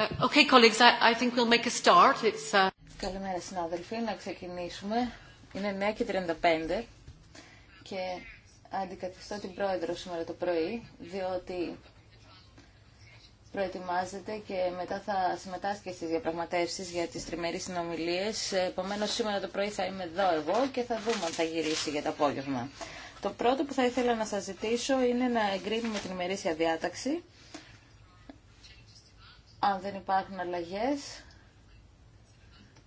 Uh, okay, colleagues, I think we'll make a start. It's... Uh, Καλημέρα συνάδελφοι, να ξεκινήσουμε. Είναι 9.35 και 35 και αντικαθιστώ την πρόεδρο σήμερα το πρωί, διότι προετοιμάζεται και μετά θα συμμετάσχει στις διαπραγματεύσεις για τις τριμερείς συνομιλίες. Επομένως σήμερα το πρωί θα είμαι εδώ εγώ και θα δούμε αν θα γυρίσει για το απόγευμα. Το πρώτο που θα ήθελα να σας ζητήσω είναι να εγκρίνουμε την ημερήσια διάταξη. Αν δεν υπάρχουν αλλαγές,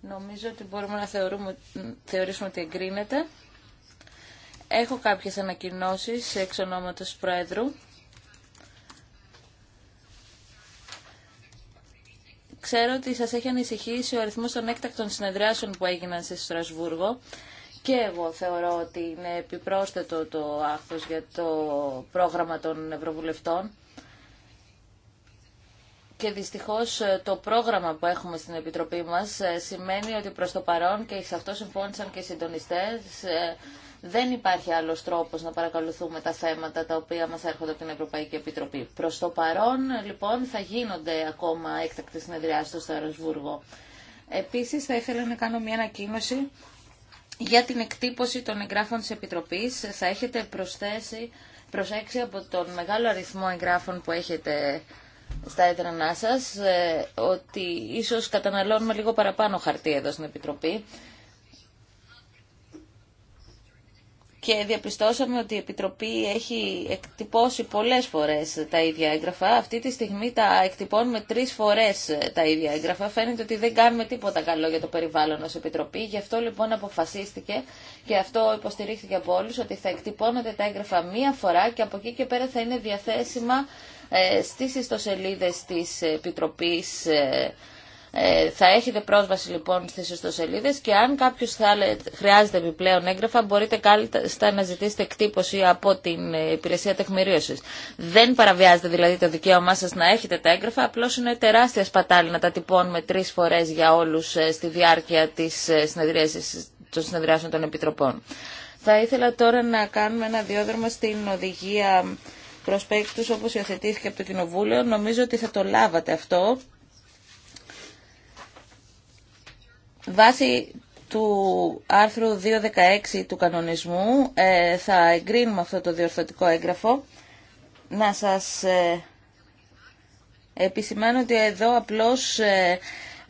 νομίζω ότι μπορούμε να θεωρούμε, θεωρήσουμε ότι εγκρίνεται. Έχω κάποιες ανακοινώσεις εξ ονόματος Πρόεδρου. Ξέρω ότι σας έχει ανησυχήσει ο αριθμός των έκτακτων συνεδριάσεων που έγιναν σε Στρασβούργο και εγώ θεωρώ ότι είναι επιπρόσθετο το άχθος για το πρόγραμμα των Ευρωβουλευτών και δυστυχώς ε, το πρόγραμμα που έχουμε στην Επιτροπή μας ε, σημαίνει ότι προς το παρόν και σε αυτό συμφώνησαν και οι συντονιστές ε, δεν υπάρχει άλλος τρόπος να παρακολουθούμε τα θέματα τα οποία μας έρχονται από την Ευρωπαϊκή Επιτροπή. Προς το παρόν λοιπόν θα γίνονται ακόμα έκτακτες συνεδριάσεις στο Αεροσβούργο. Επίσης θα ήθελα να κάνω μια ανακοίνωση για την εκτύπωση των εγγράφων της Επιτροπής. Θα έχετε προσθέσει, προσέξει από τον μεγάλο αριθμό εγγράφων που έχετε στα έδρανά σας ε, ότι ίσω καταναλώνουμε λίγο παραπάνω χαρτί εδώ στην Επιτροπή και διαπιστώσαμε ότι η Επιτροπή έχει εκτυπώσει πολλές φορές τα ίδια έγγραφα. Αυτή τη στιγμή τα εκτυπώνουμε τρεις φορές τα ίδια έγγραφα. Φαίνεται ότι δεν κάνουμε τίποτα καλό για το περιβάλλον ως Επιτροπή. Γι' αυτό λοιπόν αποφασίστηκε και αυτό υποστηρίχθηκε από όλους ότι θα εκτυπώνονται τα έγγραφα μία φορά και από εκεί και πέρα θα είναι διαθέσιμα ε, στις ιστοσελίδες της Επιτροπής ε, ε, θα έχετε πρόσβαση λοιπόν στις ιστοσελίδες και αν κάποιος χρειάζεται επιπλέον έγγραφα μπορείτε κάλλιστα να ζητήσετε εκτύπωση από την υπηρεσία τεκμηρίωσης. Δεν παραβιάζετε δηλαδή το δικαίωμά σας να έχετε τα έγγραφα, απλώς είναι τεράστια σπατάλη να τα τυπώνουμε τρεις φορές για όλους στη διάρκεια της των συνεδριάσεων των επιτροπών. Θα ήθελα τώρα να κάνουμε ένα διόδρομο στην οδηγία προσπέκτους όπως υιοθετήθηκε από το Κοινοβούλιο. Νομίζω ότι θα το λάβατε αυτό. Βάσει του άρθρου 216 του κανονισμού ε, θα εγκρίνουμε αυτό το διορθωτικό έγγραφο. Να σας ε, επισημάνω ότι εδώ απλώς ε,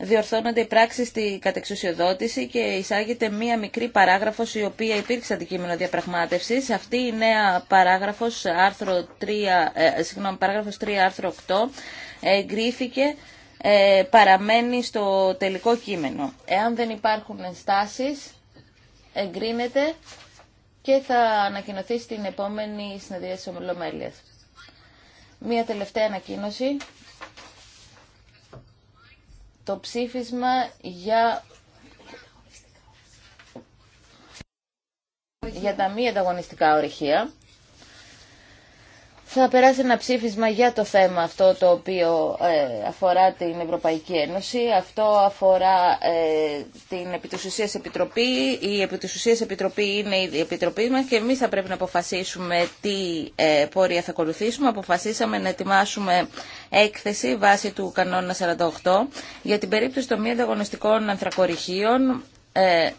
διορθώνονται οι πράξεις στη κατεξουσιοδότηση και εισάγεται μία μικρή παράγραφος η οποία υπήρξε αντικείμενο διαπραγμάτευσης. Αυτή η νέα παράγραφος, άρθρο 3, ε, συγγνώμη, παράγραφος 3 άρθρο 8 εγκρίθηκε ε, παραμένει στο τελικό κείμενο. Εάν δεν υπάρχουν ενστάσεις, εγκρίνεται και θα ανακοινωθεί στην επόμενη συνεδρία της Ομιλομέλειας. Μία τελευταία ανακοίνωση το ψήφισμα για για τα μη ανταγωνιστικά ορυχεία θα περάσει ένα ψήφισμα για το θέμα αυτό το οποίο ε, αφορά την Ευρωπαϊκή Ένωση. Αυτό αφορά ε, την Επιτουσουσίας Επιτροπή. Η Επιτουσουσίας Επιτροπή είναι η Επιτροπή μας και εμείς θα πρέπει να αποφασίσουμε τι ε, πορεία θα ακολουθήσουμε. Αποφασίσαμε να ετοιμάσουμε έκθεση βάσει του κανόνα 48 για την περίπτωση των μη ανταγωνιστικών ανθρακοριχείων ε,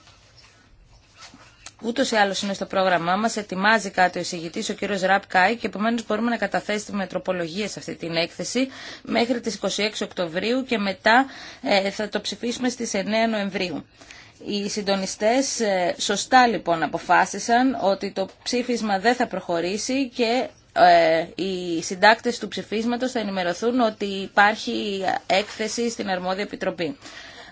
Ούτω ή άλλω είναι στο πρόγραμμά μας, ετοιμάζει κάτι ο εισηγητή, ο κύριος Ραπ Κάι και επομένω μπορούμε να καταθέσουμε τη μετροπολογία σε αυτή την έκθεση μέχρι τις 26 Οκτωβρίου και μετά ε, θα το ψηφίσουμε στις 9 Νοεμβρίου. Οι συντονιστές ε, σωστά λοιπόν αποφάσισαν ότι το ψήφισμα δεν θα προχωρήσει και ε, οι συντάκτες του ψηφίσματος θα ενημερωθούν ότι υπάρχει έκθεση στην αρμόδια επιτροπή.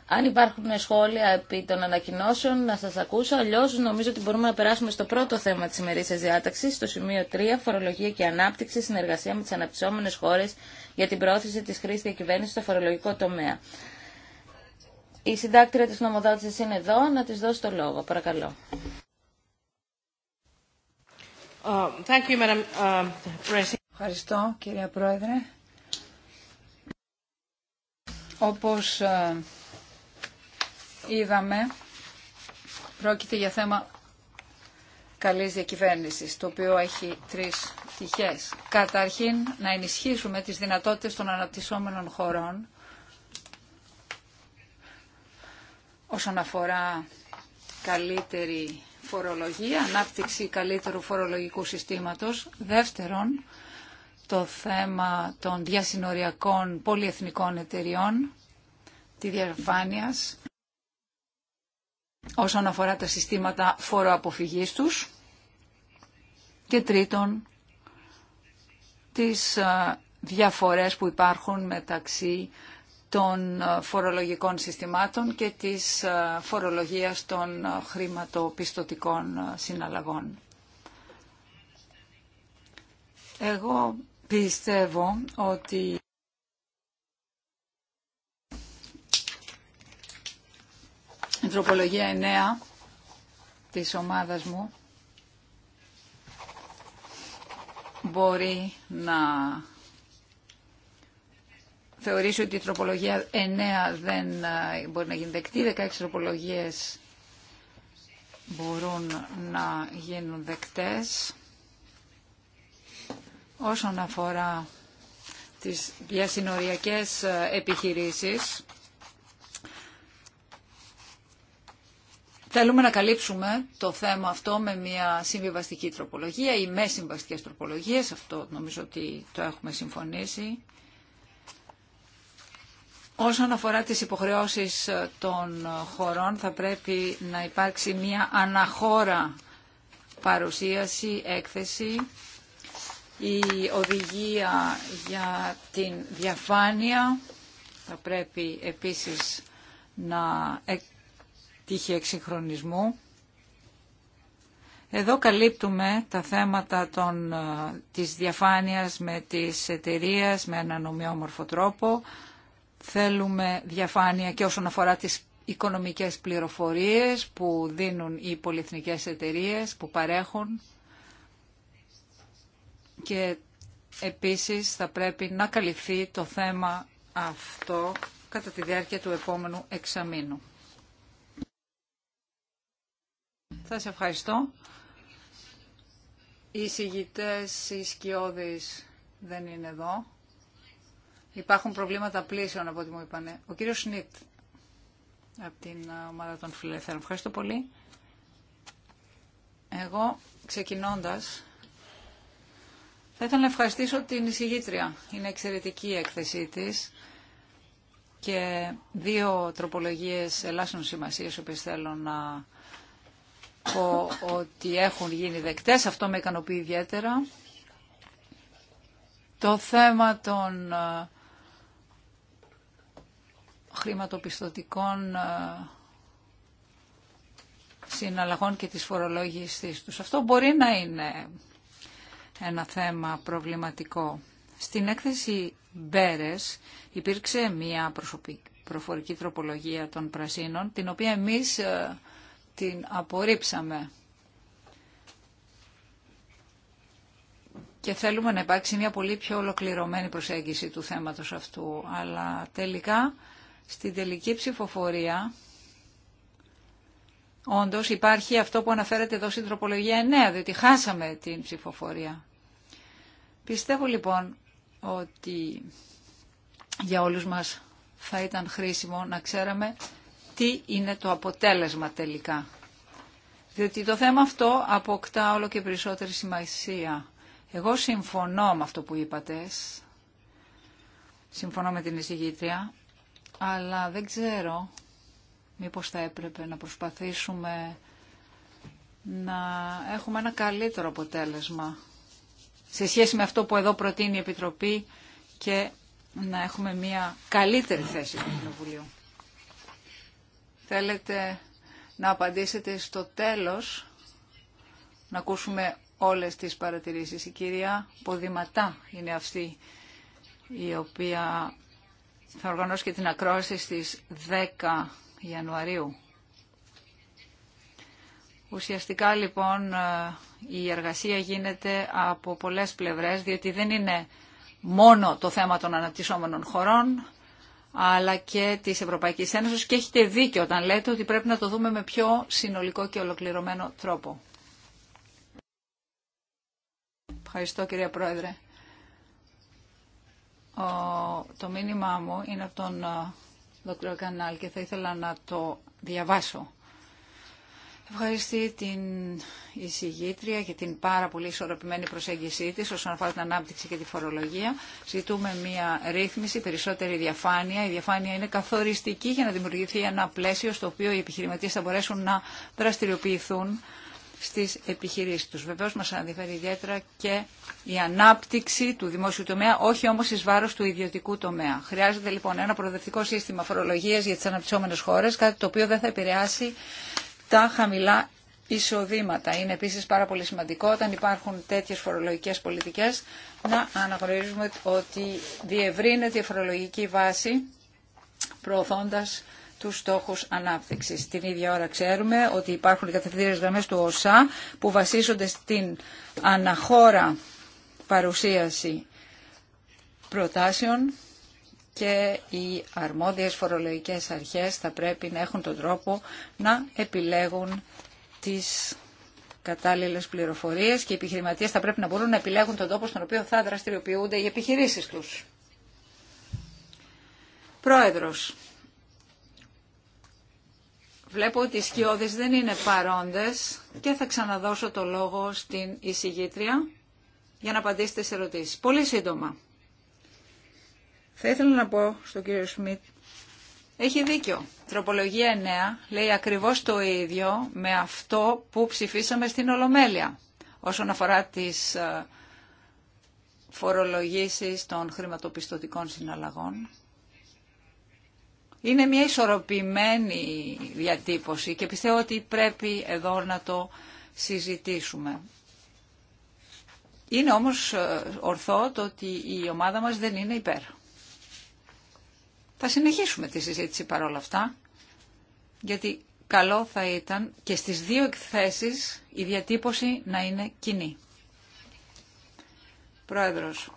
Αν υπάρχουν σχόλια επί των ανακοινώσεων, να σα ακούσω. αλλιώ νομίζω ότι μπορούμε να περάσουμε στο πρώτο θέμα τη ημερήσια διάταξη στο σημείο 3, φορολογία και ανάπτυξη, συνεργασία με τι αναπτυσσόμενες χώρε για την πρόθεση της χρήσης κυβέρνηση στο φορολογικό τομέα. Η συντάκτρια τη νομοδότηση είναι εδώ, να τη δώσω το λόγο. Παρακαλώ. Uh, uh, Ευχαριστώ, κυρία Πρόεδρε. Όπως uh, είδαμε πρόκειται για θέμα καλής διακυβέρνησης, το οποίο έχει τρεις πτυχές. Καταρχήν, να ενισχύσουμε τις δυνατότητες των αναπτυσσόμενων χωρών όσον αφορά καλύτερη φορολογία, ανάπτυξη καλύτερου φορολογικού συστήματος. Δεύτερον, το θέμα των διασυνοριακών πολυεθνικών εταιριών, τη διαφάνειας όσον αφορά τα συστήματα φοροαποφυγής τους και τρίτον τις ε, διαφορές που υπάρχουν μεταξύ των ε, φορολογικών συστημάτων και της ε, φορολογίας των χρηματοπιστωτικών συναλλαγών. Εγώ πιστεύω ότι Η τροπολογία 9 της ομάδας μου μπορεί να θεωρήσει ότι η τροπολογία 9 δεν ε, μπορεί να γίνει δεκτή, 16 τροπολογίες μπορούν να γίνουν δεκτές. Όσον αφορά τις διασυνοριακές ε, επιχειρήσεις, Θέλουμε να καλύψουμε το θέμα αυτό με μια συμβιβαστική τροπολογία ή με συμβαστικές τροπολογίες. Αυτό νομίζω ότι το έχουμε συμφωνήσει. Όσον αφορά τις υποχρεώσεις των χωρών θα πρέπει να υπάρξει μια αναχώρα παρουσίαση, έκθεση. Η οδηγία για την διαφάνεια θα πρέπει επίσης να τύχη εξυγχρονισμού. Εδώ καλύπτουμε τα θέματα των, ε, της διαφάνειας με τις εταιρείε με έναν ομοιόμορφο τρόπο. Θέλουμε διαφάνεια και όσον αφορά τις οικονομικές πληροφορίες που δίνουν οι πολυεθνικές εταιρείε που παρέχουν και επίσης θα πρέπει να καλυφθεί το θέμα αυτό κατά τη διάρκεια του επόμενου εξαμήνου. Θα σε ευχαριστώ. Οι συγητές, οι σκιώδεις δεν είναι εδώ. Υπάρχουν προβλήματα πλήσεων από ό,τι μου είπανε. Ο κύριος Σνίτ από την ομάδα των φιλελευθέρων. Ευχαριστώ πολύ. Εγώ ξεκινώντας θα ήθελα να ευχαριστήσω την εισηγήτρια. Είναι εξαιρετική η έκθεσή της και δύο τροπολογίες ελάσσων σημασίας, οποίες θέλω να πω ότι έχουν γίνει δεκτές, αυτό με ικανοποιεί ιδιαίτερα. Το θέμα των ε, χρηματοπιστωτικών ε, συναλλαγών και της φορολόγησης τους. Αυτό μπορεί να είναι ένα θέμα προβληματικό. Στην έκθεση Μπέρες υπήρξε μια προφορική τροπολογία των πρασίνων, την οποία εμείς ε, την απορρίψαμε. Και θέλουμε να υπάρξει μια πολύ πιο ολοκληρωμένη προσέγγιση του θέματος αυτού. Αλλά τελικά, στην τελική ψηφοφορία, όντως υπάρχει αυτό που αναφέρεται εδώ στην τροπολογία 9, διότι χάσαμε την ψηφοφορία. Πιστεύω λοιπόν ότι για όλους μας θα ήταν χρήσιμο να ξέραμε τι είναι το αποτέλεσμα τελικά. Διότι το θέμα αυτό αποκτά όλο και περισσότερη σημασία. Εγώ συμφωνώ με αυτό που είπατε, συμφωνώ με την εισηγήτρια, αλλά δεν ξέρω μήπως θα έπρεπε να προσπαθήσουμε να έχουμε ένα καλύτερο αποτέλεσμα σε σχέση με αυτό που εδώ προτείνει η Επιτροπή και να έχουμε μια καλύτερη θέση του Κοινοβουλίου. Θέλετε να απαντήσετε στο τέλος, να ακούσουμε όλες τις παρατηρήσεις. Η κυρία Ποδηματά είναι αυτή η οποία θα οργανώσει και την ακρόαση στις 10 Ιανουαρίου. Ουσιαστικά λοιπόν η εργασία γίνεται από πολλές πλευρές, διότι δεν είναι μόνο το θέμα των αναπτυσσόμενων χωρών, αλλά και της Ευρωπαϊκής Ένωσης και έχετε δίκιο όταν λέτε ότι πρέπει να το δούμε με πιο συνολικό και ολοκληρωμένο τρόπο. Ευχαριστώ κυρία Πρόεδρε. το μήνυμά μου είναι από τον ε, Δ. Κανάλ και θα ήθελα να το διαβάσω. Ευχαριστώ την εισηγήτρια για την πάρα πολύ ισορροπημένη προσέγγιση της όσον αφορά την ανάπτυξη και τη φορολογία. Ζητούμε μια ρύθμιση, περισσότερη διαφάνεια. Η διαφάνεια είναι καθοριστική για να δημιουργηθεί ένα πλαίσιο στο οποίο οι επιχειρηματίες θα μπορέσουν να δραστηριοποιηθούν στις επιχειρήσεις τους. Βεβαίως μας ενδιαφέρει ιδιαίτερα και η ανάπτυξη του δημόσιου τομέα, όχι όμως εις βάρο του ιδιωτικού τομέα. Χρειάζεται λοιπόν ένα προοδευτικό σύστημα φορολογία για τις αναπτυσσόμενες χώρες, κάτι το οποίο δεν θα επηρεάσει τα χαμηλά εισοδήματα. Είναι επίσης πάρα πολύ σημαντικό όταν υπάρχουν τέτοιες φορολογικές πολιτικές να αναγνωρίζουμε ότι διευρύνεται η φορολογική βάση προωθώντας τους στόχους ανάπτυξης. Την ίδια ώρα ξέρουμε ότι υπάρχουν οι κατευθυντήρες γραμμές του ΟΣΑ που βασίζονται στην αναχώρα παρουσίαση προτάσεων και οι αρμόδιες φορολογικές αρχές θα πρέπει να έχουν τον τρόπο να επιλέγουν τις κατάλληλες πληροφορίες και οι επιχειρηματίε θα πρέπει να μπορούν να επιλέγουν τον τόπο στον οποίο θα δραστηριοποιούνται οι επιχειρήσεις τους. Πρόεδρος, βλέπω ότι οι σκιώδεις δεν είναι παρόντες και θα ξαναδώσω το λόγο στην εισηγήτρια για να απαντήσετε σε ερωτήσεις. Πολύ σύντομα. Θα ήθελα να πω στον κύριο Σμιτ, έχει δίκιο. Τροπολογία 9 λέει ακριβώς το ίδιο με αυτό που ψηφίσαμε στην Ολομέλεια όσον αφορά τις ε, φορολογήσεις των χρηματοπιστωτικών συναλλαγών. Είναι μια ισορροπημένη διατύπωση και πιστεύω ότι πρέπει εδώ να το συζητήσουμε. Είναι όμως ε, ορθό το ότι η ομάδα μας δεν είναι υπέρ. Θα συνεχίσουμε τη συζήτηση παρόλα αυτά, γιατί καλό θα ήταν και στις δύο εκθέσεις η διατύπωση να είναι κοινή. Πρόεδρος,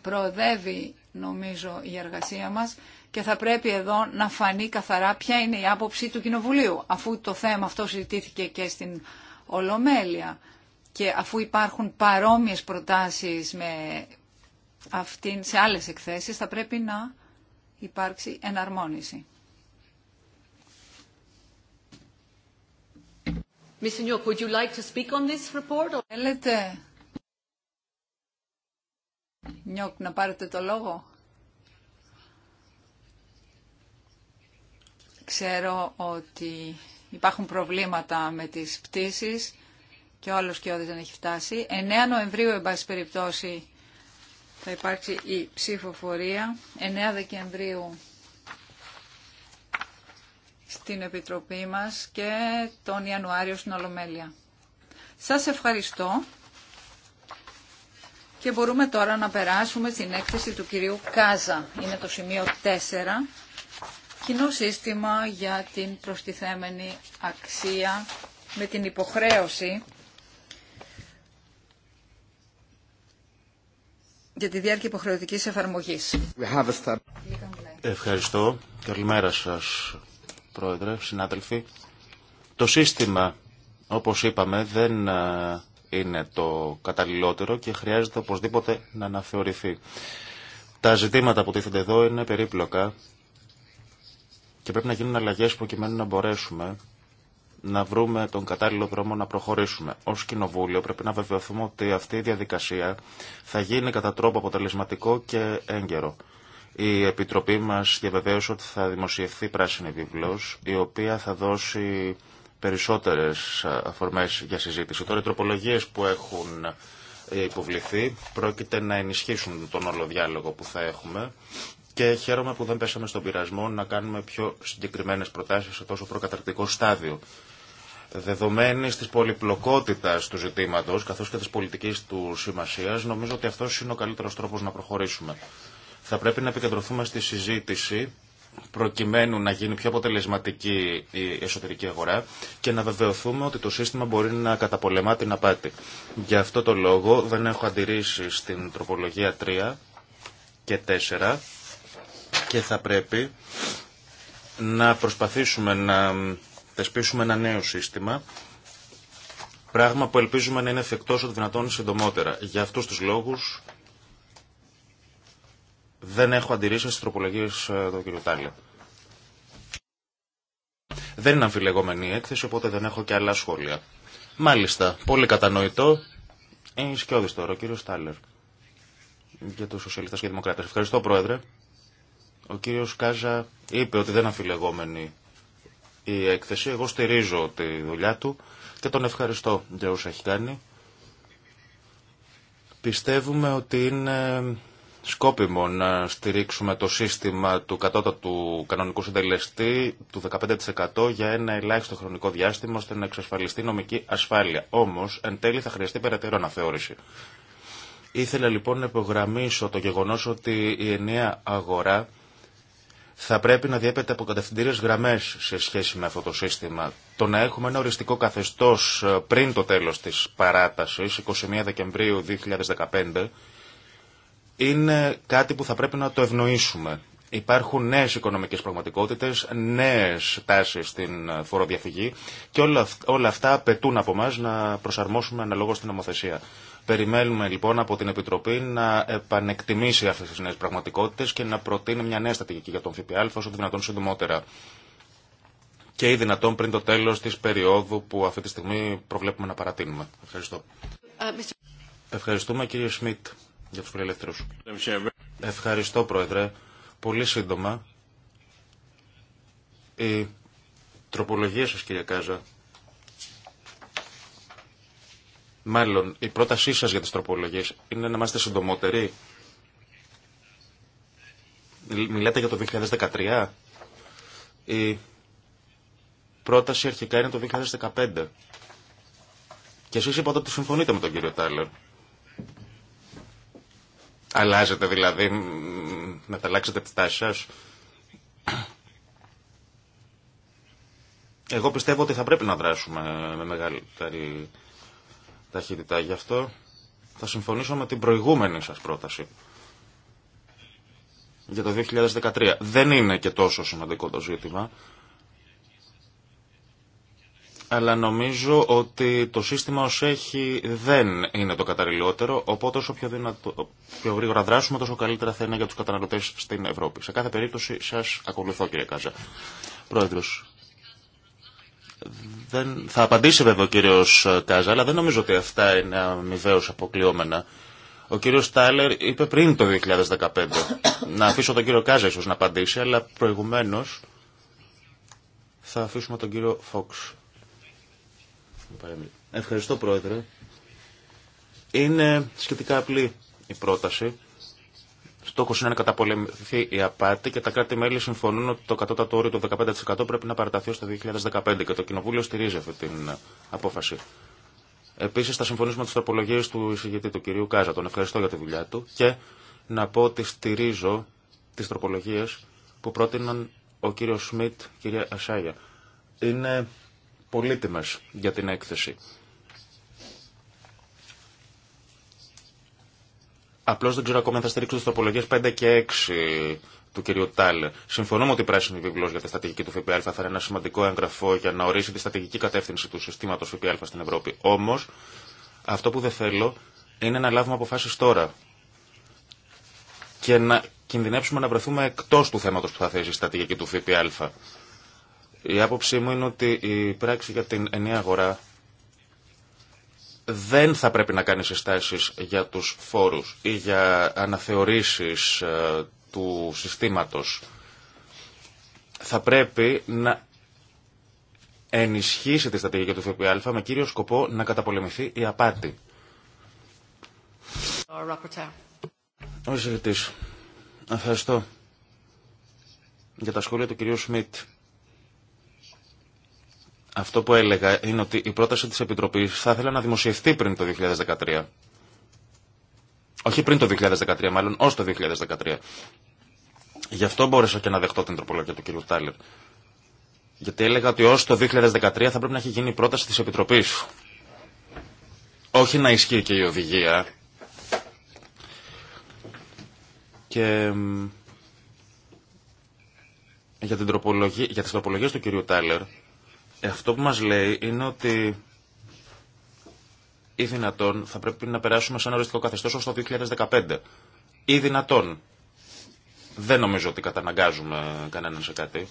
προοδεύει νομίζω η εργασία μας και θα πρέπει εδώ να φανεί καθαρά ποια είναι η άποψη του Κοινοβουλίου, αφού το θέμα αυτό συζητήθηκε και στην Ολομέλεια και αφού υπάρχουν παρόμοιες προτάσεις με σε άλλες εκθέσεις, θα πρέπει να υπάρξει εναρμόνιση. would you Θέλετε, Νιόκ, να πάρετε το λόγο. Ξέρω ότι υπάρχουν προβλήματα με τις πτήσεις και όλος και όδης δεν έχει φτάσει. 9 Νοεμβρίου, εν πάση περιπτώσει, θα υπάρξει η ψηφοφορία 9 Δεκεμβρίου στην Επιτροπή μας και τον Ιανουάριο στην Ολομέλεια. Σας ευχαριστώ και μπορούμε τώρα να περάσουμε στην έκθεση του κυρίου Κάζα. Είναι το σημείο 4, κοινό σύστημα για την προστιθέμενη αξία με την υποχρέωση για τη διάρκεια υποχρεωτική εφαρμογή. Ευχαριστώ. Καλημέρα σα, Πρόεδρε, συνάδελφοι. Το σύστημα, όπω είπαμε, δεν ε, είναι το καταλληλότερο και χρειάζεται οπωσδήποτε να αναθεωρηθεί. Τα ζητήματα που τίθενται εδώ είναι περίπλοκα και πρέπει να γίνουν αλλαγές προκειμένου να μπορέσουμε να βρούμε τον κατάλληλο δρόμο να προχωρήσουμε. Ω Κοινοβούλιο πρέπει να βεβαιωθούμε ότι αυτή η διαδικασία θα γίνει κατά τρόπο αποτελεσματικό και έγκαιρο. Η Επιτροπή μας διαβεβαίωσε ότι θα δημοσιευθεί πράσινη βίβλος, η οποία θα δώσει περισσότερες αφορμές για συζήτηση. Τώρα οι τροπολογίες που έχουν υποβληθεί πρόκειται να ενισχύσουν τον όλο διάλογο που θα έχουμε και χαίρομαι που δεν πέσαμε στον πειρασμό να κάνουμε πιο συγκεκριμένες προτάσεις σε τόσο προκαταρκτικό στάδιο Δεδομένης της πολυπλοκότητας του ζητήματος, καθώς και της πολιτικής του σημασίας, νομίζω ότι αυτός είναι ο καλύτερος τρόπος να προχωρήσουμε. Θα πρέπει να επικεντρωθούμε στη συζήτηση προκειμένου να γίνει πιο αποτελεσματική η εσωτερική αγορά και να βεβαιωθούμε ότι το σύστημα μπορεί να καταπολεμά την απάτη. Γι' αυτό το λόγο δεν έχω αντιρρήσει στην τροπολογία 3 και 4 και θα πρέπει να προσπαθήσουμε να θεσπίσουμε ένα νέο σύστημα, πράγμα που ελπίζουμε να είναι εφικτό όσο δυνατόν συντομότερα. Για αυτού του λόγους δεν έχω αντιρρήσεις στι τροπολογίε ε, του κ. Τάλια. Δεν είναι αμφιλεγόμενη η έκθεση, οπότε δεν έχω και άλλα σχόλια. Μάλιστα, πολύ κατανοητό. Είναι σκιώδη τώρα, ο κύριος Τάλερ. Για του σοσιαλιστές και δημοκρατε. Ευχαριστώ, Πρόεδρε. Ο κύριο Κάζα είπε ότι δεν αμφιλεγόμενη η έκθεση. Εγώ στηρίζω τη δουλειά του και τον ευχαριστώ για όσα έχει κάνει. Πιστεύουμε ότι είναι σκόπιμο να στηρίξουμε το σύστημα του κατώτατου κανονικού συντελεστή του 15% για ένα ελάχιστο χρονικό διάστημα ώστε να εξασφαλιστεί νομική ασφάλεια. Όμως, εν τέλει θα χρειαστεί περαιτέρω αναθεώρηση. Ήθελα λοιπόν να υπογραμμίσω το γεγονός ότι η ενιαία αγορά θα πρέπει να διέπεται από κατευθυντήριε γραμμέ σε σχέση με αυτό το σύστημα. Το να έχουμε ένα οριστικό καθεστώ ε, πριν το τέλο τη παράταση, 21 Δεκεμβρίου 2015, είναι κάτι που θα πρέπει να το ευνοήσουμε. Υπάρχουν νέες οικονομικές πραγματικότητες, νέες τάσεις στην ε, φοροδιαφυγή και όλα, αυτά απαιτούν από μας να προσαρμόσουμε αναλόγως την νομοθεσία. Περιμένουμε λοιπόν από την Επιτροπή να επανεκτιμήσει αυτέ τι νέε πραγματικότητε και να προτείνει μια νέα στρατηγική για τον ΦΠΑ όσο δυνατόν συντομότερα. Και ή δυνατόν πριν το τέλο τη περίοδου που αυτή τη στιγμή προβλέπουμε να παρατείνουμε. Ευχαριστώ. Ευχαριστούμε κύριε Σμιτ για του φιλελεύθερου. Ευχαριστώ πρόεδρε. Πολύ σύντομα. Η τροπολογία σα κύριε Κάζα Μάλλον, η πρότασή σας για τις τροπολογίες είναι να είμαστε συντομότεροι. Μιλάτε για το 2013. Η πρόταση αρχικά είναι το 2015. Και εσείς είπατε ότι συμφωνείτε με τον κύριο Τάιλερ. Αλλάζετε δηλαδή, μεταλλάξετε τη τάση σας. Εγώ πιστεύω ότι θα πρέπει να δράσουμε με μεγαλύτερη ταχύτητα. Γι' αυτό θα συμφωνήσω με την προηγούμενη σας πρόταση για το 2013. Δεν είναι και τόσο σημαντικό το ζήτημα, αλλά νομίζω ότι το σύστημα ως έχει δεν είναι το καταλληλότερο, οπότε όσο πιο, δυνατο, πιο γρήγορα δράσουμε τόσο καλύτερα θα είναι για τους καταναλωτές στην Ευρώπη. Σε κάθε περίπτωση σας ακολουθώ κύριε Κάζα. Πρόεδρος, δεν... Θα απαντήσει βέβαια ο κύριος Κάζα, αλλά δεν νομίζω ότι αυτά είναι αμοιβαίως αποκλειόμενα. Ο κύριος Τάλερ είπε πριν το 2015. να αφήσω τον κύριο Κάζα ίσως να απαντήσει, αλλά προηγουμένως θα αφήσουμε τον κύριο Φόξ. Ευχαριστώ πρόεδρε. Είναι σχετικά απλή η πρόταση στόχο είναι να καταπολεμηθεί η απάτη και τα κράτη-μέλη συμφωνούν ότι το κατώτατο όριο του 15% πρέπει να παραταθεί το 2015 και το Κοινοβούλιο στηρίζει αυτή την ε, απόφαση. Επίση, θα συμφωνήσουμε με τι τροπολογίε του εισηγητή του κυρίου Κάζα. Τον ευχαριστώ για τη δουλειά του και να πω ότι στηρίζω τι τροπολογίε που πρότειναν ο κύριο Σμιτ κυρία Ασάγια. Είναι πολύτιμε για την έκθεση. Απλώ δεν ξέρω ακόμα αν θα στηρίξω τι τροπολογίε 5 και 6 του κυρίου Τάλ. Συμφωνούμε ότι η πράσινη βιβλό για τη στρατηγική του ΦΠΑ θα είναι ένα σημαντικό έγγραφο για να ορίσει τη στρατηγική κατεύθυνση του συστήματο ΦΠΑ στην Ευρώπη. Όμω, αυτό που δεν θέλω είναι να λάβουμε αποφάσει τώρα και να κινδυνεύσουμε να βρεθούμε εκτό του θέματο που θα θέσει η στρατηγική του ΦΠΑ. Η άποψή μου είναι ότι η πράξη για την ενιαία αγορά δεν θα πρέπει να κάνει συστάσεις για τους φόρους ή για αναθεωρήσεις ε, του συστήματος. Θα πρέπει να ενισχύσει τη στρατηγική του ΦΠΑ με κύριο σκοπό να καταπολεμηθεί η απάτη. Ευχαριστώ για τα σχόλια του κυρίου αυτό που έλεγα είναι ότι η πρόταση της Επιτροπής θα ήθελα να δημοσιευτεί πριν το 2013. Όχι πριν το 2013, μάλλον ως το 2013. Γι' αυτό μπόρεσα και να δεχτώ την τροπολογία του κ. Τάλερ. Γιατί έλεγα ότι ως το 2013 θα πρέπει να έχει γίνει η πρόταση της Επιτροπής. Όχι να ισχύει και η οδηγία. Και για, την τροπολογία, για τις τροπολογίες του κυρίου Τάλερ αυτό που μας λέει είναι ότι ή δυνατόν θα πρέπει να περάσουμε σε ένα οριστικό καθεστώς ως το 2015. Ή δυνατόν. Δεν νομίζω ότι καταναγκάζουμε κανέναν σε κάτι.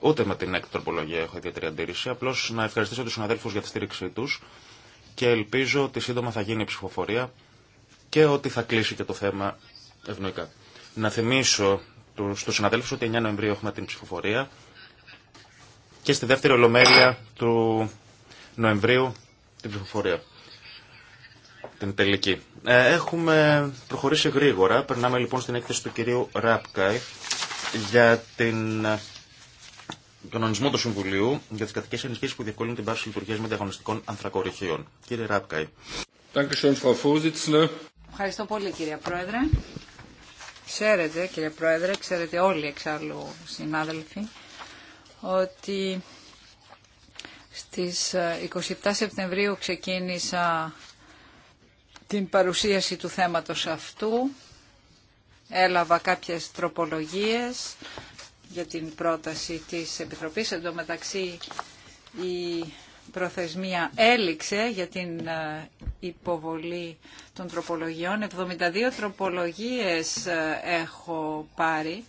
Ούτε με την εκτροπολογία έχω ιδιαίτερη αντίρρηση. Απλώ να ευχαριστήσω του συναδέλφου για τη στήριξή του και ελπίζω ότι σύντομα θα γίνει η ψηφοφορία και ότι θα κλείσει και το θέμα ευνοϊκά. Να θυμίσω στου συναδέλφου ότι 9 Νοεμβρίου έχουμε την ψηφοφορία και στη δεύτερη ολομέλεια του Νοεμβρίου την ψηφοφορία. Την τελική. Ε, έχουμε προχωρήσει γρήγορα. Περνάμε λοιπόν στην έκθεση του κυρίου Ράπκαη για την ε, ονισμό του Συμβουλίου για τι κρατικέ ενισχύσει που διευκολύνουν την πάυση λειτουργία διαγωνιστικών ανθρακοριχείων. Κύριε Ράπκαϊ. Ευχαριστώ πολύ κύριε Πρόεδρε. Ξέρετε κύριε Πρόεδρε, ξέρετε όλοι εξάλλου συνάδελφοι ότι στις 27 ε, Σεπτεμβρίου ξεκίνησα την παρουσίαση του θέματος αυτού. Έλαβα κάποιες τροπολογίες για την πρόταση της Επιτροπής. Εν τω μεταξύ η προθεσμία έληξε για την ε, υποβολή των τροπολογιών. 72 τροπολογίες ε, έχω πάρει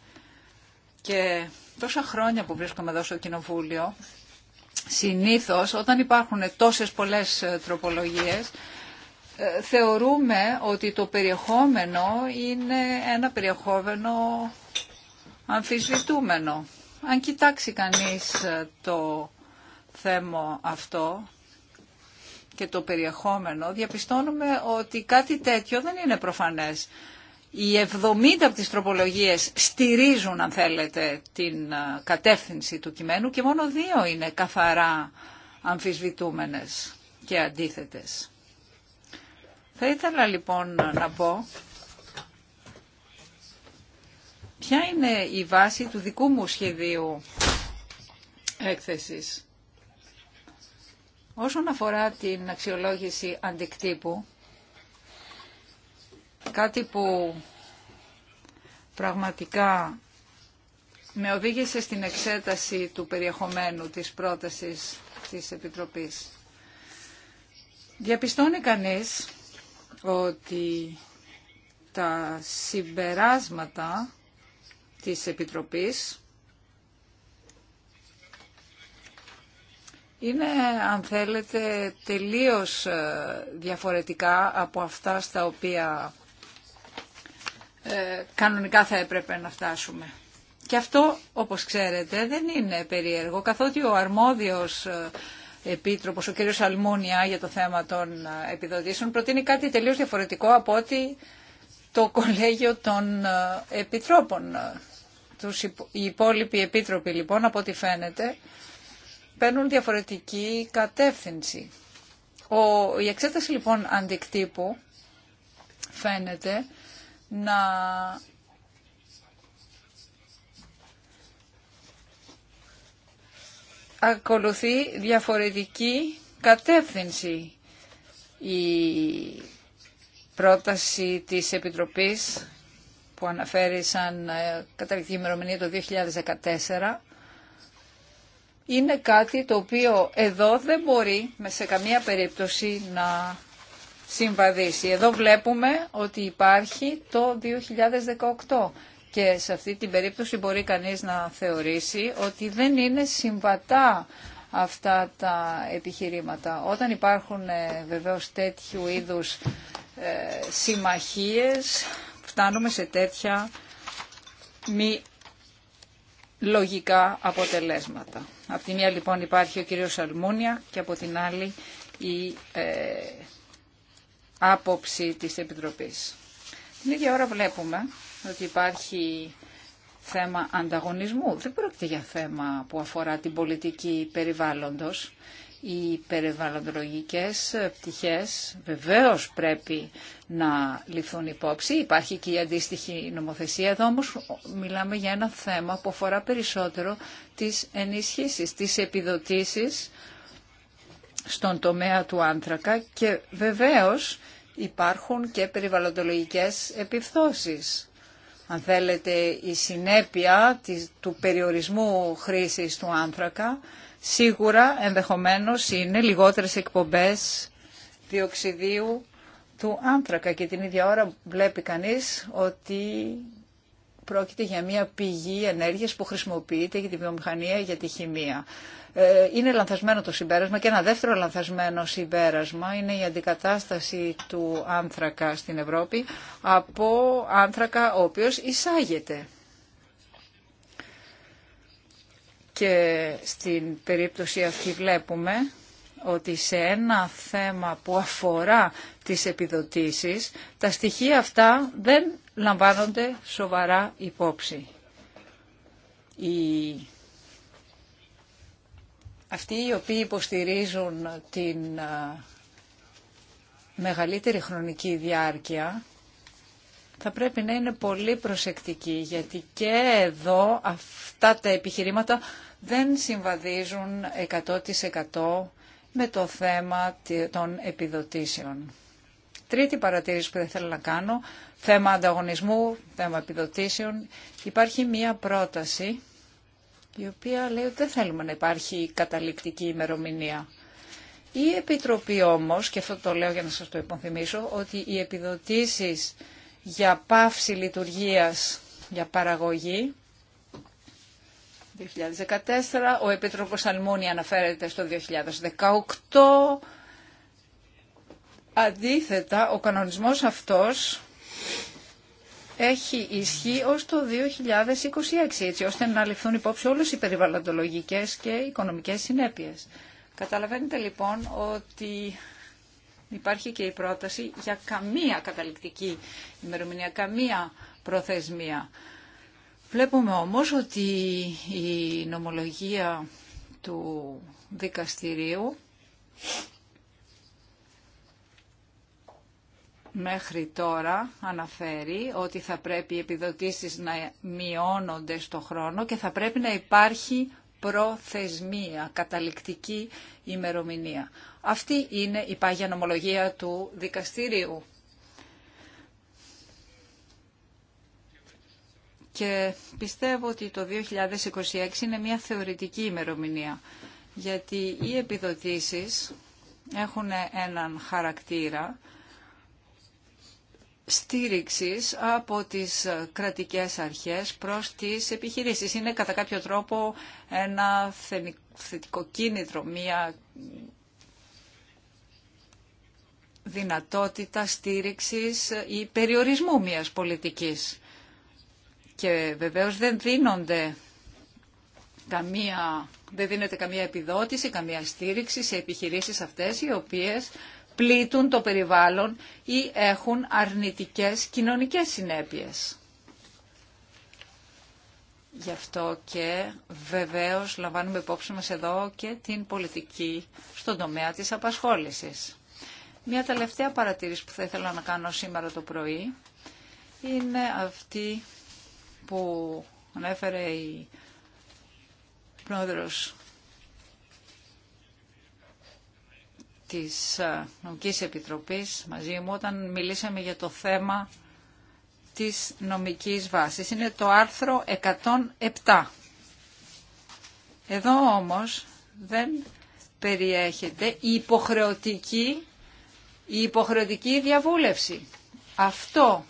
και τόσα χρόνια που βρίσκομαι εδώ στο Κοινοβούλιο, συνήθως όταν υπάρχουν τόσες πολλές ε, τροπολογίες, ε, θεωρούμε ότι το περιεχόμενο είναι ένα περιεχόμενο αμφισβητούμενο. Αν κοιτάξει κανείς ε, το θέμα αυτό και το περιεχόμενο, διαπιστώνουμε ότι κάτι τέτοιο δεν είναι προφανές. Οι 70 από τις τροπολογίες στηρίζουν, αν θέλετε, την κατεύθυνση του κειμένου και μόνο δύο είναι καθαρά αμφισβητούμενες και αντίθετες. Θα ήθελα λοιπόν να πω ποια είναι η βάση του δικού μου σχεδίου έκθεσης. Όσον αφορά την αξιολόγηση αντικτύπου, Κάτι που πραγματικά με οδήγησε στην εξέταση του περιεχομένου της πρότασης της Επιτροπής. Διαπιστώνει κανείς ότι τα συμπεράσματα της Επιτροπής είναι, αν θέλετε, τελείως ε, διαφορετικά από αυτά στα οποία ε, κανονικά θα έπρεπε να φτάσουμε. Και αυτό, όπως ξέρετε, δεν είναι περίεργο, καθότι ο αρμόδιος ε, επίτροπος, ο κύριος Αλμούνια, για το θέμα των ε, επιδοτήσεων, προτείνει κάτι τελείως διαφορετικό από ότι το κολέγιο των επιτρόπων. Τους οι υπόλοιποι επίτροποι, λοιπόν, από ό,τι φαίνεται, παίρνουν διαφορετική κατεύθυνση. Ο, η εξέταση, λοιπόν, αντικτύπου φαίνεται να ακολουθεί διαφορετική κατεύθυνση η πρόταση της Επιτροπής που αναφέρει σαν ε, καταληκτική ημερομηνία το 2014 είναι κάτι το οποίο εδώ δεν μπορεί σε καμία περίπτωση να συμβαδίσει. Εδώ βλέπουμε ότι υπάρχει το 2018 και σε αυτή την περίπτωση μπορεί κανείς να θεωρήσει ότι δεν είναι συμβατά αυτά τα επιχειρήματα. Όταν υπάρχουν ε, βεβαίως τέτοιου είδους ε, συμμαχίες φτάνουμε σε τέτοια μη λογικά αποτελέσματα. Από τη μία λοιπόν υπάρχει ο κύριος Σαλμούνια και από την άλλη η ε, άποψη της Επιτροπής. Την ίδια ώρα βλέπουμε ότι υπάρχει θέμα ανταγωνισμού. Δεν πρόκειται για θέμα που αφορά την πολιτική περιβάλλοντος. Οι περιβαλλοντολογικές πτυχές βεβαίως πρέπει να ληφθούν υπόψη. Υπάρχει και η αντίστοιχη νομοθεσία. Εδώ όμως μιλάμε για ένα θέμα που αφορά περισσότερο τις ενισχύσεις, τις επιδοτήσεις στον τομέα του άνθρακα και βεβαίως υπάρχουν και περιβαλλοντολογικές επιπτώσεις. Αν θέλετε, η συνέπεια του περιορισμού χρήσης του άνθρακα σίγουρα ενδεχομένως είναι λιγότερες εκπομπές διοξιδίου του άνθρακα και την ίδια ώρα βλέπει κανείς ότι πρόκειται για μια πηγή ενέργειας που χρησιμοποιείται για τη βιομηχανία, για τη χημεία. Ε, είναι λανθασμένο το συμπέρασμα και ένα δεύτερο λανθασμένο συμπέρασμα είναι η αντικατάσταση του άνθρακα στην Ευρώπη από άνθρακα ο οποίος εισάγεται. Και στην περίπτωση αυτή βλέπουμε ότι σε ένα θέμα που αφορά τις επιδοτήσεις, τα στοιχεία αυτά δεν λαμβάνονται σοβαρά υπόψη. Η αυτοί οι οποίοι υποστηρίζουν την μεγαλύτερη χρονική διάρκεια θα πρέπει να είναι πολύ προσεκτικοί γιατί και εδώ αυτά τα επιχειρήματα δεν συμβαδίζουν 100% με το θέμα των επιδοτήσεων. Τρίτη παρατήρηση που δεν θέλω να κάνω, θέμα ανταγωνισμού, θέμα επιδοτήσεων. Υπάρχει μία πρόταση η οποία λέει ότι δεν θέλουμε να υπάρχει καταληκτική ημερομηνία. Η Επιτροπή όμως, και αυτό το λέω για να σας το υποθυμίσω, ότι οι επιδοτήσεις για πάυση λειτουργίας για παραγωγή 2014, ο Επίτροπος Αλμούνη αναφέρεται στο 2018. Αντίθετα, ο κανονισμός αυτός έχει ισχύ ως το 2026, έτσι ώστε να ληφθούν υπόψη όλες οι περιβαλλοντολογικές και οικονομικές συνέπειες. Καταλαβαίνετε λοιπόν ότι υπάρχει και η πρόταση για καμία καταληκτική ημερομηνία, καμία προθεσμία. Βλέπουμε όμως ότι η νομολογία του δικαστηρίου μέχρι τώρα αναφέρει ότι θα πρέπει οι επιδοτήσεις να μειώνονται στο χρόνο και θα πρέπει να υπάρχει προθεσμία, καταληκτική ημερομηνία. Αυτή είναι η πάγια νομολογία του δικαστηρίου. Και πιστεύω ότι το 2026 είναι μια θεωρητική ημερομηνία, γιατί οι επιδοτήσεις έχουν έναν χαρακτήρα στήριξης από τις κρατικές αρχές προς τις επιχειρήσεις. Είναι κατά κάποιο τρόπο ένα θετικό κίνητρο, μια δυνατότητα στήριξης ή περιορισμού μιας πολιτικής. Και βεβαίως δεν δίνονται καμία, δεν δίνεται καμία επιδότηση, καμία στήριξη σε επιχειρήσεις αυτές οι οποίες πλήττουν το περιβάλλον ή έχουν αρνητικές κοινωνικές συνέπειες. Γι' αυτό και βεβαίως λαμβάνουμε υπόψη μας εδώ και την πολιτική στον τομέα της απασχόλησης. Μια τελευταία παρατήρηση που θα ήθελα να κάνω σήμερα το πρωί είναι αυτή που ανέφερε η πρόεδρος της ε, Νομικής Επιτροπής μαζί μου όταν μιλήσαμε για το θέμα της νομικής βάσης. Είναι το άρθρο 107. Εδώ όμως δεν περιέχεται η υποχρεωτική, η υποχρεωτική διαβούλευση. Αυτό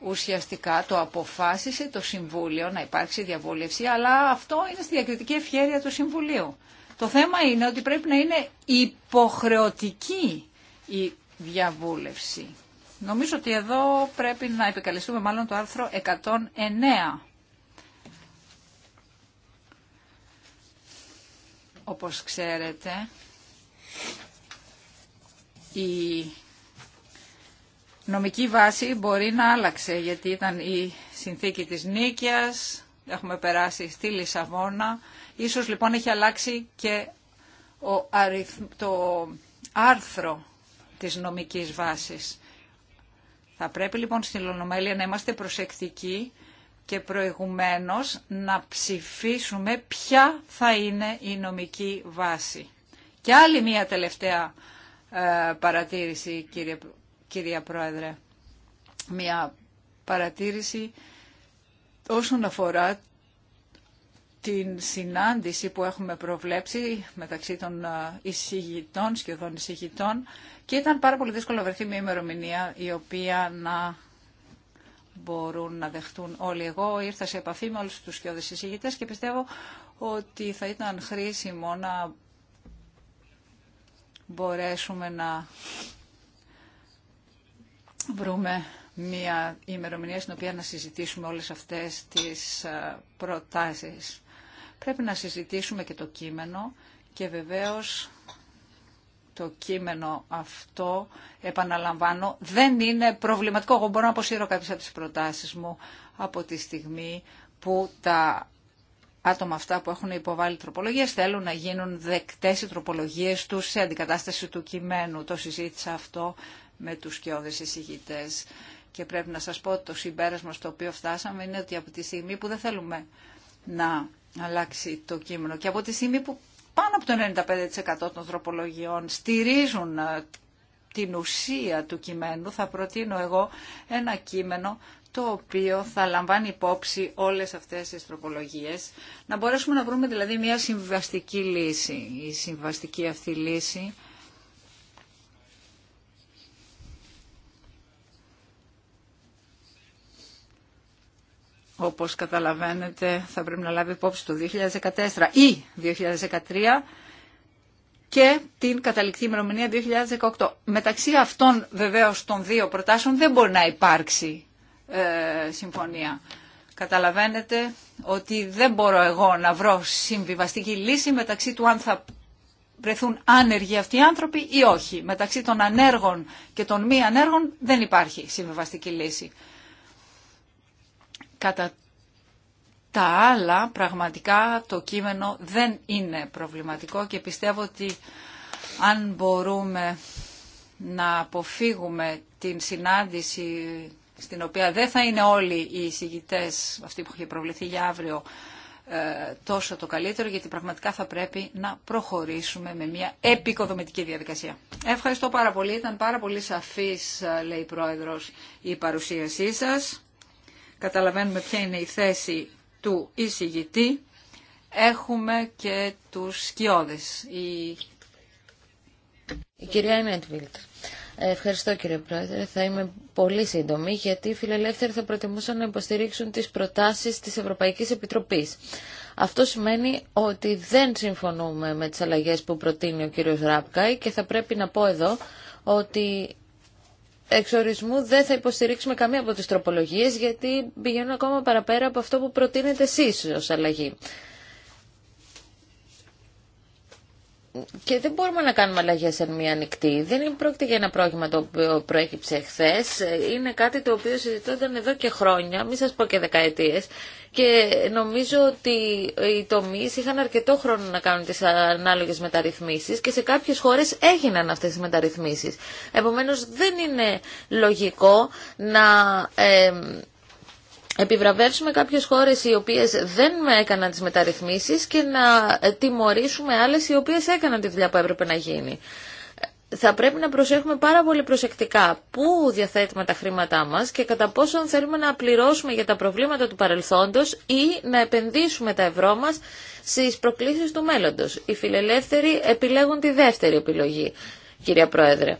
ουσιαστικά το αποφάσισε το Συμβούλιο να υπάρξει διαβούλευση, αλλά αυτό είναι στη διακριτική ευχέρεια του Συμβουλίου. Το θέμα είναι ότι πρέπει να είναι υποχρεωτική η διαβούλευση. Νομίζω ότι εδώ πρέπει να επικαλεστούμε μάλλον το άρθρο 109. Όπως ξέρετε, η νομική βάση μπορεί να άλλαξε, γιατί ήταν η συνθήκη της Νίκιας, έχουμε περάσει στη Λισαβόνα Ίσως λοιπόν έχει αλλάξει και ο το άρθρο της νομικής βάσης. Θα πρέπει λοιπόν στην Λονομέλεια να είμαστε προσεκτικοί και προηγουμένως να ψηφίσουμε ποια θα είναι η νομική βάση. Και άλλη μία τελευταία ε, παρατήρηση, κύριε, κυρία Πρόεδρε. Μία παρατήρηση όσον αφορά την συνάντηση που έχουμε προβλέψει μεταξύ των ε, εισηγητών, σχεδόν εισηγητών και ήταν πάρα πολύ δύσκολο να βρεθεί μια ημερομηνία η οποία να μπορούν να δεχτούν όλοι. Εγώ ήρθα σε επαφή με όλους τους σχεδόν εισηγητές και πιστεύω ότι θα ήταν χρήσιμο να μπορέσουμε να βρούμε μια ημερομηνία στην οποία να συζητήσουμε όλες αυτές τις ε, προτάσεις. Πρέπει να συζητήσουμε και το κείμενο και βεβαίως το κείμενο αυτό, επαναλαμβάνω, δεν είναι προβληματικό. Εγώ μπορώ να αποσύρω κάποιες από τις προτάσεις μου από τη στιγμή που τα άτομα αυτά που έχουν υποβάλει τροπολογίες θέλουν να γίνουν δεκτές οι τροπολογίες τους σε αντικατάσταση του κειμένου. Το συζήτησα αυτό με τους σκιώδες εισηγητές. Και πρέπει να σας πω ότι το συμπέρασμα στο οποίο φτάσαμε είναι ότι από τη στιγμή που δεν θέλουμε να αλλάξει το κείμενο. Και από τη στιγμή που πάνω από το 95% των τροπολογιών στηρίζουν ε, την ουσία του κειμένου, θα προτείνω εγώ ένα κείμενο το οποίο θα λαμβάνει υπόψη όλες αυτές τις τροπολογίες. Να μπορέσουμε να βρούμε δηλαδή μια συμβαστική λύση. Η συμβαστική αυτή λύση όπως καταλαβαίνετε θα πρέπει να λάβει υπόψη το 2014 ή 2013 και την καταληκτή ημερομηνία 2018. Μεταξύ αυτών βεβαίως των δύο προτάσεων δεν μπορεί να υπάρξει ε, συμφωνία. Καταλαβαίνετε ότι δεν μπορώ εγώ να βρω συμβιβαστική λύση μεταξύ του αν θα βρεθούν άνεργοι αυτοί οι άνθρωποι ή όχι. Μεταξύ των ανέργων και των μη ανέργων δεν υπάρχει συμβιβαστική λύση. Κατά τα άλλα, πραγματικά το κείμενο δεν είναι προβληματικό και πιστεύω ότι αν μπορούμε να αποφύγουμε την συνάντηση στην οποία δεν θα είναι όλοι οι εισηγητές, αυτοί που έχει προβληθεί για αύριο, ε, τόσο το καλύτερο, γιατί πραγματικά θα πρέπει να προχωρήσουμε με μια επικοδομητική διαδικασία. Ευχαριστώ πάρα πολύ. Ήταν πάρα πολύ σαφής, ε, λέει η Πρόεδρος, η παρουσίασή σας καταλαβαίνουμε ποια είναι η θέση του εισηγητή, έχουμε και τους σκιώδες. Η... η κυρία Νέντβιλτ. Ευχαριστώ κύριε Πρόεδρε. Θα είμαι πολύ σύντομη γιατί οι φιλελεύθεροι θα προτιμούσαν να υποστηρίξουν τις προτάσεις της Ευρωπαϊκής Επιτροπής. Αυτό σημαίνει ότι δεν συμφωνούμε με τις αλλαγές που προτείνει ο κύριος Ράπκαη και θα πρέπει να πω εδώ ότι εξορισμού δεν θα υποστηρίξουμε καμία από τις τροπολογίες γιατί πηγαίνουν ακόμα παραπέρα από αυτό που προτείνετε εσείς ως αλλαγή. και δεν μπορούμε να κάνουμε αλλαγέ σε μία νυχτή. Δεν είναι πρόκειται για ένα πρόγραμμα το οποίο προέκυψε χθε. Είναι κάτι το οποίο συζητώνταν εδώ και χρόνια, μην σα πω και δεκαετίε. Και νομίζω ότι οι τομεί είχαν αρκετό χρόνο να κάνουν τι ανάλογε μεταρρυθμίσει και σε κάποιε χώρε έγιναν αυτέ τι μεταρρυθμίσει. Επομένω, δεν είναι λογικό να. Ε, επιβραβεύσουμε κάποιες χώρες οι οποίες δεν έκαναν τις μεταρρυθμίσεις και να τιμωρήσουμε άλλες οι οποίες έκαναν τη δουλειά που έπρεπε να γίνει. Θα πρέπει να προσέχουμε πάρα πολύ προσεκτικά πού διαθέτουμε τα χρήματά μας και κατά πόσον θέλουμε να πληρώσουμε για τα προβλήματα του παρελθόντος ή να επενδύσουμε τα ευρώ μας στις προκλήσεις του μέλλοντος. Οι φιλελεύθεροι επιλέγουν τη δεύτερη επιλογή, κυρία Πρόεδρε.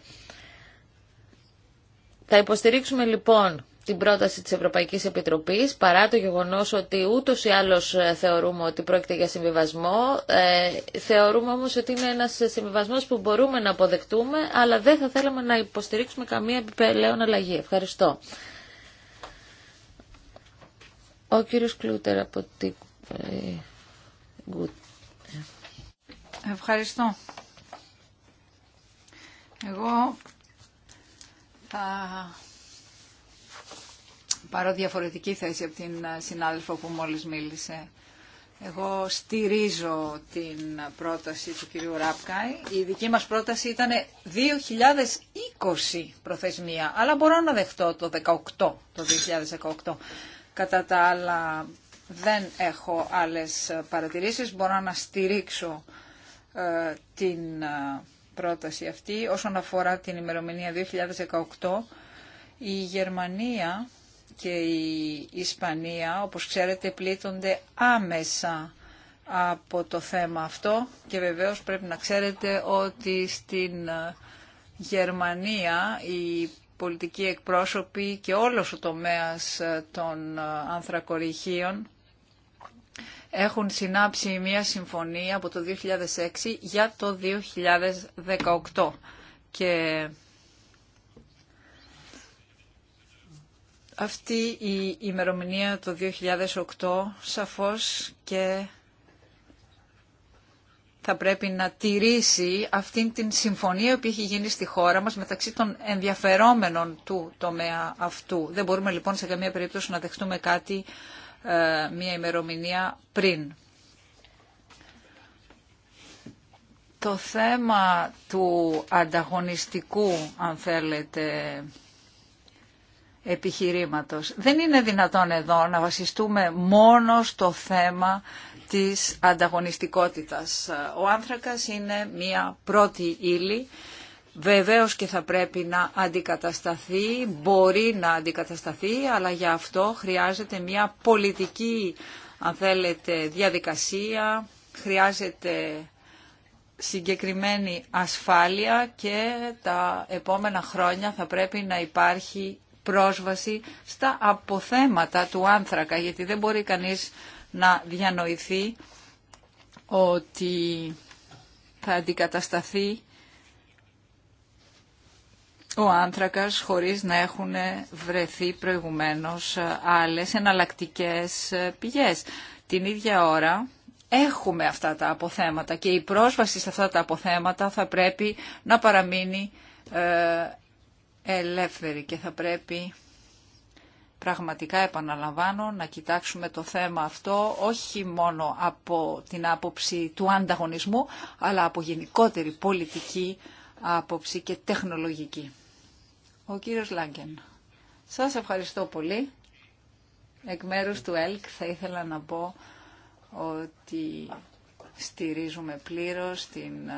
Θα υποστηρίξουμε λοιπόν την πρόταση της Ευρωπαϊκής Επιτροπής, παρά το γεγονός ότι ούτως ή άλλως ε, θεωρούμε ότι πρόκειται για συμβιβασμό. Ε, θεωρούμε όμως ότι είναι ένας συμβιβασμός που μπορούμε να αποδεκτούμε, αλλά δεν θα θέλαμε να υποστηρίξουμε καμία επιπλέον αλλαγή. Ευχαριστώ. Ο κύριος Κλούτερ από την... Ε, Ευχαριστώ. Εγώ θα πάρω διαφορετική θέση από την ε, συνάδελφο που μόλις μίλησε. Εγώ στηρίζω την πρόταση του κυρίου Ράπκαη. Η δική μας πρόταση ήταν 2020 προθεσμία, αλλά μπορώ να δεχτώ το 18, το 2018. Κατά τα άλλα δεν έχω άλλες παρατηρήσεις. Μπορώ να στηρίξω ε, την ε, πρόταση αυτή. Όσον αφορά την ημερομηνία 2018, η Γερμανία και η Ισπανία, όπως ξέρετε, πλήττονται άμεσα από το θέμα αυτό και βεβαίως πρέπει να ξέρετε ότι στην ε, Γερμανία οι πολιτικοί εκπρόσωποι και όλος ο τομέας ε, των ε, ανθρακοριχείων έχουν συνάψει μια συμφωνία από το 2006 για το 2018 και Αυτή η ημερομηνία το 2008 σαφώς και θα πρέπει να τηρήσει αυτήν την συμφωνία που έχει γίνει στη χώρα μας μεταξύ των ενδιαφερόμενων του τομέα αυτού. Δεν μπορούμε λοιπόν σε καμία περίπτωση να δεχτούμε κάτι ε, μία ημερομηνία πριν. Το θέμα του ανταγωνιστικού, αν θέλετε, επιχειρήματος. Δεν είναι δυνατόν εδώ να βασιστούμε μόνο στο θέμα της ανταγωνιστικότητας. Ο άνθρακας είναι μία πρώτη ύλη. Βεβαίως και θα πρέπει να αντικατασταθεί, μπορεί να αντικατασταθεί, αλλά για αυτό χρειάζεται μία πολιτική, αν θέλετε, διαδικασία, χρειάζεται συγκεκριμένη ασφάλεια και τα επόμενα χρόνια θα πρέπει να υπάρχει πρόσβαση στα αποθέματα του άνθρακα, γιατί δεν μπορεί κανείς να διανοηθεί ότι θα αντικατασταθεί ο άνθρακας χωρίς να έχουν βρεθεί προηγουμένως άλλες εναλλακτικές πηγές. Την ίδια ώρα έχουμε αυτά τα αποθέματα και η πρόσβαση σε αυτά τα αποθέματα θα πρέπει να παραμείνει ε, ελεύθερη και θα πρέπει πραγματικά επαναλαμβάνω να κοιτάξουμε το θέμα αυτό όχι μόνο από την άποψη του ανταγωνισμού αλλά από γενικότερη πολιτική άποψη και τεχνολογική. Ο κύριος Λάγκεν. Σας ευχαριστώ πολύ. Εκ μέρους του ΕΛΚ θα ήθελα να πω ότι στηρίζουμε πλήρως την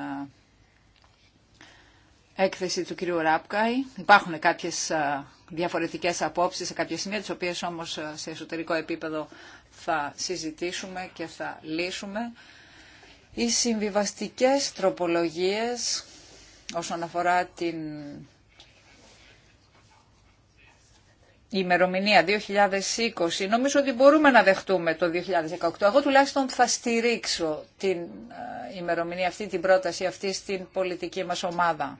έκθεση του κυρίου Ράπκαη. Υπάρχουν κάποιες ε, διαφορετικές απόψεις σε κάποια σημεία, τις οποίες όμως ε, σε εσωτερικό επίπεδο θα συζητήσουμε και θα λύσουμε. Οι συμβιβαστικές τροπολογίες όσον αφορά την ημερομηνία 2020, νομίζω ότι μπορούμε να δεχτούμε το 2018. Εγώ τουλάχιστον θα στηρίξω την ε, ημερομηνία αυτή, την πρόταση αυτή στην πολιτική μας ομάδα.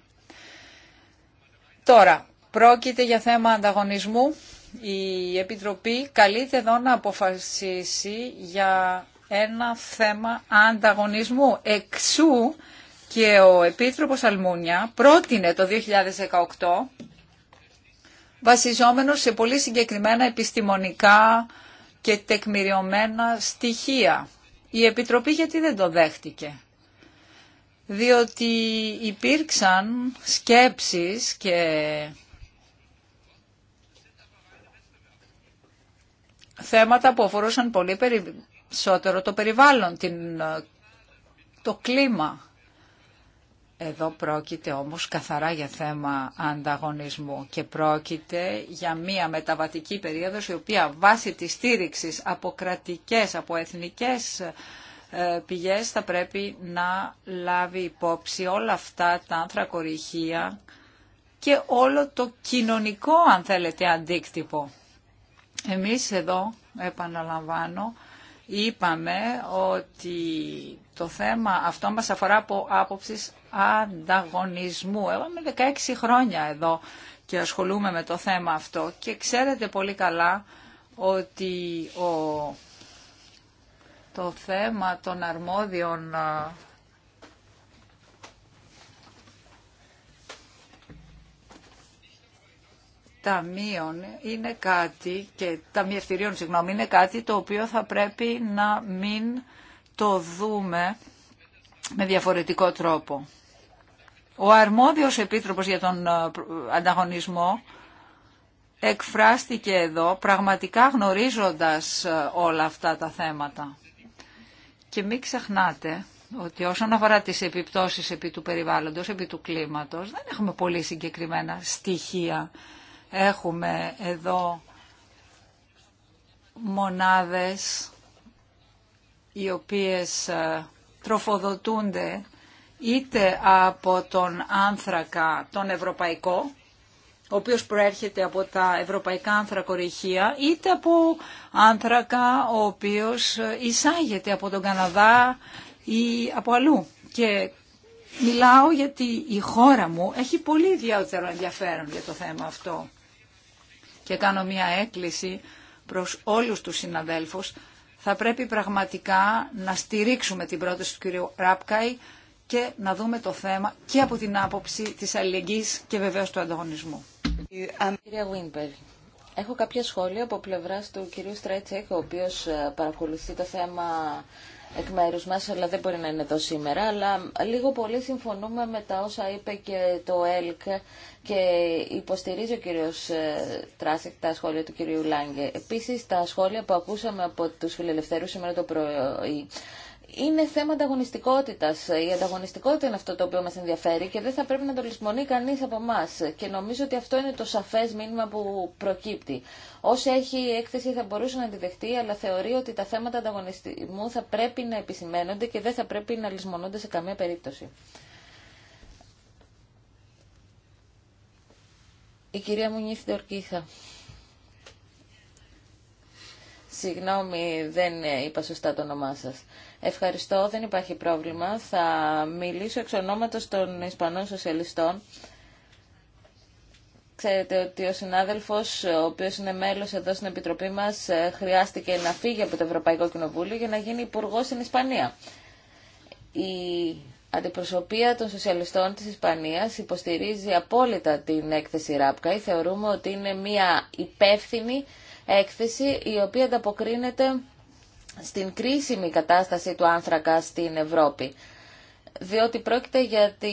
Τώρα, πρόκειται για θέμα ανταγωνισμού. Η Επιτροπή καλείται εδώ να αποφασίσει για ένα θέμα ανταγωνισμού. Εξού και ο Επίτροπος Αλμούνια πρότεινε το 2018 βασιζόμενος σε πολύ συγκεκριμένα επιστημονικά και τεκμηριωμένα στοιχεία. Η Επιτροπή γιατί δεν το δέχτηκε διότι υπήρξαν σκέψεις και θέματα που αφορούσαν πολύ περισσότερο το περιβάλλον, την, το κλίμα. Εδώ πρόκειται όμως καθαρά για θέμα ανταγωνισμού και πρόκειται για μία μεταβατική περίοδος η οποία βάσει της στήριξης από κρατικές, από εθνικές ε, πηγές θα πρέπει να λάβει υπόψη όλα αυτά τα ανθρακοριχεία και όλο το κοινωνικό, αν θέλετε, αντίκτυπο. Εμείς εδώ, επαναλαμβάνω, είπαμε ότι το θέμα αυτό μας αφορά από άποψη ανταγωνισμού. είμαι 16 χρόνια εδώ και ασχολούμαι με το θέμα αυτό και ξέρετε πολύ καλά ότι ο το θέμα των αρμόδιων ταμείων είναι κάτι και ταμιευτηρίων συγγνώμη είναι κάτι το οποίο θα πρέπει να μην το δούμε με διαφορετικό τρόπο. Ο αρμόδιος επίτροπος για τον ανταγωνισμό εκφράστηκε εδώ πραγματικά γνωρίζοντας όλα αυτά τα θέματα. Και μην ξεχνάτε ότι όσον αφορά τις επιπτώσεις επί του περιβάλλοντος, επί του κλίματος, δεν έχουμε πολύ συγκεκριμένα στοιχεία. Έχουμε εδώ μονάδες οι οποίες ε, τροφοδοτούνται είτε από τον άνθρακα τον ευρωπαϊκό ο οποίος προέρχεται από τα ευρωπαϊκά ανθρακοριχεία, είτε από άνθρακα ο οποίος εισάγεται από τον Καναδά ή από αλλού. Και μιλάω γιατί η χώρα μου έχει πολύ ιδιαίτερο ενδιαφέρον για το θέμα αυτό. Και κάνω μια έκκληση προς όλους τους συναδέλφους. Θα πρέπει πραγματικά να στηρίξουμε την πρόταση του κυρίου Ράπκαη και να δούμε το θέμα και από την άποψη της αλληλεγγύης και βεβαίως του ανταγωνισμού. Κυρία Γουίνπερ, έχω κάποια σχόλια από πλευρά του κυρίου Στρέτσεκ, ο οποίο ε, παρακολουθεί το θέμα εκ μέρου μα, αλλά δεν μπορεί να είναι εδώ σήμερα. Αλλά λίγο πολύ συμφωνούμε με τα όσα είπε και το ΕΛΚ και υποστηρίζει ο κύριο ε, Τράσεκ τα σχόλια του κυρίου Λάγκε. Επίση, τα σχόλια που ακούσαμε από του φιλελευθέρου σήμερα το πρωί είναι θέμα ανταγωνιστικότητα. Η ανταγωνιστικότητα είναι αυτό το οποίο μα ενδιαφέρει και δεν θα πρέπει να το λησμονεί κανεί από εμά. Και νομίζω ότι αυτό είναι το σαφέ μήνυμα που προκύπτει. Όσο έχει η έκθεση θα μπορούσε να τη δεχτεί, αλλά θεωρεί ότι τα θέματα ανταγωνισμού θα πρέπει να επισημαίνονται και δεν θα πρέπει να λησμονούνται σε καμία περίπτωση. Η κυρία Μουνίθ Συγγνώμη, δεν είπα σωστά το όνομά σας. Ευχαριστώ, δεν υπάρχει πρόβλημα. Θα μιλήσω εξ ονόματος των Ισπανών Σοσιαλιστών. Ξέρετε ότι ο συνάδελφος, ο οποίος είναι μέλος εδώ στην Επιτροπή μας, ε, χρειάστηκε να φύγει από το Ευρωπαϊκό Κοινοβούλιο για να γίνει υπουργό στην Ισπανία. Η αντιπροσωπεία των σοσιαλιστών της Ισπανίας υποστηρίζει απόλυτα την έκθεση ΡΑΠΚΑ ή θεωρούμε ότι είναι μια υπεύθυνη έκθεση οποία ανταποκρίνεται στην κρίσιμη κατάσταση του άνθρακα στην Ευρώπη διότι πρόκειται για τη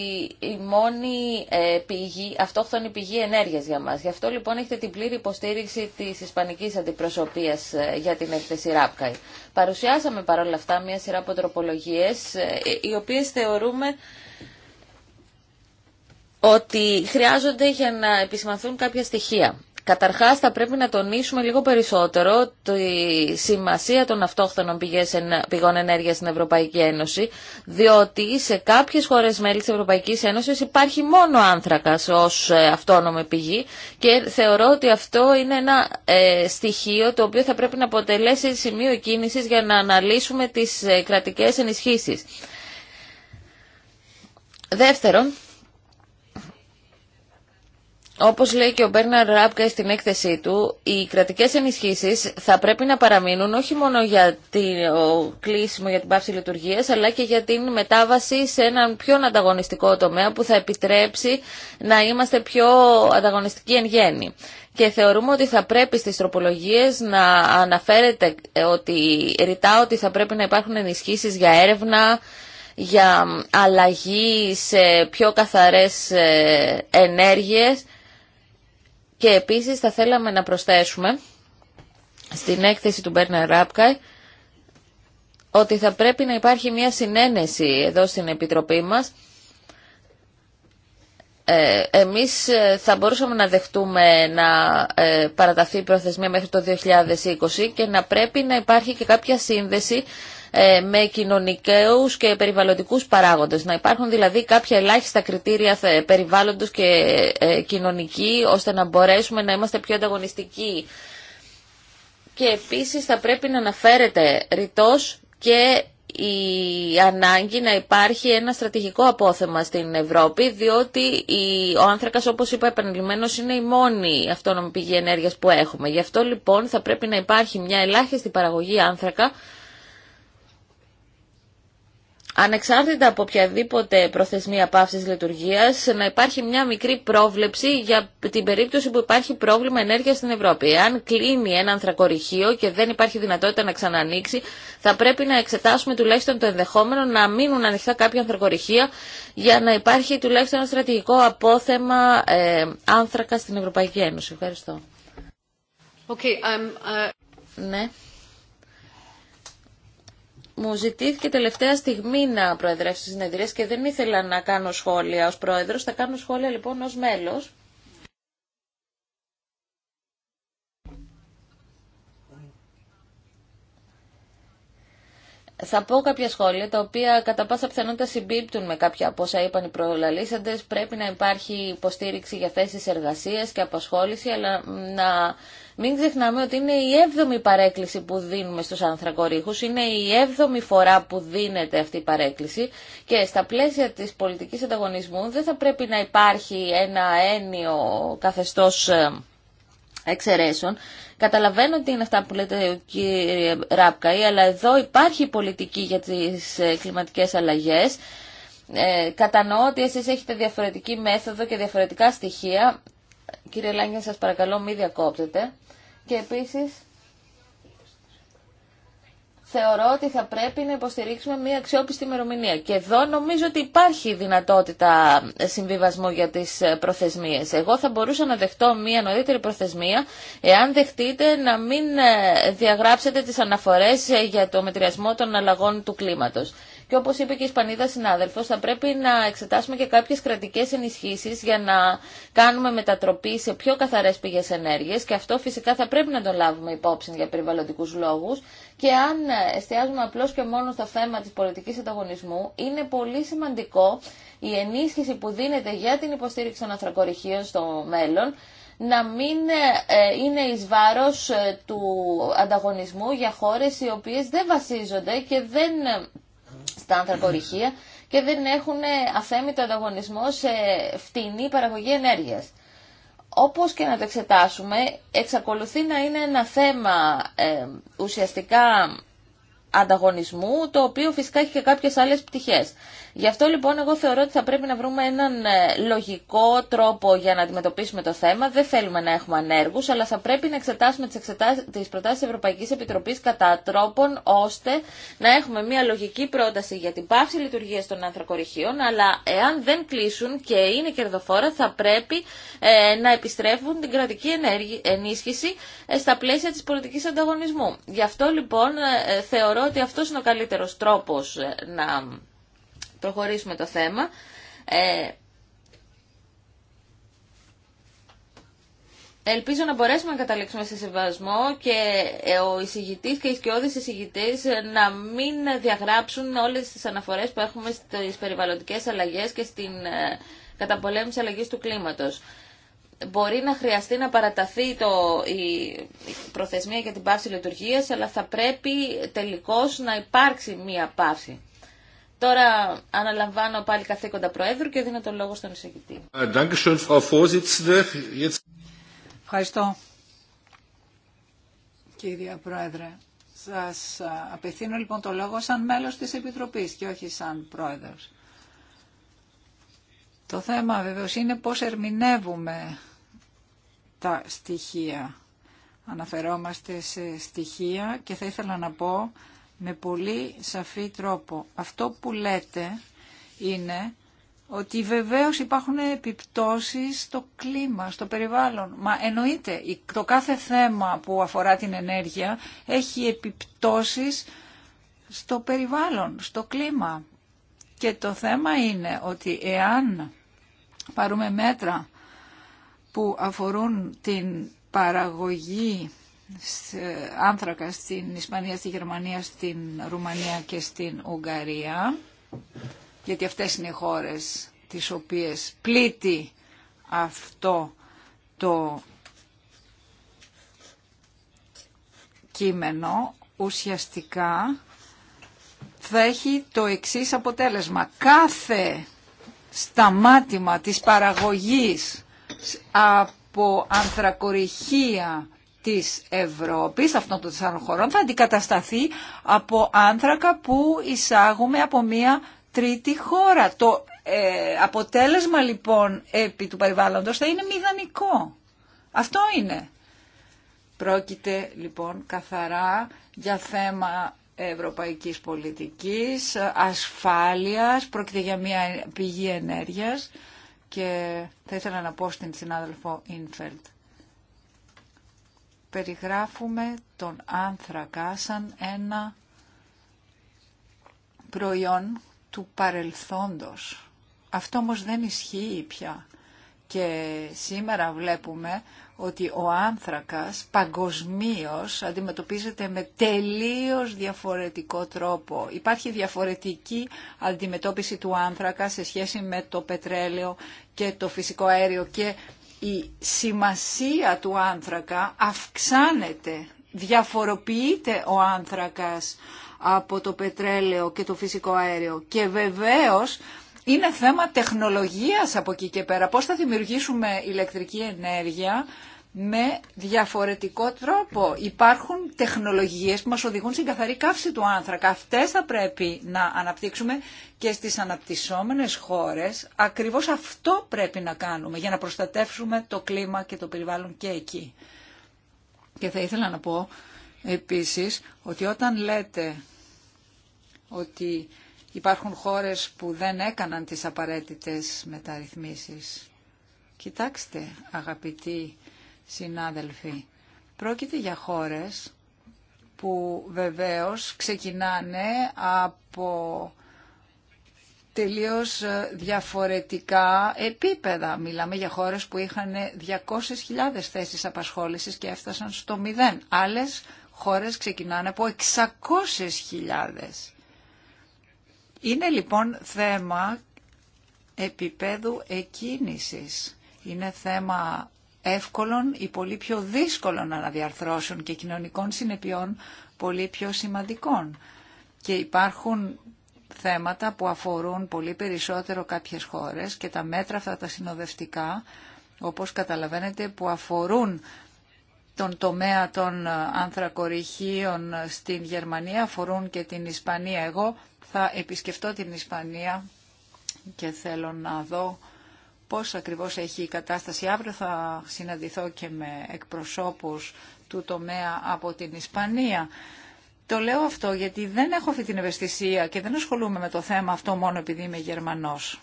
μόνη ε, πηγή, αυτόχθονη πηγή ενέργειας για μας. Γι' αυτό λοιπόν έχετε την πλήρη υποστήριξη της Ισπανικής Αντιπροσωπείας ε, για την έκθεση ΡΑΠΚΑΙ. Παρουσιάσαμε παρόλα αυτά μια σειρά από τροπολογίες, ε, οι οποίες θεωρούμε ότι χρειάζονται για να επισημανθούν κάποια στοιχεία. Καταρχάς θα πρέπει να τονίσουμε λίγο περισσότερο τη σημασία των αυτόχθονων πηγών ενέργειας στην Ευρωπαϊκή Ένωση, διότι σε κάποιες χώρες μέλη της Ευρωπαϊκής Ένωσης υπάρχει μόνο άνθρακας ως ε, αυτόνομη πηγή και θεωρώ ότι αυτό είναι ένα ε, στοιχείο το οποίο θα πρέπει να αποτελέσει σημείο κίνησης για να αναλύσουμε τις ε, κρατικές ενισχύσεις. Δεύτερον, όπως λέει και ο Μπέρναρ Ράπκα στην έκθεσή του, οι κρατικές ενισχύσεις θα πρέπει να παραμείνουν όχι μόνο για το κλείσιμο, για την πάυση λειτουργία, αλλά και για την μετάβαση σε έναν πιο ανταγωνιστικό τομέα που θα επιτρέψει να είμαστε πιο ανταγωνιστικοί εν γέννη. Και θεωρούμε ότι θα πρέπει στις τροπολογίες να αναφέρεται ότι ρητά ότι θα πρέπει να υπάρχουν ενισχύσεις για έρευνα, για αλλαγή σε πιο καθαρές ε, ενέργειες και επίσης θα θέλαμε να προσθέσουμε στην έκθεση του Μπέρναρ Ράπκαϊ ότι θα πρέπει να υπάρχει μια συνένεση εδώ στην Επιτροπή μας. Ε, εμείς ε, θα μπορούσαμε να δεχτούμε να ε, παραταθεί η προθεσμία μέχρι το 2020 και να πρέπει να υπάρχει και κάποια σύνδεση ε, με κοινωνικού και περιβαλλοντικού παράγοντε. Να υπάρχουν δηλαδή κάποια ελάχιστα κριτήρια περιβάλλοντο και ε, κοινωνική ώστε να μπορέσουμε να είμαστε πιο ανταγωνιστικοί. Και επίσης θα πρέπει να αναφέρεται ρητός και η ανάγκη να υπάρχει ένα στρατηγικό απόθεμα στην Ευρώπη, διότι ο άνθρακας, όπως είπα επανειλημμένως, είναι η μόνη αυτόνομη πηγή ενέργειας που έχουμε. Γι' αυτό λοιπόν θα πρέπει να υπάρχει μια ελάχιστη παραγωγή άνθρακα, ανεξάρτητα από οποιαδήποτε προθεσμία πάυσης λειτουργίας, να υπάρχει μια μικρή πρόβλεψη για την περίπτωση που υπάρχει πρόβλημα ενέργειας στην Ευρώπη. Αν κλείνει ένα ανθρακοριχείο και δεν υπάρχει δυνατότητα να ξανανοίξει, θα πρέπει να εξετάσουμε τουλάχιστον το ενδεχόμενο να μείνουν ανοιχτά κάποια ανθρακοριχεία για να υπάρχει τουλάχιστον ένα στρατηγικό απόθεμα ε, άνθρακα στην Ευρωπαϊκή Ένωση. Ευχαριστώ. Okay, um, uh, ναι μου ζητήθηκε τελευταία στιγμή να προεδρεύσω συνεδρίες και δεν ήθελα να κάνω σχόλια ως πρόεδρος, θα κάνω σχόλια λοιπόν ως μέλος. Θα πω κάποια σχόλια τα οποία κατά πάσα πιθανότητα συμπίπτουν με κάποια από όσα είπαν οι προλαλήσαντες. Πρέπει να υπάρχει υποστήριξη για θέσεις εργασίας και απασχόληση, αλλά να μην ξεχνάμε ότι είναι η έβδομη παρέκκληση που δίνουμε στους ανθρακορίχους, είναι η έβδομη φορά που δίνεται αυτή η παρέκκληση και στα πλαίσια της πολιτικής ανταγωνισμού δεν θα πρέπει να υπάρχει ένα έννοιο καθεστώς ε, εξαιρέσεων. Καταλαβαίνω ότι είναι αυτά που λέτε κύριε Ράπκαη, αλλά εδώ υπάρχει πολιτική για τις ε, κλιματικές αλλαγές. Ε, κατανοώ ότι εσείς έχετε διαφορετική μέθοδο και διαφορετικά στοιχεία, Κύριε Λάγκεν, σας παρακαλώ μην διακόπτετε. Και επίσης, θεωρώ ότι θα πρέπει να υποστηρίξουμε μια αξιόπιστη ημερομηνία. Και εδώ νομίζω ότι υπάρχει δυνατότητα συμβιβασμού για τις προθεσμίες. Εγώ θα μπορούσα να δεχτώ μια νωρίτερη προθεσμία, εάν δεχτείτε να μην ε, διαγράψετε τις αναφορές ε, για το μετριασμό των αλλαγών του κλίματος. Και όπω είπε και η Ισπανίδα συνάδελφο, θα πρέπει να εξετάσουμε και κάποιε κρατικέ ενισχύσει για να κάνουμε μετατροπή σε πιο καθαρέ πηγέ ενέργεια. και αυτό φυσικά θα πρέπει να το λάβουμε υπόψη για περιβαλλοντικού λόγου. και αν εστιάζουμε απλώ και μόνο στο θέμα τη πολιτική ανταγωνισμού, είναι πολύ σημαντικό η ενίσχυση που δίνεται για την υποστήριξη των ανθρακοριχείων στο μέλλον να μην ε, είναι εις βάρος ε, του ανταγωνισμού για χώρες οι οποίες δεν βασίζονται και δεν στα ανθρακοριχεία και δεν έχουν αθέμητο ανταγωνισμό σε φτηνή παραγωγή ενέργειας. Όπως και να το εξετάσουμε, εξακολουθεί να είναι ένα θέμα ε, ουσιαστικά ανταγωνισμού, το οποίο φυσικά έχει και κάποιες άλλες πτυχές. Γι' αυτό λοιπόν εγώ θεωρώ ότι θα πρέπει να βρούμε έναν ε, λογικό τρόπο για να αντιμετωπίσουμε το θέμα. Δεν θέλουμε να έχουμε ανέργους, αλλά θα πρέπει να εξετάσουμε τις, εξετάσεις, τις προτάσεις της Ευρωπαϊκής Επιτροπής κατά τρόπον ώστε να έχουμε μια λογική πρόταση για την πάυση λειτουργίας των ανθρακοριχείων, αλλά εάν δεν κλείσουν και είναι κερδοφόρα θα πρέπει ε, να επιστρέφουν την κρατική ενέργη, ενίσχυση ε, στα πλαίσια της πολιτικής ανταγωνισμού. Γι' αυτό λοιπόν ε, θεωρώ ότι αυτός είναι ο καλύτερος τρόπος να προχωρήσουμε το θέμα. Ε, ελπίζω να μπορέσουμε να καταλήξουμε σε σεβασμό και ε, ο εισηγητή και οι σκιώδει εισηγητέ να μην διαγράψουν όλε τι αναφορέ που έχουμε στι περιβαλλοντικέ αλλαγέ και στην ε, καταπολέμηση αλλαγή του κλίματο. Μπορεί να χρειαστεί να παραταθεί το, η προθεσμία για την πάυση λειτουργίας, αλλά θα πρέπει τελικώς να υπάρξει μία πάυση. Τώρα αναλαμβάνω πάλι καθήκοντα Προέδρου και δίνω τον λόγο στον εισηγητή. Ε, Ευχαριστώ. Κύριε Πρόεδρε, σας ε, απευθύνω λοιπόν το λόγο σαν μέλος της Επιτροπής και όχι σαν Πρόεδρος. Το θέμα βεβαίως είναι πώς ερμηνεύουμε τα στοιχεία. Αναφερόμαστε σε στοιχεία και θα ήθελα να πω με πολύ σαφή τρόπο. Αυτό που λέτε είναι ότι βεβαίως υπάρχουν επιπτώσεις στο κλίμα, στο περιβάλλον. Μα εννοείται, το κάθε θέμα που αφορά την ενέργεια έχει επιπτώσεις στο περιβάλλον, στο κλίμα. Και το θέμα είναι ότι εάν πάρουμε μέτρα που αφορούν την παραγωγή άνθρακα στην Ισπανία, στη Γερμανία, στην Ρουμανία και στην Ουγγαρία, γιατί αυτές είναι οι χώρες τις οποίες πλήττει αυτό το κείμενο, ουσιαστικά θα έχει το εξής αποτέλεσμα. Κάθε σταμάτημα της παραγωγής από ανθρακοριχία της Ευρώπης, αυτών των τεσσάρων χωρών, θα αντικατασταθεί από άνθρακα που εισάγουμε από μία τρίτη χώρα. Το ε, αποτέλεσμα λοιπόν επί του περιβάλλοντος θα είναι μηδανικό. Αυτό είναι. Πρόκειται λοιπόν καθαρά για θέμα ευρωπαϊκής πολιτικής, ασφάλειας, πρόκειται για μια πηγή ενέργειας και θα ήθελα να πω στην συνάδελφο Ινφελτ περιγράφουμε τον άνθρακα σαν ένα προϊόν του παρελθόντος. Αυτό όμως δεν ισχύει πια. Και σήμερα βλέπουμε ότι ο άνθρακας παγκοσμίως αντιμετωπίζεται με τελείως διαφορετικό τρόπο. Υπάρχει διαφορετική αντιμετώπιση του άνθρακα σε σχέση με το πετρέλαιο και το φυσικό αέριο και η σημασία του άνθρακα αυξάνεται, διαφοροποιείται ο άνθρακας από το πετρέλαιο και το φυσικό αέριο. Και βεβαίως είναι θέμα τεχνολογίας από εκεί και πέρα. Πώς θα δημιουργήσουμε ηλεκτρική ενέργεια με διαφορετικό τρόπο. Υπάρχουν τεχνολογίες που μας οδηγούν στην καθαρή καύση του άνθρακα. Αυτές θα πρέπει να αναπτύξουμε και στις αναπτυσσόμενες χώρες. Ακριβώς αυτό πρέπει να κάνουμε για να προστατεύσουμε το κλίμα και το περιβάλλον και εκεί. Και θα ήθελα να πω επίσης ότι όταν λέτε ότι υπάρχουν χώρες που δεν έκαναν τις απαραίτητες μεταρρυθμίσεις. Κοιτάξτε αγαπητοί συνάδελφοι. Πρόκειται για χώρες που βεβαίως ξεκινάνε από τελείως διαφορετικά επίπεδα. Μιλάμε για χώρες που είχαν 200.000 θέσεις απασχόλησης και έφτασαν στο μηδέν. Άλλες χώρες ξεκινάνε από 600.000. Είναι λοιπόν θέμα επίπεδου εκκίνησης. Είναι θέμα εύκολων ή πολύ πιο δύσκολων αναδιαρθρώσεων και κοινωνικών συνεπειών πολύ πιο σημαντικών. Και υπάρχουν θέματα που αφορούν πολύ περισσότερο κάποιες χώρες και τα μέτρα αυτά τα συνοδευτικά, όπως καταλαβαίνετε, που αφορούν τον τομέα των ε, ανθρακοριχείων ε, στην Γερμανία, αφορούν και την Ισπανία. Εγώ θα επισκεφτώ την Ισπανία και θέλω να δω πώς ακριβώς έχει η κατάσταση. Αύριο θα συναντηθώ και με εκπροσώπους του τομέα από την Ισπανία. Το λέω αυτό γιατί δεν έχω αυτή την ευαισθησία και δεν ασχολούμαι με το θέμα αυτό μόνο επειδή είμαι Γερμανός.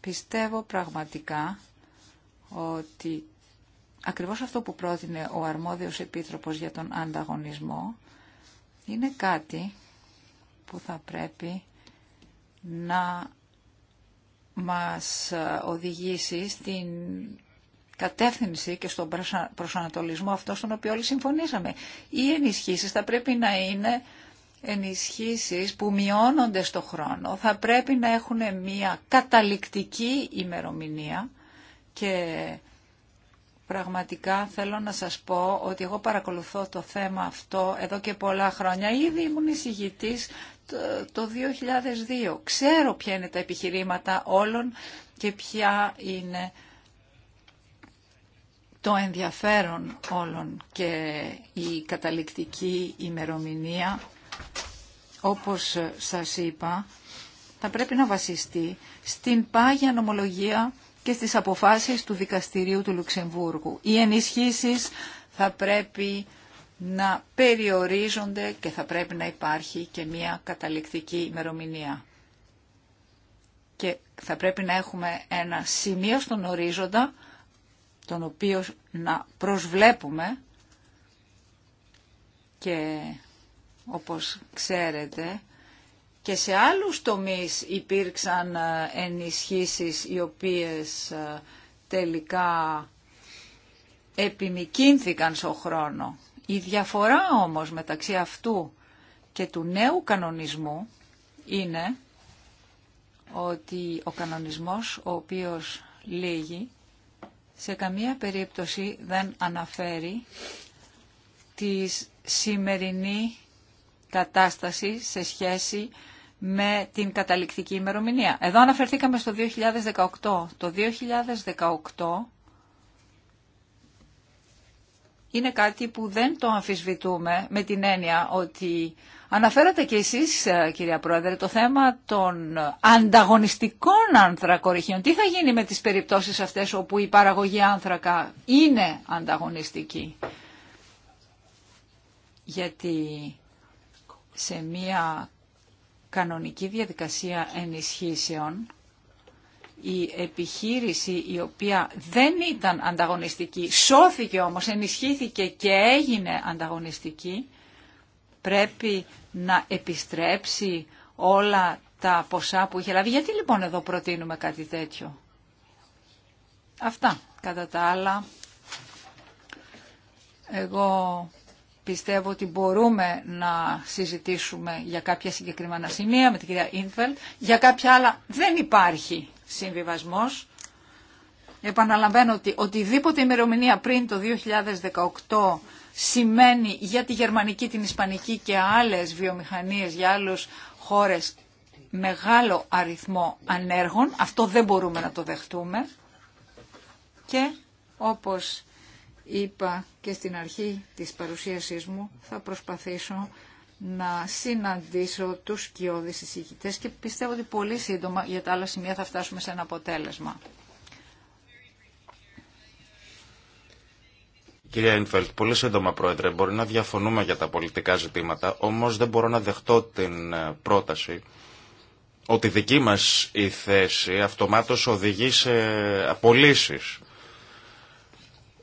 Πιστεύω πραγματικά ότι ακριβώς αυτό που πρότεινε ο αρμόδιος επίτροπος για τον ανταγωνισμό είναι κάτι που θα πρέπει να μας ε, οδηγήσει στην κατεύθυνση και στον προσανατολισμό αυτό στον οποίο όλοι συμφωνήσαμε. Οι ενισχύσεις θα πρέπει να είναι ενισχύσεις που μειώνονται στο χρόνο. Θα πρέπει να έχουν μια καταληκτική ημερομηνία και πραγματικά θέλω να σας πω ότι εγώ παρακολουθώ το θέμα αυτό εδώ και πολλά χρόνια. Ήδη ήμουν εισηγητής το 2002. Ξέρω ποια είναι τα επιχειρήματα όλων και ποια είναι το ενδιαφέρον όλων και η καταληκτική ημερομηνία, όπως σας είπα, θα πρέπει να βασιστεί στην πάγια νομολογία και στις αποφάσεις του Δικαστηρίου του Λουξεμβούργου. Οι ενισχύσεις θα πρέπει να περιορίζονται και θα πρέπει να υπάρχει και μια καταληκτική ημερομηνία. Και θα πρέπει να έχουμε ένα σημείο στον ορίζοντα, τον οποίο να προσβλέπουμε και όπως ξέρετε και σε άλλους τομείς υπήρξαν ε, ενισχύσεις οι οποίες ε, τελικά επιμικύνθηκαν στο χρόνο. Η διαφορά όμως μεταξύ αυτού και του νέου κανονισμού είναι ότι ο κανονισμός ο οποίος λύγει σε καμία περίπτωση δεν αναφέρει τη σημερινή κατάσταση σε σχέση με την καταληκτική ημερομηνία. Εδώ αναφερθήκαμε στο 2018. Το 2018 είναι κάτι που δεν το αμφισβητούμε με την έννοια ότι αναφέρατε και εσείς ε, κυρία Πρόεδρε το θέμα των ανταγωνιστικών ανθρακοριχείων. Τι θα γίνει με τις περιπτώσεις αυτές όπου η παραγωγή άνθρακα είναι ανταγωνιστική. Γιατί σε μια κανονική διαδικασία ενισχύσεων η επιχείρηση η οποία δεν ήταν ανταγωνιστική, σώθηκε όμως, ενισχύθηκε και έγινε ανταγωνιστική, πρέπει να επιστρέψει όλα τα ποσά που είχε λάβει. Γιατί λοιπόν εδώ προτείνουμε κάτι τέτοιο. Αυτά. Κατά τα άλλα, εγώ πιστεύω ότι μπορούμε να συζητήσουμε για κάποια συγκεκριμένα σημεία με την κυρία Ίνφελ. Για κάποια άλλα δεν υπάρχει συμβιβασμός. Επαναλαμβάνω ότι οτιδήποτε ημερομηνία πριν το 2018 σημαίνει για τη γερμανική, την ισπανική και άλλες βιομηχανίες, για άλλους χώρες μεγάλο αριθμό ανέργων. Αυτό δεν μπορούμε να το δεχτούμε. Και όπως είπα και στην αρχή της παρουσίασής μου θα προσπαθήσω να συναντήσω τους σκιώδεις εισηγητές και πιστεύω ότι πολύ σύντομα για τα άλλα σημεία θα φτάσουμε σε ένα αποτέλεσμα. Κυρία Ινφελτ, πολύ σύντομα πρόεδρε, μπορεί να διαφωνούμε για τα πολιτικά ζητήματα, όμως δεν μπορώ να δεχτώ την ε, πρόταση ότι δική μας η θέση αυτομάτως οδηγεί σε απολύσεις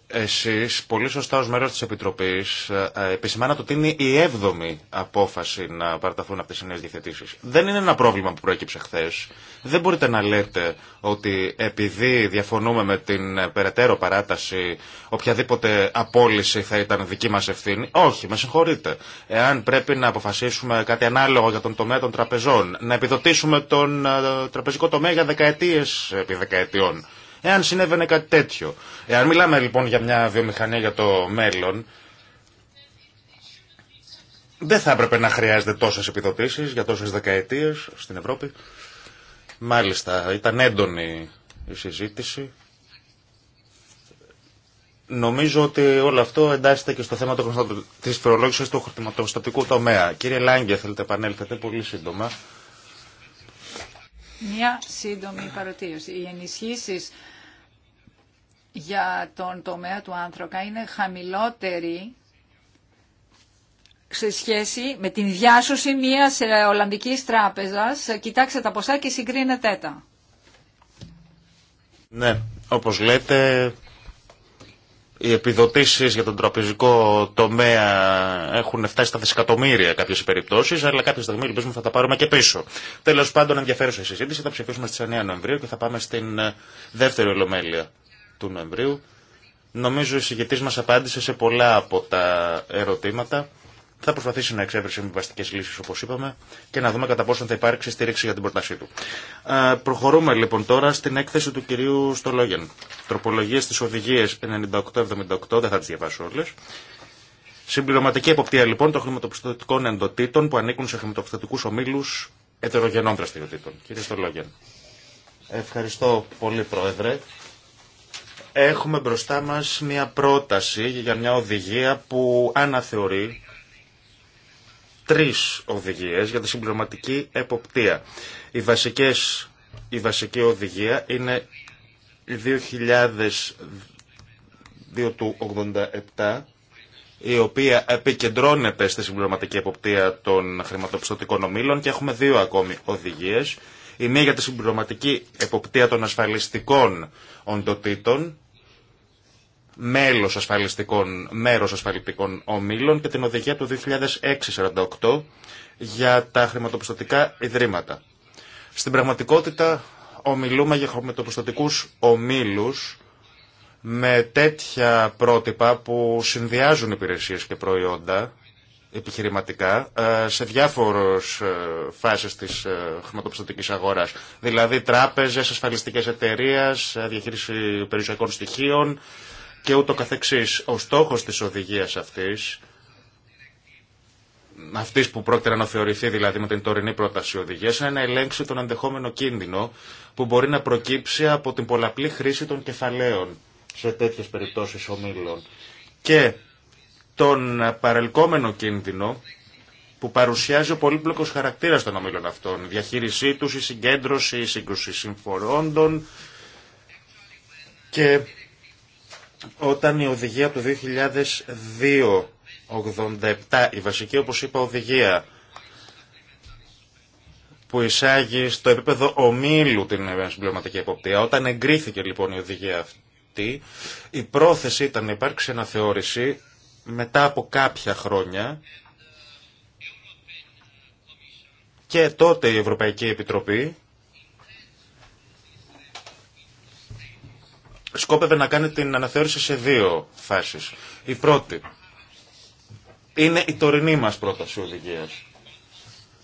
εσείς πολύ σωστά ως μέρος της Επιτροπής ε, ε, επισημάνατε ότι είναι η έβδομη απόφαση να παραταθούν από οι νέες διαθετήσεις. Δεν είναι ένα πρόβλημα που προέκυψε χθε. Δεν μπορείτε να λέτε ότι επειδή διαφωνούμε με την ε, περαιτέρω παράταση οποιαδήποτε απόλυση θα ήταν δική μας ευθύνη. Όχι, με συγχωρείτε. Εάν πρέπει να αποφασίσουμε κάτι ανάλογο για τον τομέα των τραπεζών, να επιδοτήσουμε τον τραπεζικό τομέα για δεκαετίες επί δεκαετιών εάν συνέβαινε κάτι τέτοιο. Εάν μιλάμε λοιπόν για μια βιομηχανία για το μέλλον, δεν θα έπρεπε να χρειάζεται τόσες επιδοτήσεις για τόσες δεκαετίες στην Ευρώπη. Μάλιστα, ήταν έντονη η συζήτηση. Νομίζω ότι όλο αυτό εντάσσεται και στο θέμα τη φορολόγηση του χρηματοστατικού τομέα. Κύριε Λάγκε, θέλετε επανέλθετε πολύ σύντομα. Μια σύντομη παρατήρηση. Οι ενισχύσει για τον τομέα του άνθρωκα είναι χαμηλότερη σε σχέση με την διάσωση μιας ε, Ολλανδικής τράπεζας. Ε, κοιτάξτε τα ποσά και συγκρίνετε τα. Ναι, όπως λέτε, οι επιδοτήσεις για τον τραπεζικό τομέα έχουν φτάσει στα δισεκατομμύρια κάποιες περιπτώσεις, αλλά κάποια στιγμή ελπίζουμε θα τα πάρουμε και πίσω. Τέλος πάντων, ενδιαφέρουσα η συζήτηση, θα ψηφίσουμε στις 9 Νοεμβρίου και θα πάμε στην ε, δεύτερη ολομέλεια του Νοεμβρίου. Νομίζω η συγκεκριτής μας απάντησε σε πολλά από τα ερωτήματα. Θα προσπαθήσει να με συμβιβαστικέ λύσει, όπω είπαμε, και να δούμε κατά πόσο θα υπάρξει στήριξη για την πρότασή του. προχωρούμε λοιπόν τώρα στην έκθεση του κυρίου Στολόγεν. Τροπολογίε στι οδηγίε 98-78, δεν θα τι διαβάσω όλε. Συμπληρωματική εποπτεία λοιπόν των χρηματοπιστωτικών εντοτήτων που ανήκουν σε χρηματοπιστωτικού ομίλου ετερογενών δραστηριοτήτων. Κύριε Στολόγεν. Ευχαριστώ πολύ, Πρόεδρε. Έχουμε μπροστά μας μια πρόταση για μια οδηγία που αναθεωρεί τρεις οδηγίες για τη συμπληρωματική εποπτεία. Οι βασικές, η βασική οδηγία είναι η 2002 του η οποία επικεντρώνεται στη συμπληρωματική εποπτεία των χρηματοπιστωτικών ομήλων και έχουμε δύο ακόμη οδηγίες. Η μία για τη συμπληρωματική εποπτεία των ασφαλιστικών οντοτήτων μέλος ασφαλιστικών, μέρος ασφαλιστικών ομίλων και την οδηγία του 2006-48 για τα χρηματοπιστωτικά ιδρύματα. Στην πραγματικότητα ομιλούμε για χρηματοπιστωτικούς ομίλους με τέτοια πρότυπα που συνδυάζουν υπηρεσίες και προϊόντα επιχειρηματικά ε, σε διάφορες ε, φάσεις της ε, χρηματοπιστωτικής αγοράς. Δηλαδή τράπεζες, ασφαλιστικές εταιρείες, διαχείριση περιουσιακών στοιχείων, και ούτω καθεξής. Ο στόχος της οδηγίας αυτής, αυτής που πρόκειται να θεωρηθεί δηλαδή με την τωρινή πρόταση οδηγίας, είναι να ελέγξει τον ενδεχόμενο κίνδυνο που μπορεί να προκύψει από την πολλαπλή χρήση των κεφαλαίων σε τέτοιες περιπτώσεις ομίλων και τον παρελκόμενο κίνδυνο που παρουσιάζει ο πολύπλοκος χαρακτήρας των ομίλων αυτών, η διαχείρισή τους, η συγκέντρωση, η σύγκρουση συμφορώντων και όταν η οδηγία του 2002-87, η βασική όπως είπα οδηγία, που εισάγει στο επίπεδο ομίλου την συμπληρωματική εποπτεία. Όταν εγκρίθηκε λοιπόν η οδηγία αυτή, η πρόθεση ήταν να υπάρξει θεώρηση μετά από κάποια χρόνια και τότε η Ευρωπαϊκή Επιτροπή σκόπευε να κάνει την αναθεώρηση σε δύο φάσεις. Η πρώτη είναι η τωρινή μας πρόταση οδηγία,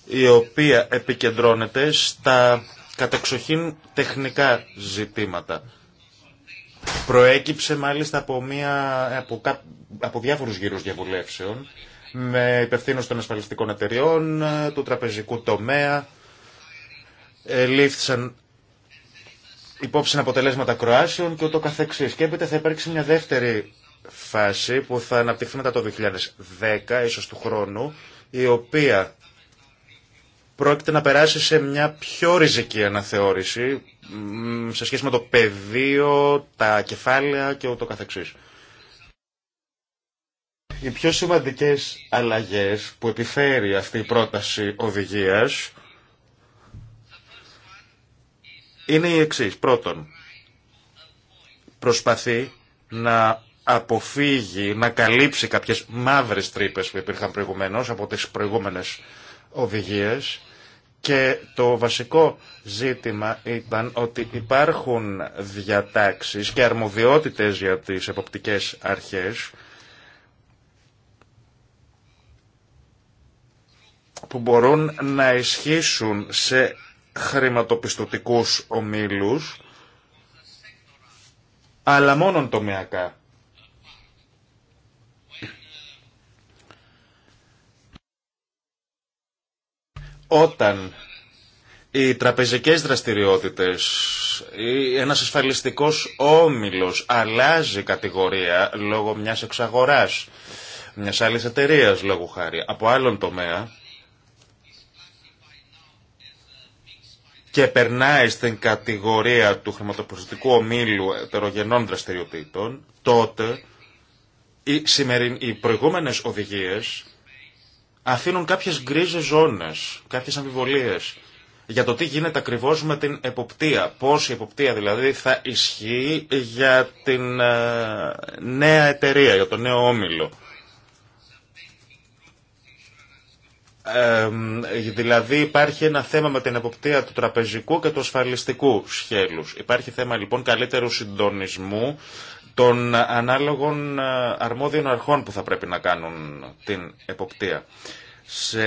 η οποία επικεντρώνεται στα κατεξοχήν τεχνικά ζητήματα. Προέκυψε μάλιστα από, μια, από, από διάφορους γύρους διαβουλεύσεων, με υπευθύνωση των ασφαλιστικών εταιριών, του τραπεζικού τομέα, ε, λήφθησαν υπόψη αποτελέσματα Κροάσιων και ούτω καθεξής. Και έπειτα θα υπάρξει μια δεύτερη φάση που θα αναπτυχθεί μετά το 2010, ίσως του χρόνου, η οποία πρόκειται να περάσει σε μια πιο ριζική αναθεώρηση σε σχέση με το πεδίο, τα κεφάλαια και ούτω καθεξής. Οι πιο σημαντικές αλλαγές που επιφέρει αυτή η πρόταση οδηγίας είναι η εξή. Πρώτον, προσπαθεί να αποφύγει, να καλύψει κάποιες μαύρες τρύπες που υπήρχαν προηγουμένως από τις προηγούμενες οδηγίες και το βασικό ζήτημα ήταν ότι υπάρχουν διατάξεις και αρμοδιότητες για τις εποπτικές αρχές που μπορούν να ισχύσουν σε χρηματοπιστωτικούς ομίλους, αλλά μόνον τομεακά. Όταν οι τραπεζικές δραστηριότητες ή ένας ασφαλιστικός όμιλος αλλάζει κατηγορία λόγω μιας εξαγοράς, μιας άλλης εταιρείας λόγω χάρη, από άλλον τομέα, και περνάει στην κατηγορία του χρηματοπιστικού ομίλου ετερογενών δραστηριοτήτων, τότε οι, σημεριν, οι προηγούμενες οδηγίες αφήνουν κάποιες γκρίζες ζώνες, κάποιες αμφιβολίες για το τι γίνεται ακριβώς με την εποπτεία. Πώς η εποπτεία δηλαδή θα ισχύει για την ε, νέα εταιρεία, για το νέο όμιλο. Ε, δηλαδή υπάρχει ένα θέμα με την εποπτεία του τραπεζικού και του ασφαλιστικού σχέλους. Υπάρχει θέμα λοιπόν καλύτερου συντονισμού των ανάλογων ε, αρμόδιων αρχών που θα πρέπει να κάνουν την εποπτεία. Σε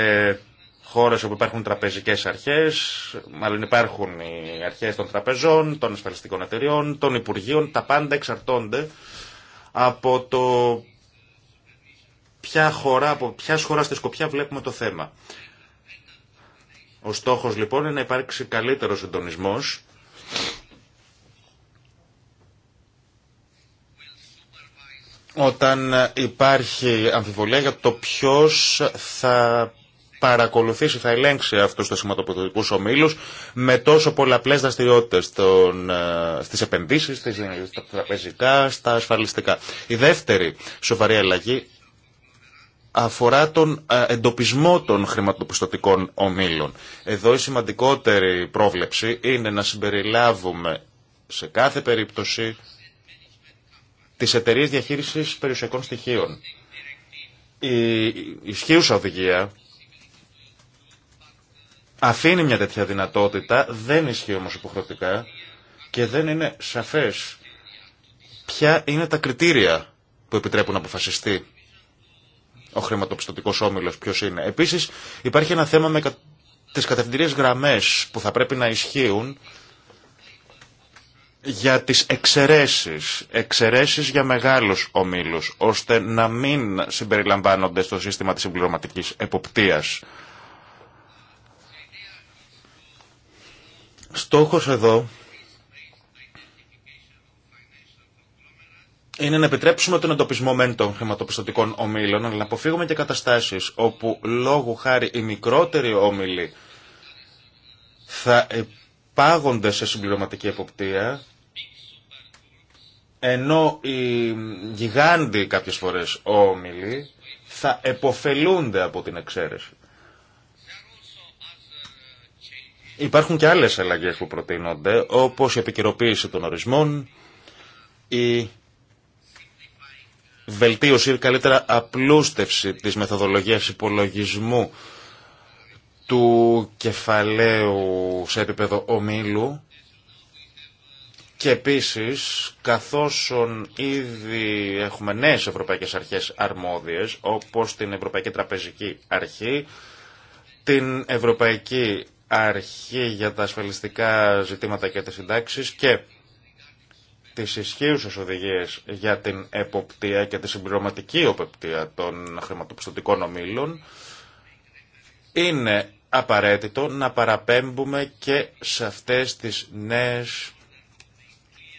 χώρες όπου υπάρχουν τραπεζικές αρχές, μάλλον υπάρχουν οι αρχές των τραπεζών, των ασφαλιστικών εταιριών, των υπουργείων, τα πάντα εξαρτώνται από το ποια χώρα, από ποια χώρα στη Σκοπιά βλέπουμε το θέμα. Ο στόχος λοιπόν είναι να υπάρξει καλύτερος συντονισμός όταν υπάρχει αμφιβολία για το ποιος θα παρακολουθήσει, θα ελέγξει αυτούς τους σηματοποιητικούς ομίλους με τόσο πολλαπλές δραστηριότητες των, ε, στις επενδύσεις, στις, στα τραπεζικά, στα ασφαλιστικά. Η δεύτερη σοβαρή αλλαγή αφορά τον ε, εντοπισμό των χρηματοπιστωτικών ομίλων. Εδώ η σημαντικότερη πρόβλεψη είναι να συμπεριλάβουμε σε κάθε περίπτωση τις εταιρείες διαχείρισης περιουσιακών στοιχείων. Η ισχύουσα οδηγία αφήνει μια τέτοια δυνατότητα, δεν ισχύει όμως υποχρεωτικά και δεν είναι σαφές ποια είναι τα κριτήρια που επιτρέπουν να αποφασιστεί ο χρηματοπιστωτικό όμιλο ποιο είναι. Επίση, υπάρχει ένα θέμα με τι κατευθυντηρίε γραμμέ που θα πρέπει να ισχύουν για τις εξαιρέσεις, εξαιρέσεις για μεγάλους ομίλους, ώστε να μην συμπεριλαμβάνονται στο σύστημα της συμπληρωματικής εποπτείας. Στόχος εδώ είναι να επιτρέψουμε τον εντοπισμό μεν των χρηματοπιστωτικών ομίλων, αλλά να αποφύγουμε και καταστάσει όπου λόγω χάρη οι μικρότεροι όμιλοι θα πάγονται σε συμπληρωματική εποπτεία, ενώ οι γιγάντιοι κάποιες φορές όμιλοι θα εποφελούνται από την εξαίρεση. Υπάρχουν και άλλες αλλαγές που προτείνονται, όπως η επικαιροποίηση των ορισμών, η βελτίωση ή καλύτερα απλούστευση της μεθοδολογίας υπολογισμού του κεφαλαίου σε επίπεδο ομίλου και επίσης καθώς ήδη έχουμε νέες ευρωπαϊκές αρχές αρμόδιες όπως την Ευρωπαϊκή Τραπεζική Αρχή, την Ευρωπαϊκή Αρχή για τα ασφαλιστικά ζητήματα και τις συντάξεις και τις ισχύουσες οδηγίες για την εποπτεία και τη συμπληρωματική εποπτεία των χρηματοπιστωτικών ομίλων, είναι απαραίτητο να παραπέμπουμε και σε αυτές τις νέες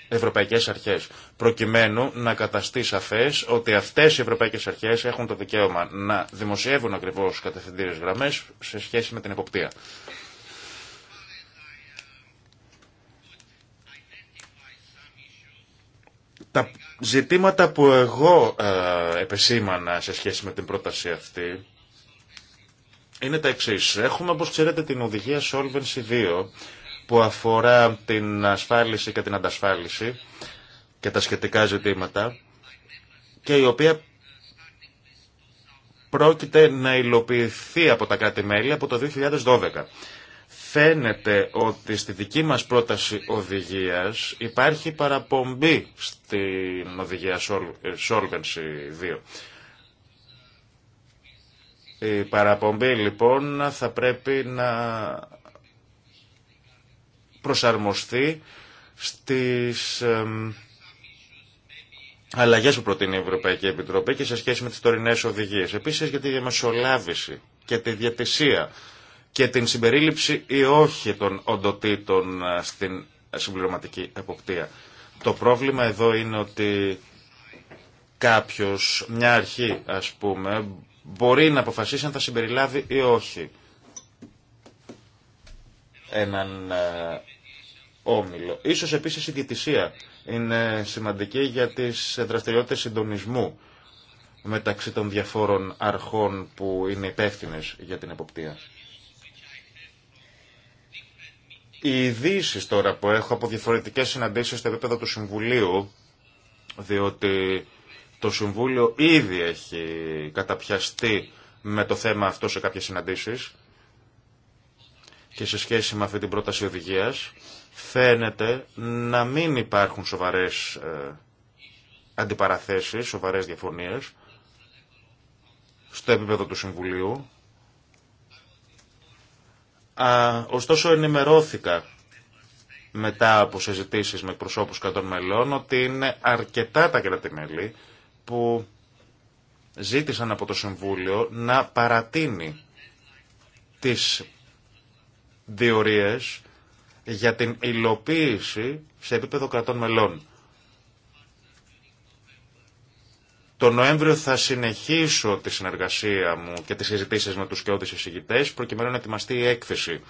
ευρωπαϊκές αρχές, προκειμένου να καταστεί σαφές ότι αυτές οι ευρωπαϊκές αρχές έχουν το δικαίωμα να δημοσιεύουν ακριβώς κατευθυντήρες γραμμές σε σχέση με την εποπτεία. Τα ζητήματα που εγώ ε, επεσήμανα σε σχέση με την πρόταση αυτή είναι τα εξή. Έχουμε, όπως ξέρετε, την οδηγία Solvency 2 που αφορά την ασφάλιση και την αντασφάλιση και τα σχετικά ζητήματα και η οποία πρόκειται να υλοποιηθεί από τα κράτη-μέλη από το 2012 φαίνεται ότι στη δική μας πρόταση οδηγίας υπάρχει παραπομπή στην οδηγία ε, Solvency 2. Η παραπομπή λοιπόν θα πρέπει να προσαρμοστεί στις αλλαγές που προτείνει η Ευρωπαϊκή Επιτροπή και σε σχέση με τις τωρινές οδηγίες. Επίσης για τη διαμεσολάβηση και τη διατησία και την συμπερίληψη ή όχι των οντοτήτων ε, στην ε, συμπληρωματική εποπτεία. Το πρόβλημα εδώ είναι ότι κάποιος, μια αρχή ας πούμε, μπορεί να αποφασίσει αν θα συμπεριλάβει ή όχι έναν ε, όμιλο. Ίσως επίσης η διαιτησία είναι σημαντική για τις δραστηριότητες συντονισμού μεταξύ των διαφόρων αρχών που είναι υπεύθυνε για την εποπτεία. Οι ειδήσει τώρα που έχω από διαφορετικές συναντήσεις στο επίπεδο του Συμβουλίου, διότι το Συμβούλιο ήδη έχει καταπιαστεί με το θέμα αυτό σε κάποιες συναντήσεις και σε σχέση με αυτή την πρόταση οδηγία, φαίνεται να μην υπάρχουν σοβαρές ε, αντιπαραθέσει, σοβαρέ διαφωνίε στο επίπεδο του Συμβουλίου Α, ωστόσο ενημερώθηκα μετά από συζητήσεις με προσώπους κατών μελών ότι είναι αρκετά τα κρατημέλη που ζήτησαν από το Συμβούλιο να παρατείνει τις διορίες για την υλοποίηση σε επίπεδο κρατών μελών. Το Νοέμβριο θα συνεχίσω τη συνεργασία μου και τις συζητήσει με τους κοιότητες εισηγητές προκειμένου να ετοιμαστεί η έκθεση.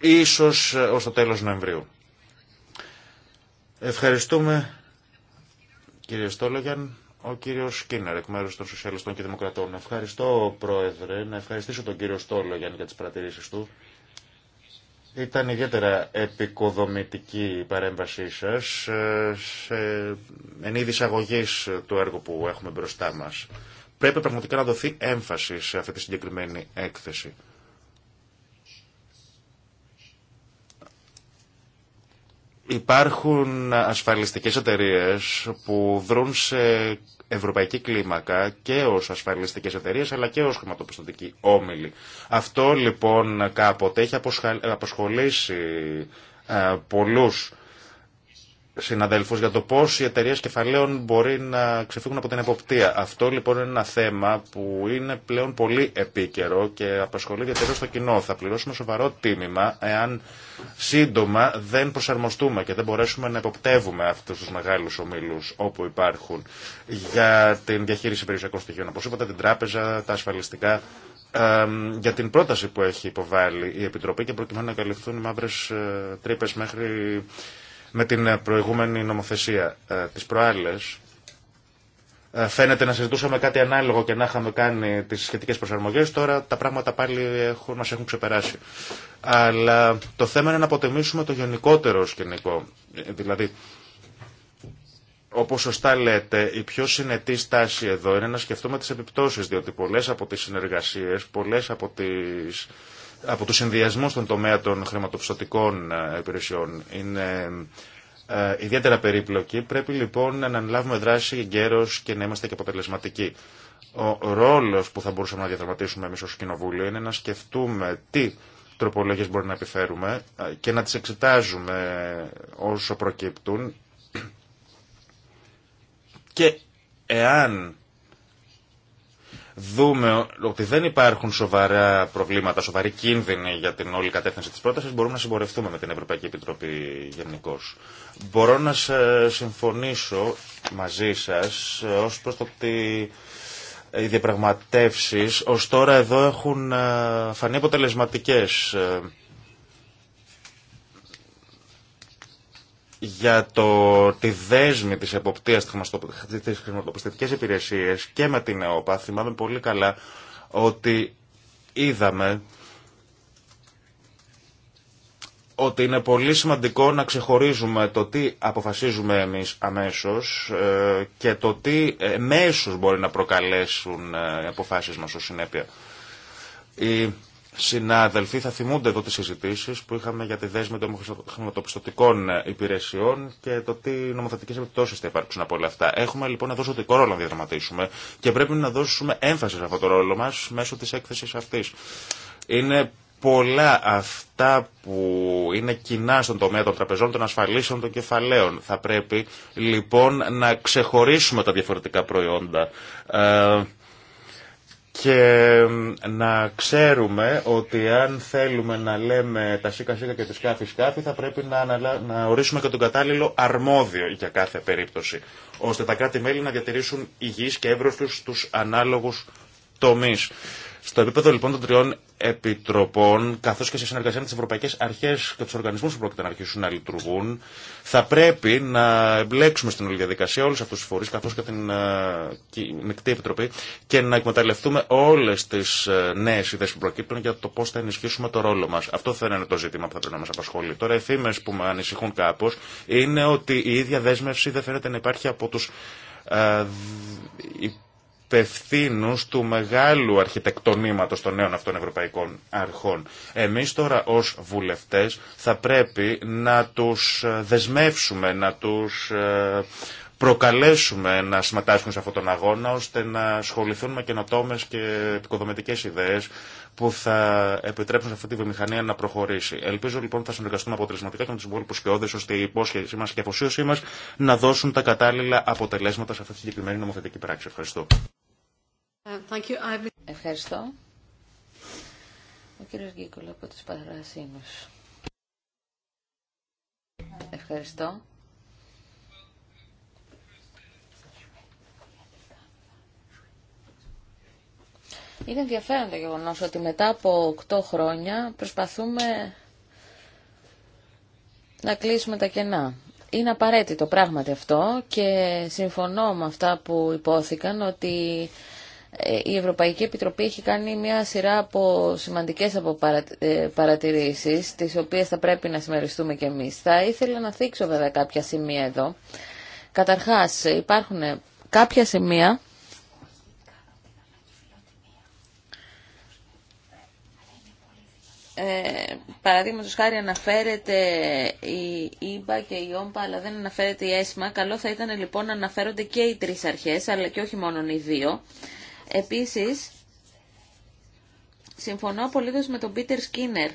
Ίσως ε, ως το τέλος Νοεμβρίου. Ευχαριστούμε κύριε Στόλογιαν ο κύριο Σκίνερ, εκ μέρου των Σοσιαλιστών και Δημοκρατών. Ευχαριστώ, Πρόεδρε, να ευχαριστήσω τον κύριο Στόλογιαν για τι παρατηρήσει του. Ήταν ιδιαίτερα επικοδομητική η παρέμβασή σας ε, σε εν είδη του έργου που έχουμε μπροστά μας. Πρέπει πραγματικά να δοθεί έμφαση σε αυτή τη συγκεκριμένη έκθεση. Υπάρχουν ασφαλιστικές εταιρείε που δρούν σε ευρωπαϊκή κλίμακα και ως ασφαλιστικές εταιρείε αλλά και ως χρηματοπιστωτικοί όμιλοι. Αυτό λοιπόν κάποτε έχει αποσχολήσει ε, πολλούς συναδέλφου για το πώ οι εταιρείε κεφαλαίων μπορεί να ξεφύγουν από την εποπτεία. Αυτό λοιπόν είναι ένα θέμα που είναι πλέον πολύ επίκαιρο και απασχολεί ιδιαίτερα στο κοινό. Θα πληρώσουμε σοβαρό τίμημα εάν σύντομα δεν προσαρμοστούμε και δεν μπορέσουμε να εποπτεύουμε αυτού του μεγάλου ομιλού όπου υπάρχουν για την διαχείριση περιουσιακών στοιχείων. όπω είπατε την τράπεζα, τα ασφαλιστικά για την πρόταση που έχει υποβάλει η Επιτροπή και προκειμένου να καλυφθούν μαύρε τρύπε μέχρι με την ε, προηγούμενη νομοθεσία. Ε, τις προάλλες ε, φαίνεται να συζητούσαμε κάτι ανάλογο και να είχαμε κάνει τις σχετικές προσαρμογές. Τώρα τα πράγματα πάλι έχουν, μας έχουν ξεπεράσει. Αλλά το θέμα είναι να αποτεμήσουμε το γενικότερο σκηνικό. Δηλαδή, όπως σωστά λέτε, η πιο συνετή στάση εδώ είναι να σκεφτούμε τις επιπτώσεις, διότι πολλές από τις συνεργασίες, πολλές από τις από τους συνδυασμού στον τομέα των χρηματοπιστωτικών ε, υπηρεσιών είναι ε, ιδιαίτερα περίπλοκη. Πρέπει λοιπόν να αναλάβουμε δράση γέρος και να είμαστε και αποτελεσματικοί. Ο ρόλος που θα μπορούσαμε να διαδραματίσουμε εμείς ως Κοινοβούλιο είναι να σκεφτούμε τι τροπολογίες μπορεί να επιφέρουμε ε, και να τις εξετάζουμε όσο προκύπτουν και εάν δούμε ότι δεν υπάρχουν σοβαρά προβλήματα, σοβαροί κίνδυνοι για την όλη κατεύθυνση της πρότασης, μπορούμε να συμπορευτούμε με την Ευρωπαϊκή Επιτροπή γενικώ. Μπορώ να συμφωνήσω μαζί σας ως προς το ότι οι διαπραγματεύσεις ως τώρα εδώ έχουν ε, φανεί αποτελεσματικές ε, για το, τη δέσμη της εποπτείας της χρηματοπιστωτικές υπηρεσίες και με την ΕΟΠΑ θυμάμαι πολύ καλά ότι είδαμε ότι είναι πολύ σημαντικό να ξεχωρίζουμε το τι αποφασίζουμε εμείς αμέσως ε, και το τι μέσους μπορεί να προκαλέσουν οι ε, αποφάσεις μας ως συνέπεια συνάδελφοι θα θυμούνται εδώ τις συζητήσεις που είχαμε για τη δέσμη των χρηματοπιστωτικών υπηρεσιών και το τι νομοθετικές επιπτώσεις θα υπάρξουν από όλα αυτά. Έχουμε λοιπόν εδώ δικό ρόλο να διαδραματίσουμε και πρέπει να δώσουμε έμφαση σε αυτό το ρόλο μας μέσω της έκθεσης αυτής. Είναι πολλά αυτά που είναι κοινά στον τομέα των τραπεζών, των ασφαλίσεων, των κεφαλαίων. Θα πρέπει λοιπόν να ξεχωρίσουμε τα διαφορετικά προϊόντα. Ε, και να ξέρουμε ότι αν θέλουμε να λέμε τα σίκα σίκα και τη σκάφη σκάφη θα πρέπει να, αναλα... να ορίσουμε και τον κατάλληλο αρμόδιο για κάθε περίπτωση ώστε τα κράτη-μέλη να διατηρήσουν υγιείς και εύρωστους τους ανάλογους τομείς. Στο επίπεδο λοιπόν των τριών επιτροπών, καθώ και σε συνεργασία με τι ευρωπαϊκέ αρχέ και του οργανισμού που πρόκειται να αρχίσουν να λειτουργούν, θα πρέπει να εμπλέξουμε στην όλη διαδικασία όλου αυτού του φορεί, καθώ και την ε, μεικτή επιτροπή, και να εκμεταλλευτούμε όλε τι ε, νέε ιδέε που προκύπτουν για το πώ θα ενισχύσουμε το ρόλο μα. Αυτό θα είναι το ζήτημα που θα πρέπει να μα απασχολεί. Τώρα, οι που με ανησυχούν κάπω είναι ότι η ίδια δέσμευση δεν φαίνεται να υπάρχει από του ε, υπευθύνου του μεγάλου αρχιτεκτονήματος των νέων αυτών ευρωπαϊκών αρχών. Εμείς τώρα ως βουλευτές θα πρέπει να τους ε, δεσμεύσουμε, να τους ε, προκαλέσουμε να συμμετάσχουν σε αυτόν τον αγώνα ώστε να ασχοληθούν με καινοτόμε και επικοδομητικές ιδέες που θα επιτρέψουν σε αυτή τη βιομηχανία να προχωρήσει. Ελπίζω λοιπόν ότι θα συνεργαστούμε αποτελεσματικά και με του υπόλοιπου σκιώδε ώστε η υπόσχεσή μα και η αφοσίωσή μα να δώσουν τα κατάλληλα αποτελέσματα σε αυτή τη συγκεκριμένη νομοθετική πράξη. Ευχαριστώ. Ευχαριστώ. Ο κύριος Γκίκολα από τις Παρασίνους. Ευχαριστώ. Είναι ενδιαφέρον το γεγονός ότι μετά από 8 χρόνια προσπαθούμε να κλείσουμε τα κενά. Είναι απαραίτητο πράγματι αυτό και συμφωνώ με αυτά που υπόθηκαν ότι ε, η Ευρωπαϊκή Επιτροπή έχει κάνει μια σειρά από σημαντικές από ε, παρατηρήσεις, τις οποίες θα πρέπει να συμμεριστούμε και εμείς. Θα ήθελα να θίξω βέβαια κάποια σημεία εδώ. Καταρχάς, υπάρχουν κάποια σημεία Ε, Παραδείγματο χάρη αναφέρεται η ΙΜΠΑ και η ΟΜΠΑ αλλά δεν αναφέρεται η ΕΣΜΑ. Καλό θα ήταν λοιπόν να αναφέρονται και οι τρεις αρχές αλλά και όχι μόνο οι δύο. Επίσης, συμφωνώ απολύτως με τον Πίτερ Σκίνερ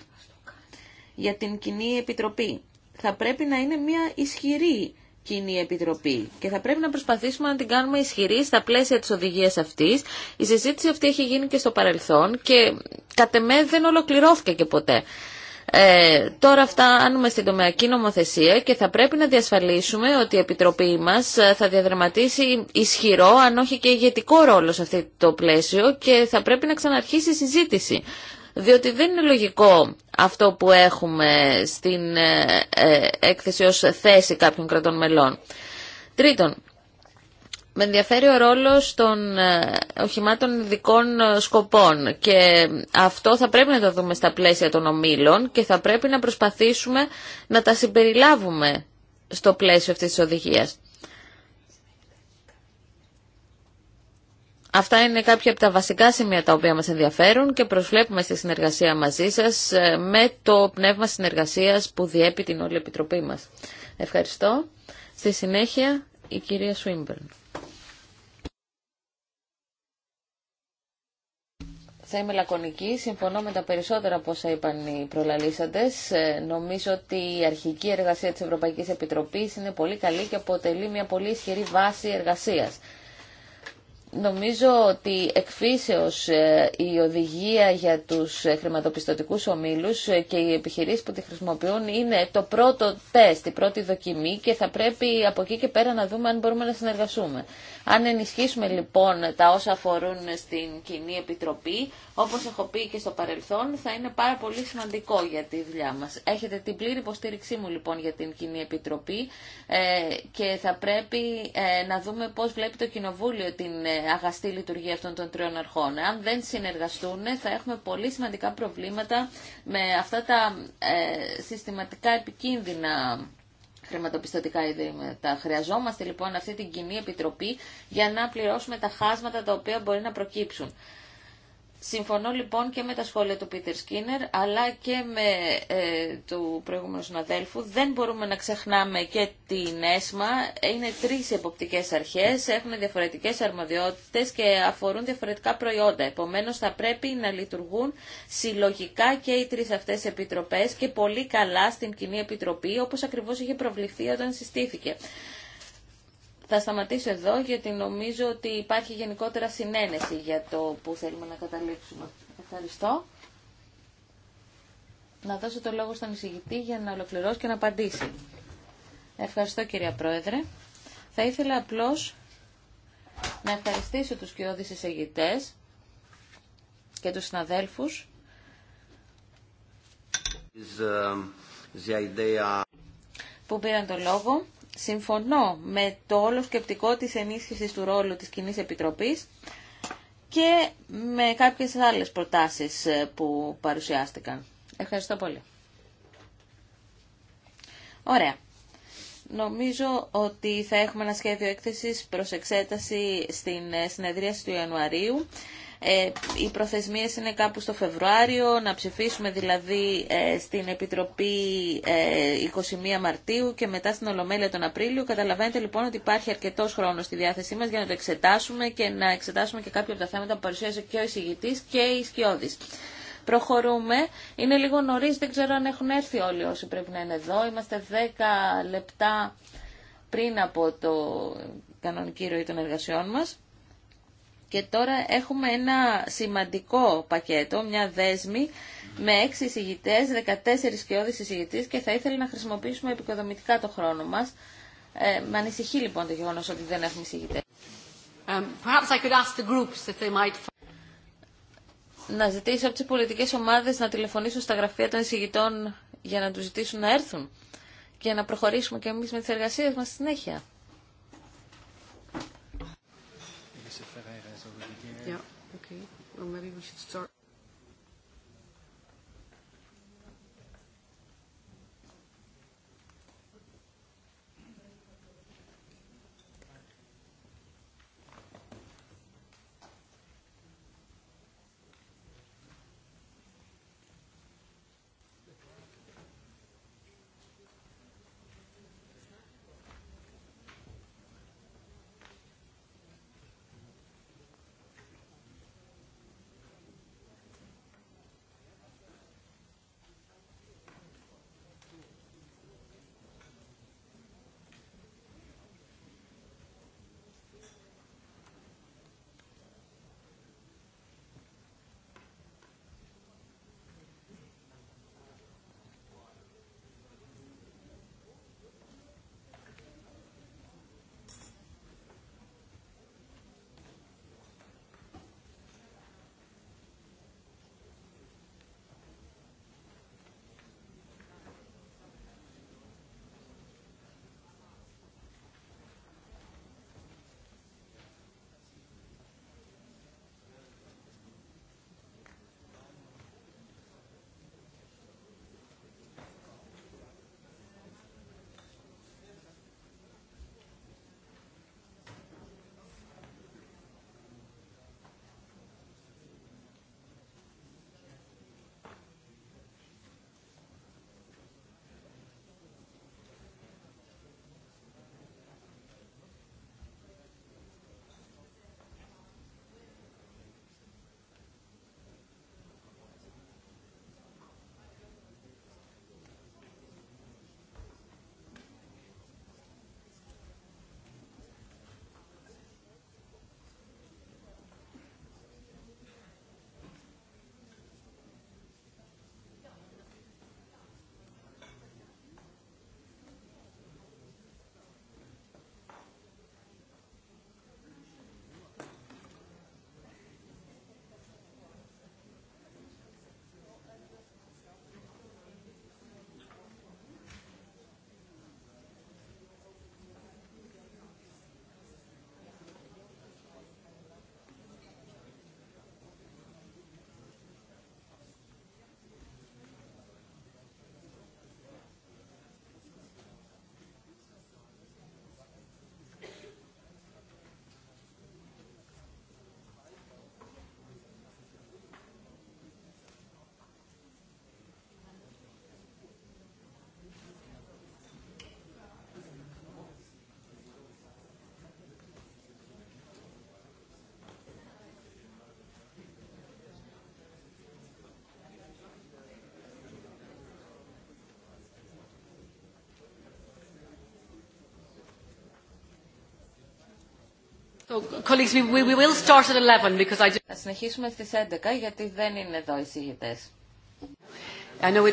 για την κοινή επιτροπή. Θα πρέπει να είναι μια ισχυρή κοινή επιτροπή και θα πρέπει να προσπαθήσουμε να την κάνουμε ισχυρή στα πλαίσια της οδηγίας αυτής. Η συζήτηση αυτή έχει γίνει και στο παρελθόν και κατ' εμέ δεν ολοκληρώθηκε και ποτέ. Ε, τώρα φτάνουμε στην τομεακή νομοθεσία και θα πρέπει να διασφαλίσουμε ότι η Επιτροπή μας ε, θα διαδραματίσει ισχυρό αν όχι και ηγετικό ρόλο σε αυτό το πλαίσιο και θα πρέπει να ξαναρχίσει η συζήτηση. Διότι δεν είναι λογικό αυτό που έχουμε στην ε, ε, έκθεση ως θέση κάποιων κρατών μελών. Τρίτον, με ενδιαφέρει ο ρόλος των ε, οχημάτων ειδικών ε, σκοπών και αυτό θα πρέπει να το δούμε στα πλαίσια των ομίλων και θα πρέπει να προσπαθήσουμε να τα συμπεριλάβουμε στο πλαίσιο αυτής της οδηγίας. Αυτά είναι κάποια από τα βασικά σημεία τα οποία μας ενδιαφέρουν και προσβλέπουμε στη συνεργασία μαζί σας ε, με το πνεύμα συνεργασίας που διέπει την όλη επιτροπή μας. Ευχαριστώ. Στη συνέχεια η κυρία Σουίμπερν. Θα είμαι λακωνική. Συμφωνώ με τα περισσότερα από όσα είπαν οι προλαλήσαντε. Ε, νομίζω ότι η αρχική εργασία της Ευρωπαϊκής Επιτροπής είναι πολύ καλή και αποτελεί μια πολύ ισχυρή βάση εργασίας. Νομίζω ότι εκφύσεως ε, η οδηγία για τους χρηματοπιστωτικούς ομίλους ε, και οι επιχειρήσεις που τη χρησιμοποιούν είναι το πρώτο τεστ, η πρώτη δοκιμή και θα πρέπει από εκεί και πέρα να δούμε αν μπορούμε να συνεργαστούμε. Αν ενισχύσουμε λοιπόν τα όσα αφορούν στην κοινή επιτροπή, όπως έχω πει και στο παρελθόν, θα είναι πάρα πολύ σημαντικό για τη δουλειά μας. Έχετε την πλήρη υποστήριξή μου λοιπόν για την κοινή επιτροπή ε, και θα πρέπει να δούμε πώς βλέπει το Κοινοβούλιο την αγαστή λειτουργία αυτών των τριών αρχών. Αν δεν συνεργαστούν θα έχουμε πολύ σημαντικά προβλήματα με αυτά τα ε, συστηματικά επικίνδυνα χρηματοπιστωτικά ιδρύματα. Χρειαζόμαστε λοιπόν αυτή την κοινή επιτροπή για να πληρώσουμε τα χάσματα τα οποία μπορεί να προκύψουν. Συμφωνώ λοιπόν και με τα σχόλια του Πίτερ Σκίνερ αλλά και με ε, του προηγούμενου συναδέλφου. Δεν μπορούμε να ξεχνάμε και την ΕΣΜΑ. Είναι τρεις εποπτικές αρχές, έχουν διαφορετικές αρμοδιότητες και αφορούν διαφορετικά προϊόντα. Επομένως θα πρέπει να λειτουργούν συλλογικά και οι τρεις αυτές επιτροπές και πολύ καλά στην Κοινή Επιτροπή όπως ακριβώς είχε προβληθεί όταν συστήθηκε. Θα σταματήσω εδώ γιατί νομίζω ότι υπάρχει γενικότερα συνένεση για το που θέλουμε να καταλήξουμε. Ευχαριστώ. Να δώσω το λόγο στον εισηγητή για να ολοκληρώσει και να απαντήσει. Ευχαριστώ κυρία Πρόεδρε. Θα ήθελα απλώς να ευχαριστήσω τους κοιόδης εισηγητές και τους συναδέλφους um, που πήραν το λόγο συμφωνώ με το όλο σκεπτικό της ενίσχυσης του ρόλου της κοινή Επιτροπής και με κάποιες άλλες προτάσεις ε, που παρουσιάστηκαν. Ευχαριστώ πολύ. Ωραία. Νομίζω ότι θα έχουμε ένα σχέδιο έκθεσης προς εξέταση στην ε, συνεδρίαση του Ιανουαρίου. Ε, οι προθεσμίες είναι κάπου στο Φεβρουάριο, να ψηφίσουμε δηλαδή ε, στην Επιτροπή 21 ε, Μαρτίου και μετά στην Ολομέλεια τον Απρίλιο. Καταλαβαίνετε λοιπόν ότι υπάρχει αρκετός χρόνο στη διάθεσή μας για να το εξετάσουμε και να εξετάσουμε και κάποια από τα θέματα που παρουσίασε και ο εισηγητής και η Σκιώδης. Προχωρούμε. Είναι λίγο νωρίς, δεν ξέρω αν έχουν έρθει όλοι όσοι πρέπει να είναι εδώ. Είμαστε 10 λεπτά πριν από το κανονική ροή των εργασιών μας. Και τώρα έχουμε ένα σημαντικό πακέτο, μια δέσμη με 6 εισηγητέ, 14 σκιώδεις εισηγητέ και θα ήθελα να χρησιμοποιήσουμε επικοδομητικά το χρόνο μα. Ε, με ανησυχεί λοιπόν το γεγονό ότι δεν έχουμε εισηγητέ. Um, Να ζητήσω από τι πολιτικέ ομάδε να τηλεφωνήσουν στα γραφεία των εισηγητών για να του ζητήσουν να έρθουν και να προχωρήσουμε και εμεί με τι εργασίε μα στη συνέχεια. Well, maybe we should start. Θα συνεχίσουμε στις 11 γιατί δεν είναι εδώ οι συγητές. Ούτω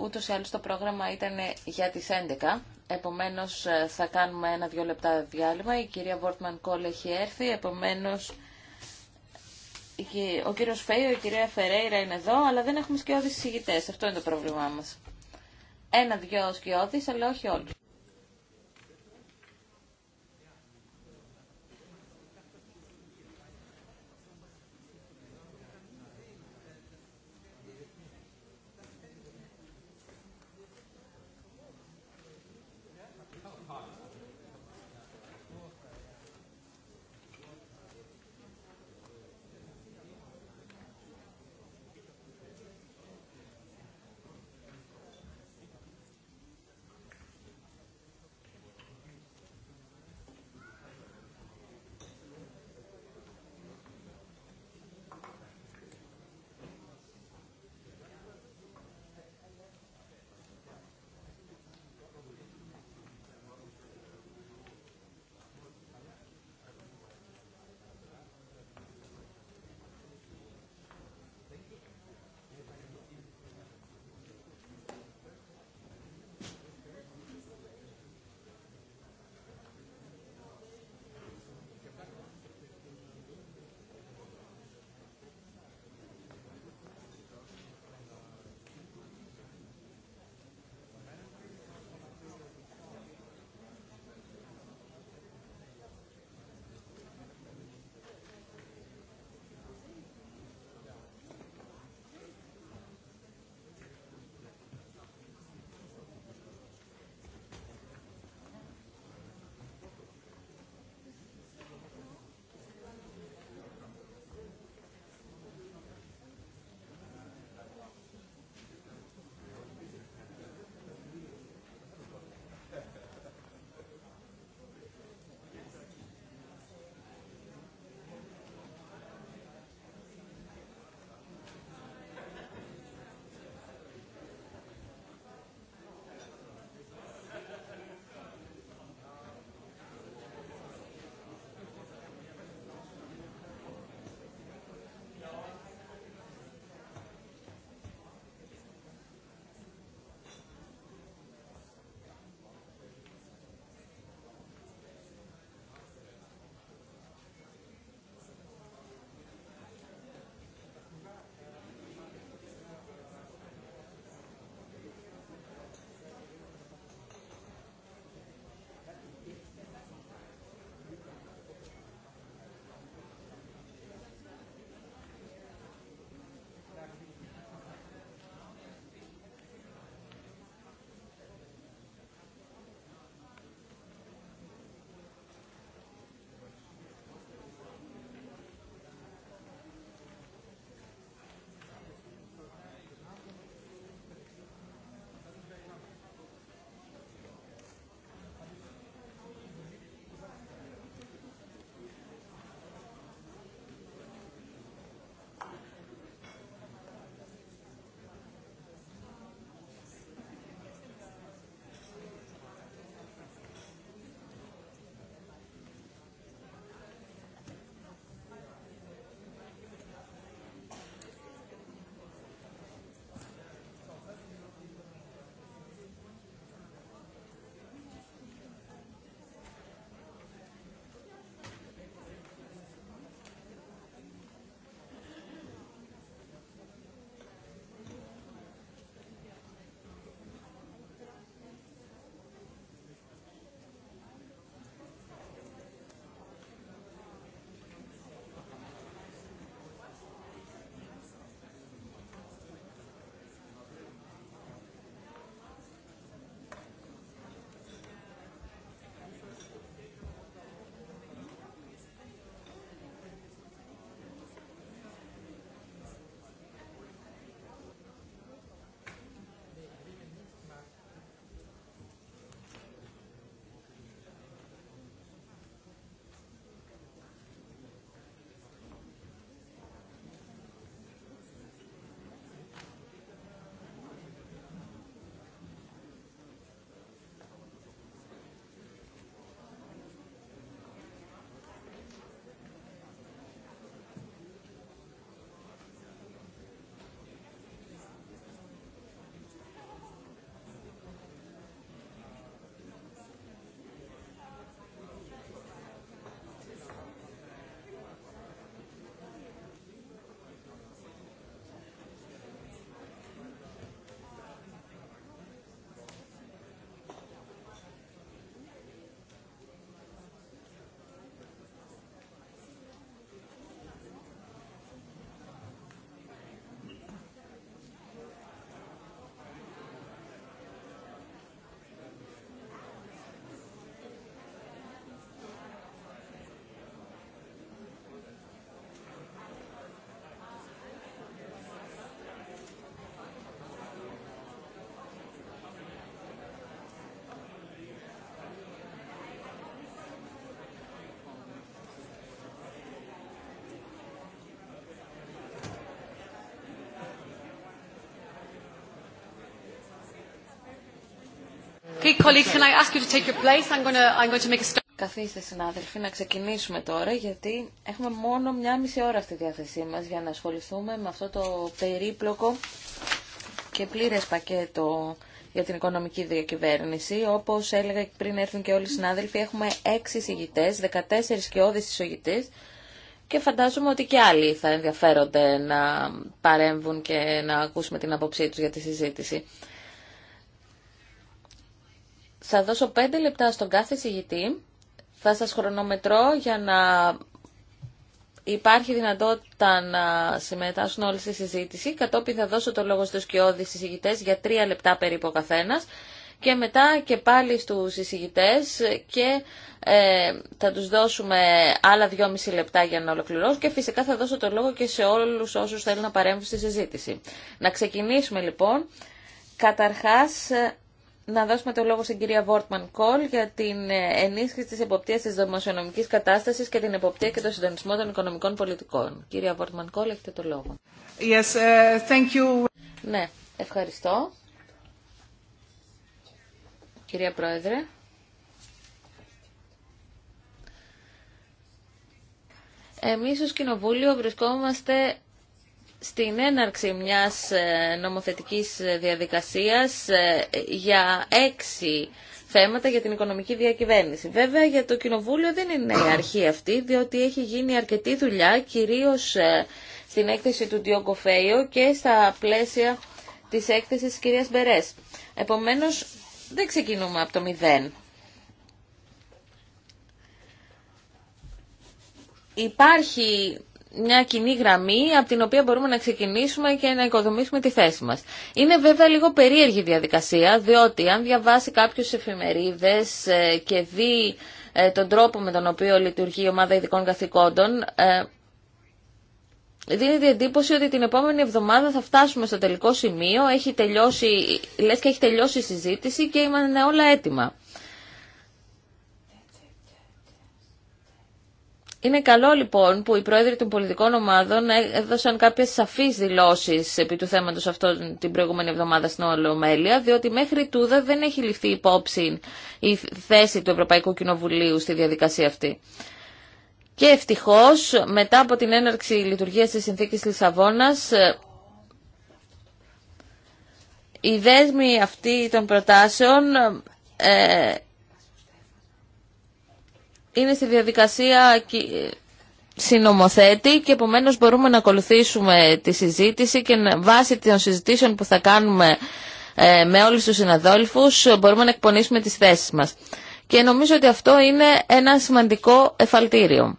Ούτως ή άλλως το πρόγραμμα ήταν για τις 11. Επομένως ε, θα κάνουμε ένα-δυο λεπτά διάλειμμα. Η κυρία Βόρτμαν Κόλ έχει έρθει. Επομένως ο κύριος Φέιο, η κυρία Φερέιρα είναι εδώ, αλλά δεν έχουμε σκιώδεις συγητές. Αυτό είναι το πρόβλημά μας. Ένα-δυο σκιώδεις, αλλά όχι όλους. Καθίστε συνάδελφοι να ξεκινήσουμε τώρα γιατί έχουμε μόνο μια μισή ώρα στη διάθεσή μας για να ασχοληθούμε με αυτό το περίπλοκο και πλήρες πακέτο για την οικονομική διακυβέρνηση. Όπως έλεγα πριν έρθουν και όλοι οι συνάδελφοι έχουμε έξι εισηγητές, 14 όδες εισηγητές και φαντάζομαι ότι και άλλοι θα ενδιαφέρονται να παρέμβουν και να ακούσουμε την άποψή τους για τη συζήτηση. Θα δώσω πέντε λεπτά στον κάθε συγητή. Θα σας χρονομετρώ για να υπάρχει δυνατότητα να συμμετάσχουν όλοι στη συζήτηση. Κατόπιν θα δώσω το λόγο στους κοιόδης συζητητές για τρία λεπτά περίπου ο καθένας και μετά και πάλι στους συζητητές και ε, θα τους δώσουμε άλλα δυόμιση λεπτά για να ολοκληρώσουν και φυσικά θα δώσω το λόγο και σε όλους όσους θέλουν να παρέμβουν στη συζήτηση. Να ξεκινήσουμε λοιπόν. Καταρχάς να δώσουμε το λόγο στην κυρία Βόρτμαν Κόλ για την ε, ενίσχυση της εποπτείας της δημοσιονομικής κατάστασης και την εποπτεία και το συντονισμό των οικονομικών πολιτικών. Κυρία Βόρτμαν Κόλ, έχετε το λόγο. Yes, ε, thank you. Ναι, ευχαριστώ. Κυρία Πρόεδρε. Εμείς ως Κοινοβούλιο βρισκόμαστε στην έναρξη μιας ε, νομοθετικής ε, διαδικασίας ε, για έξι θέματα για την οικονομική διακυβέρνηση. Βέβαια για το Κοινοβούλιο δεν είναι η αρχή αυτή, διότι έχει γίνει αρκετή δουλειά, κυρίως στην έκθεση του Διόγκο Φέιο και στα πλαίσια της έκθεσης της κυρίας Μπερές. Επομένως, δεν ξεκινούμε από το μηδέν. Υπάρχει μια κοινή γραμμή από την οποία μπορούμε να ξεκινήσουμε και να οικοδομήσουμε τη θέση μας. Είναι βέβαια λίγο περίεργη διαδικασία, διότι αν διαβάσει κάποιους εφημερίδες ε, και δει ε, τον τρόπο με τον οποίο λειτουργεί η ομάδα ειδικών καθηκόντων, ε, δίνει την εντύπωση ότι την επόμενη εβδομάδα θα φτάσουμε στο τελικό σημείο, έχει τελειώσει, λες και έχει τελειώσει η συζήτηση και είμαστε όλα έτοιμα. Είναι καλό λοιπόν που οι πρόεδροι των πολιτικών ομάδων έδωσαν κάποιε σαφεί δηλώσει επί του θέματο αυτό την προηγούμενη εβδομάδα στην Ολομέλεια, διότι μέχρι τούδα δεν έχει ληφθεί υπόψη η θέση του Ευρωπαϊκού Κοινοβουλίου στη διαδικασία αυτή. Και ευτυχώ, μετά από την έναρξη λειτουργία τη συνθήκη Λισαβόνα, οι δέσμοι αυτοί των προτάσεων ε, είναι στη διαδικασία συνομοθέτη και επομένως μπορούμε να ακολουθήσουμε τη συζήτηση και βάσει των συζητήσεων που θα κάνουμε ε, με όλους τους συναδόλφους μπορούμε να εκπονήσουμε τις θέσεις μας. Και νομίζω ότι αυτό είναι ένα σημαντικό εφαλτήριο.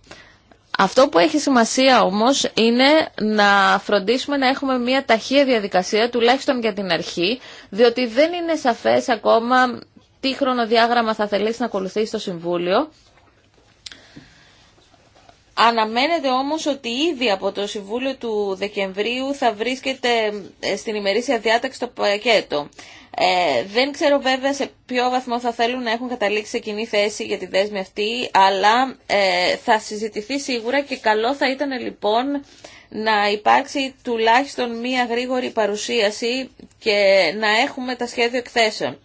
Αυτό που έχει σημασία όμως είναι να φροντίσουμε να έχουμε μια ταχεία διαδικασία, τουλάχιστον για την αρχή, διότι δεν είναι σαφές ακόμα τι χρονοδιάγραμμα θα θελήσει να ακολουθήσει το Συμβούλιο Αναμένεται όμως ότι ήδη από το Συμβούλιο του Δεκεμβρίου θα βρίσκεται ε, στην ημερήσια διάταξη το πακέτο. Ε, δεν ξέρω βέβαια σε ποιο βαθμό θα θέλουν να έχουν καταλήξει σε κοινή θέση για τη δέσμη αυτή, αλλά ε, θα συζητηθεί σίγουρα και καλό θα ήταν λοιπόν να υπάρξει τουλάχιστον μία γρήγορη παρουσίαση και να έχουμε τα σχέδια εκθέσεων.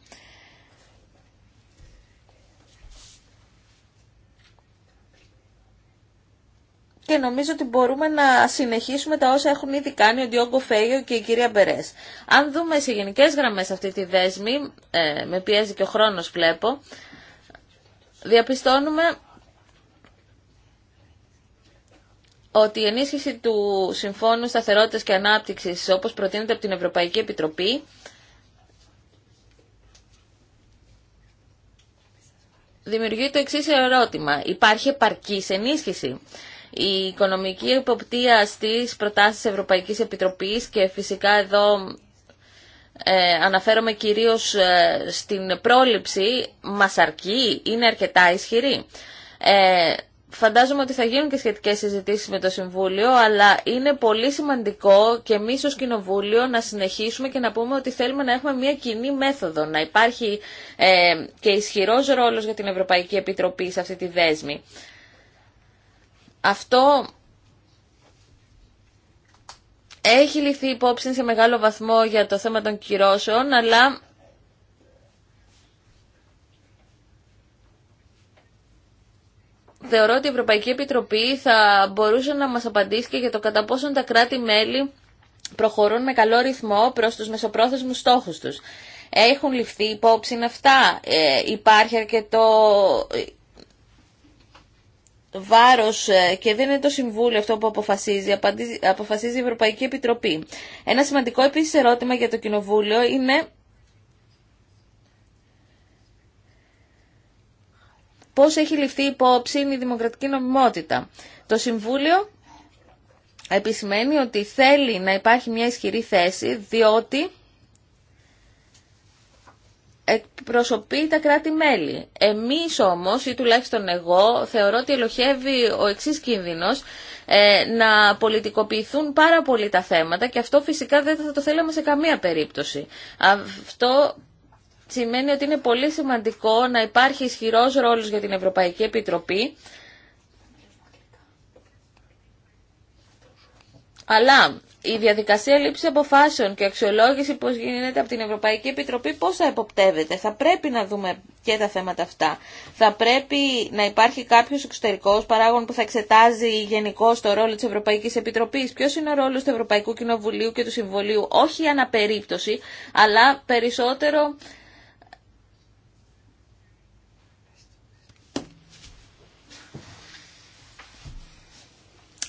και νομίζω ότι μπορούμε να συνεχίσουμε τα όσα έχουν ήδη κάνει ο Ντιόγκο Φέγιο και η κυρία Μπερέ. Αν δούμε σε γενικέ γραμμέ αυτή τη δέσμη, ε, με πιέζει και ο χρόνο βλέπω, διαπιστώνουμε ότι η ενίσχυση του Συμφώνου σταθερότητα και ανάπτυξη όπως προτείνεται από την Ευρωπαϊκή Επιτροπή, δημιουργεί το εξή ερώτημα. Υπάρχει επαρκή ενίσχυση. Η οικονομική υποπτία στις προτάσεις Ευρωπαϊκής Επιτροπής και φυσικά εδώ ε, αναφέρομαι κυρίως ε, στην πρόληψη, μας αρκεί, είναι αρκετά ισχυρή. Ε, φαντάζομαι ότι θα γίνουν και σχετικές συζητήσεις με το Συμβούλιο, αλλά είναι πολύ σημαντικό και εμεί ως Κοινοβούλιο να συνεχίσουμε και να πούμε ότι θέλουμε να έχουμε μια κοινή μέθοδο, να υπάρχει ε, και ισχυρό ρόλος για την Ευρωπαϊκή Επιτροπή σε αυτή τη δέσμη. Αυτό έχει ληφθεί υπόψη σε μεγάλο βαθμό για το θέμα των κυρώσεων, αλλά θεωρώ ότι η Ευρωπαϊκή Επιτροπή θα μπορούσε να μας απαντήσει και για το κατά πόσον τα κράτη-μέλη προχωρούν με καλό ρυθμό προς τους μεσοπρόθεσμους στόχους τους. Έχουν ληφθεί υπόψη αυτά, ε, υπάρχει αρκετό βάρος ε, και δεν είναι το Συμβούλιο αυτό που αποφασίζει, αποφασίζει η Ευρωπαϊκή Επιτροπή. Ένα σημαντικό επίση ερώτημα για το Κοινοβούλιο είναι πώς έχει ληφθεί υπόψη η δημοκρατική νομιμότητα. Το Συμβούλιο επισημαίνει ότι θέλει να υπάρχει μια ισχυρή θέση, διότι εκπροσωπεί τα κράτη-μέλη. Εμείς όμως, ή τουλάχιστον εγώ, θεωρώ ότι ελοχεύει ο εξή κίνδυνος ε, να πολιτικοποιηθούν πάρα πολύ τα θέματα και αυτό φυσικά δεν θα το θέλαμε σε καμία περίπτωση. Αυτό σημαίνει ότι είναι πολύ σημαντικό να υπάρχει ισχυρός ρόλος για την Ευρωπαϊκή Επιτροπή αλλά η διαδικασία λήψη αποφάσεων και αξιολόγηση πώς γίνεται από την Ευρωπαϊκή Επιτροπή πώς θα εποπτεύεται. Θα πρέπει να δούμε και τα θέματα αυτά. Θα πρέπει να υπάρχει κάποιος εξωτερικός παράγων που θα εξετάζει γενικώ το ρόλο της Ευρωπαϊκής Επιτροπής. Ποιος είναι ο ρόλος του Ευρωπαϊκού Κοινοβουλίου και του Συμβολίου, όχι αναπερίπτωση, αλλά περισσότερο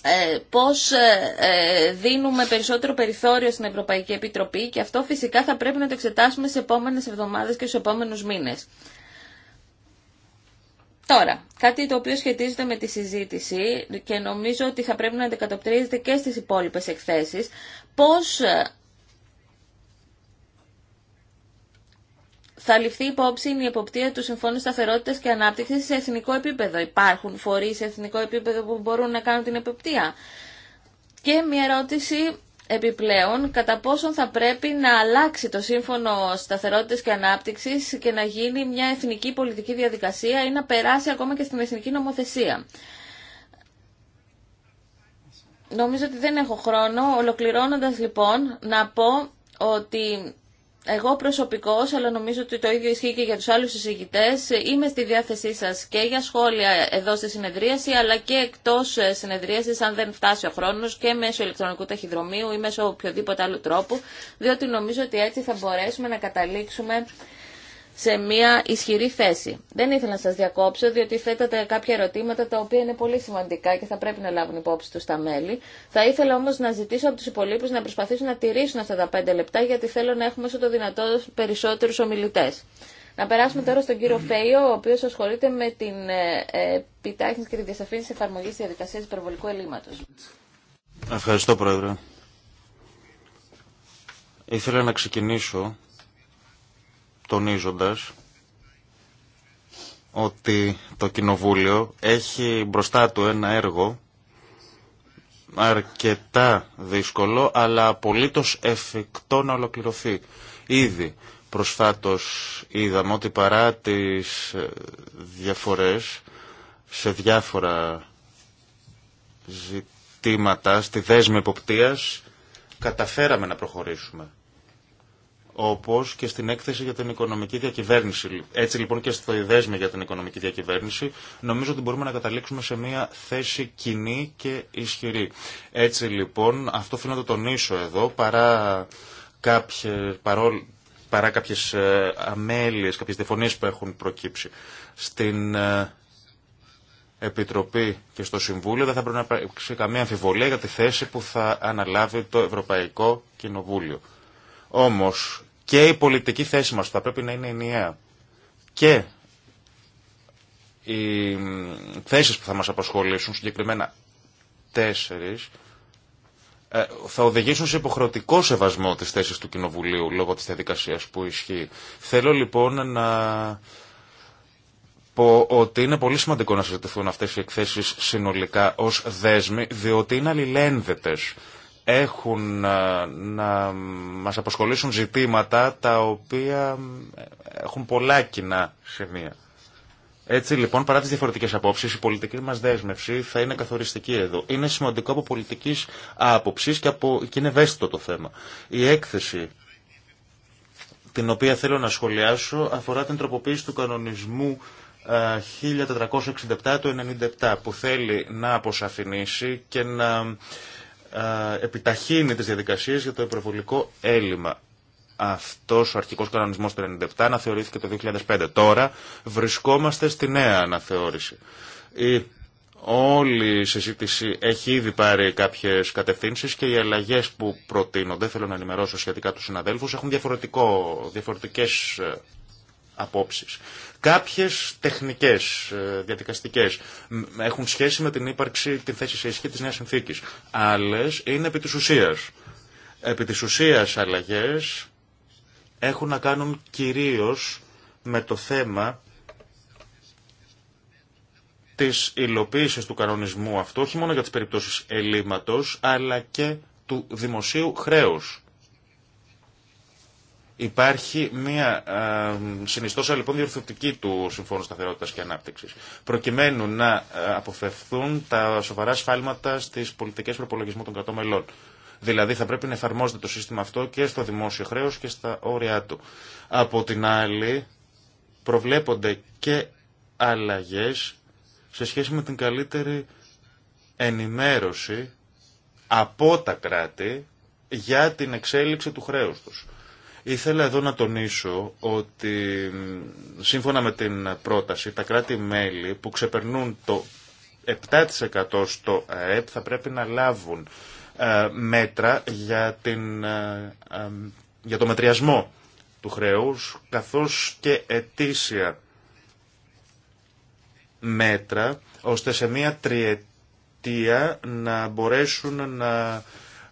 Ε, πώς ε, ε, δίνουμε περισσότερο περιθώριο στην Ευρωπαϊκή Επιτροπή και αυτό φυσικά θα πρέπει να το εξετάσουμε σε επόμενες εβδομάδες και στους επόμενους μήνες. Τώρα, κάτι το οποίο σχετίζεται με τη συζήτηση και νομίζω ότι θα πρέπει να αντικατοπτρίζεται και στις υπόλοιπες εκθέσεις, πώς θα ληφθεί υπόψη η εποπτεία του Συμφώνου Σταθερότητα και Ανάπτυξη σε εθνικό επίπεδο. Υπάρχουν φορεί σε εθνικό επίπεδο που μπορούν να κάνουν την εποπτεία. Και μια ερώτηση επιπλέον, κατά πόσον θα πρέπει να αλλάξει το Σύμφωνο σταθερότητα και Ανάπτυξης και να γίνει μια εθνική πολιτική διαδικασία ή να περάσει ακόμα και στην εθνική νομοθεσία. Νομίζω ότι δεν έχω χρόνο. Ολοκληρώνοντας λοιπόν να πω ότι εγώ προσωπικώ, αλλά νομίζω ότι το ίδιο ισχύει και για τους άλλους συζητητέ. είμαι στη διάθεσή σας και για σχόλια εδώ στη συνεδρίαση, αλλά και εκτός ε, συνεδρίασης, αν δεν φτάσει ο χρόνος, και μέσω ηλεκτρονικού ταχυδρομείου ή μέσω οποιοδήποτε άλλου τρόπου, διότι νομίζω ότι έτσι θα μπορέσουμε να καταλήξουμε σε μια ισχυρή θέση. Δεν ήθελα να σας διακόψω, διότι θέτατε κάποια ερωτήματα τα οποία είναι πολύ σημαντικά και θα πρέπει να λάβουν υπόψη τους τα μέλη. Θα ήθελα όμως να ζητήσω από τους υπολείπους να προσπαθήσουν να τηρήσουν αυτά τα πέντε λεπτά, γιατί θέλω να έχουμε όσο το δυνατόν περισσότερους ομιλητές. Να περάσουμε τώρα στον κύριο Φέιο, ο οποίος ασχολείται με την ε, ε, επιτάχυνση και τη διασαφήνιση εφαρμογής της διαδικασίας υπερβολικού ελλείμματος. Ευχαριστώ, Πρόεδρε. Ήθελα να ξεκινήσω τονίζοντας ότι το Κοινοβούλιο έχει μπροστά του ένα έργο αρκετά δύσκολο, αλλά απολύτως εφικτό να ολοκληρωθεί. Ήδη προσφάτως είδαμε ότι παρά τις ε, διαφορές σε διάφορα ζητήματα στη δέσμη εποπτείας καταφέραμε να προχωρήσουμε όπως και στην έκθεση για την οικονομική διακυβέρνηση. Έτσι λοιπόν και στο ιδέσμε για την οικονομική διακυβέρνηση, νομίζω ότι μπορούμε να καταλήξουμε σε μια θέση κοινή και ισχυρή. Έτσι λοιπόν, αυτό θέλω να το τονίσω εδώ, παρά κάποιες, παρόλ, παρά κάποιες ε, αμέλειες, κάποιες διαφωνίες που έχουν προκύψει. Στην ε, Επιτροπή και στο Συμβούλιο δεν θα πρέπει να υπάρξει καμία αμφιβολία για τη θέση που θα αναλάβει το Ευρωπαϊκό Κοινοβούλιο. Όμως και η πολιτική θέση μας θα πρέπει να είναι ενιαία και οι θέσεις που θα μας απασχολήσουν, συγκεκριμένα τέσσερις, ε, θα οδηγήσουν σε υποχρεωτικό σεβασμό της θέσης του Κοινοβουλίου λόγω της διαδικασία που ισχύει. Θέλω λοιπόν να πω ότι είναι πολύ σημαντικό να συζητηθούν αυτές οι εκθέσεις συνολικά ως δέσμοι, διότι είναι αλληλένδετες έχουν ε, να μας αποσχολήσουν ζητήματα τα οποία ε, έχουν πολλά κοινά σημεία. Έτσι λοιπόν, παρά τις διαφορετικές απόψεις, η πολιτική μας δέσμευση θα είναι καθοριστική εδώ. Είναι σημαντικό από πολιτικής άποψης και, και είναι ευαίσθητο το θέμα. Η έκθεση την οποία θέλω να σχολιάσω αφορά την τροποποίηση του κανονισμού 1467 ε, του 97 που θέλει να αποσαφηνίσει και να επιταχύνει τις διαδικασίες για το υπερβολικό έλλειμμα. Αυτός ο αρχικός κανονισμός του 1997 αναθεωρήθηκε το 2005. Τώρα βρισκόμαστε στη νέα αναθεώρηση. Η όλη η συζήτηση έχει ήδη πάρει κάποιες κατευθύνσεις και οι αλλαγές που προτείνονται, θέλω να ενημερώσω σχετικά τους συναδέλφους, έχουν διαφορετικό, διαφορετικές ε, Κάποιες τεχνικές, ε, διαδικαστικές, έχουν σχέση με την ύπαρξη, την θέση σε ισχύ της νέας συνθήκης. Άλλες είναι επί της ουσίας. Επί της ουσίας αλλαγές έχουν να κάνουν κυρίως με το θέμα της υλοποίησης του κανονισμού αυτό όχι μόνο για τις περιπτώσεις ελλείμματος, αλλά και του δημοσίου χρέους. Υπάρχει μια ε, συνιστόσα λοιπόν διορθωτική του Συμφώνου Σταθερότητας και Ανάπτυξης προκειμένου να ε, αποφευθούν τα σοβαρά σφάλματα στις πολιτικές προπολογισμού των κρατών μελών. Δηλαδή θα πρέπει να εφαρμόζεται το σύστημα αυτό και στο δημόσιο χρέος και στα όρια του. Από την άλλη προβλέπονται και αλλαγές σε σχέση με την καλύτερη ενημέρωση από τα κράτη για την εξέλιξη του χρέους τους. Ήθελα εδώ να τονίσω ότι σύμφωνα με την πρόταση τα κράτη-μέλη που ξεπερνούν το 7% στο ΑΕΠ θα πρέπει να λάβουν ε, μέτρα για, την, ε, ε, για το μετριασμό του χρέους καθώς και ετήσια μέτρα ώστε σε μία τριετία να μπορέσουν να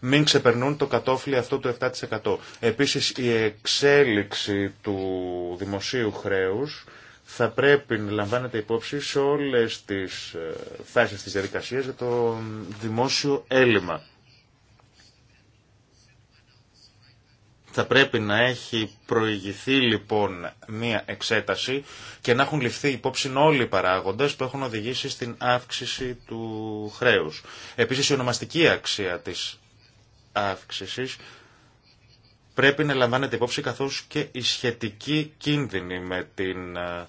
μην ξεπερνούν το κατόφλι αυτό του 7%. Επίσης η εξέλιξη του δημοσίου χρέους θα πρέπει να λαμβάνεται υπόψη σε όλες τις ε, φάσεις της διαδικασίας για το δημόσιο έλλειμμα. Θα πρέπει να έχει προηγηθεί λοιπόν μία εξέταση και να έχουν ληφθεί υπόψη όλοι οι παράγοντες που έχουν οδηγήσει στην αύξηση του χρέους. Επίσης η ονομαστική αξία της Αύξηση πρέπει να λαμβάνεται υπόψη καθώς και η σχετική κίνδυνη με την ε,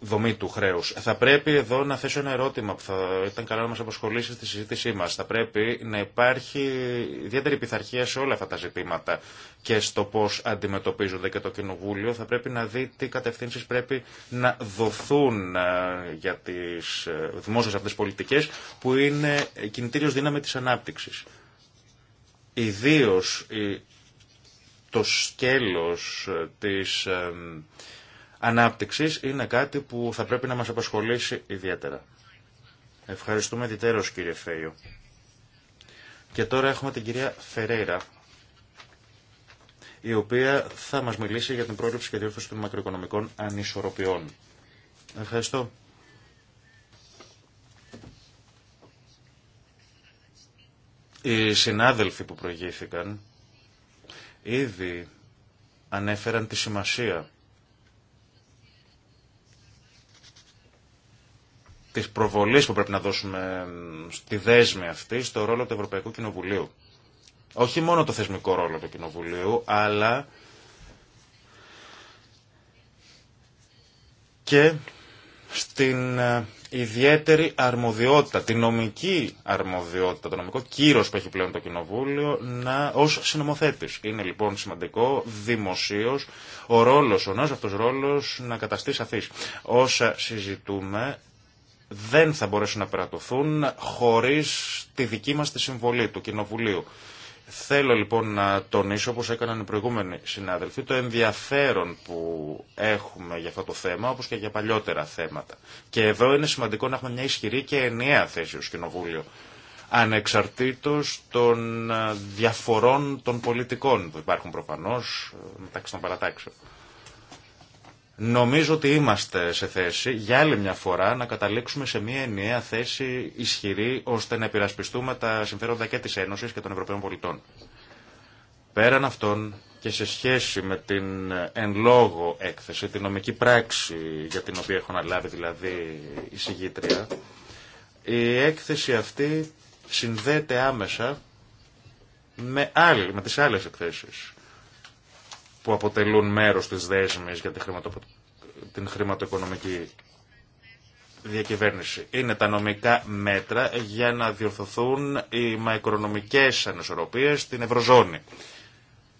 δομή του χρέου. Θα πρέπει εδώ να θέσω ένα ερώτημα που θα ήταν καλό να μα αποσχολήσει στη συζήτησή μα. Θα πρέπει να υπάρχει ιδιαίτερη πειθαρχία σε όλα αυτά τα ζητήματα και στο πώ αντιμετωπίζονται και το Κοινοβούλιο. Θα πρέπει να δει τι κατευθύνσει πρέπει να δοθούν ε, για τι ε, δημόσιε αυτέ πολιτικέ που είναι κινητήριο δύναμη τη ανάπτυξη. Ιδίω το σκέλος ε, της Ανάπτυξη είναι κάτι που θα πρέπει να μας απασχολήσει ιδιαίτερα. Ευχαριστούμε διτέρως κύριε Φέιο. Και τώρα έχουμε την κυρία Φερέιρα, η οποία θα μας μιλήσει για την πρόληψη και διόρθωση των μακροοικονομικών ανισορροπιών. Ευχαριστώ. Οι συνάδελφοι που προηγήθηκαν ήδη ανέφεραν τη σημασία Τη προβολή που πρέπει να δώσουμε στη δέσμη αυτή, στο ρόλο του Ευρωπαϊκού Κοινοβουλίου. Όχι μόνο το θεσμικό ρόλο του Κοινοβουλίου, αλλά και στην ε, ιδιαίτερη αρμοδιότητα, την νομική αρμοδιότητα, το νομικό κύρος που έχει πλέον το Κοινοβούλιο να, ως συνομοθέτης. Είναι λοιπόν σημαντικό δημοσίως ο ρόλος, ο νέος αυτός ρόλος να καταστεί σαφής. Όσα συζητούμε δεν θα μπορέσουν να περατωθούν χωρίς τη δική μας τη συμβολή του Κοινοβουλίου. Θέλω λοιπόν να τονίσω, όπως έκαναν οι προηγούμενοι συνάδελφοι, το ενδιαφέρον που έχουμε για αυτό το θέμα, όπως και για παλιότερα θέματα. Και εδώ είναι σημαντικό να έχουμε μια ισχυρή και ενιαία θέση ως Κοινοβούλιο, ανεξαρτήτως των ε, διαφορών των πολιτικών που υπάρχουν προφανώς ε, μεταξύ των παρατάξεων. Νομίζω ότι είμαστε σε θέση για άλλη μια φορά να καταλήξουμε σε μια ενιαία θέση ισχυρή ώστε να επειρασπιστούμε τα συμφέροντα και της Ένωσης και των Ευρωπαίων πολιτών. Πέραν αυτών και σε σχέση με την εν λόγω έκθεση, την νομική πράξη για την οποία έχω αναλάβει δηλαδή η συγγήτρια, η έκθεση αυτή συνδέεται άμεσα με, άλλη, με τις άλλες εκθέσεις που αποτελούν μέρος της δέσμης για την χρηματοοικονομική διακυβέρνηση. Είναι τα νομικά μέτρα για να διορθωθούν οι μακρονομικές ανισορροπίες στην Ευρωζώνη.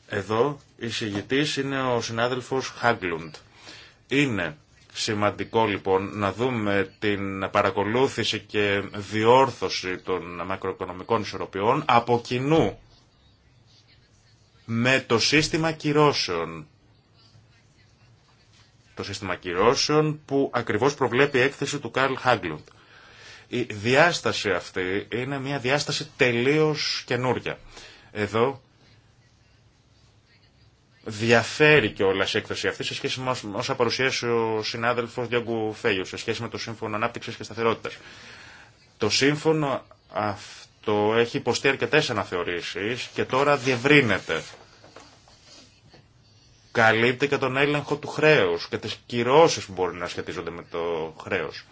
Εδώ η συγητής είναι ο συνάδελφος Χάγκλουντ. Είναι σημαντικό λοιπόν να δούμε την παρακολούθηση και διόρθωση των μακροοικονομικών ισορροπιών από κοινού με το σύστημα κυρώσεων. Το σύστημα κυρώσεων που ακριβώς προβλέπει η έκθεση του Καρλ Χάγκλουντ. Η διάσταση αυτή είναι μια διάσταση τελείως καινούρια. Εδώ διαφέρει και όλα η έκθεση αυτή σε σχέση με όσα παρουσίασε ο συνάδελφο Διόγκου Φέγιο, σε σχέση με το Σύμφωνο ανάπτυξης και σταθερότητας Το σύμφωνο αυτό το έχει υποστεί αρκετές αναθεωρήσεις και τώρα διευρύνεται. Καλύπτει και τον έλεγχο του χρέους και τις κυρώσεις που μπορεί να σχετίζονται με το χρέος.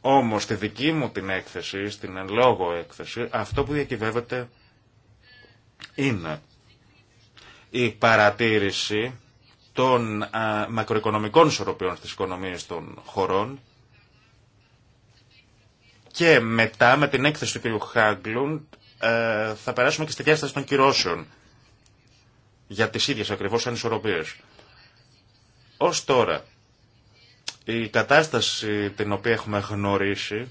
Όμως στη δική μου την έκθεση, στην εν λόγω έκθεση, αυτό που διακυβεύεται είναι η παρατήρηση των μακροοικονομικών ισορροπιών στις οικονομίες των χωρών και μετά με την έκθεση του κ. Χάγκλουντ ε, θα περάσουμε και στη διάσταση των κυρώσεων για τις ίδιες ακριβώς ανισορροπίες. Ως τώρα, η κατάσταση την οποία έχουμε γνωρίσει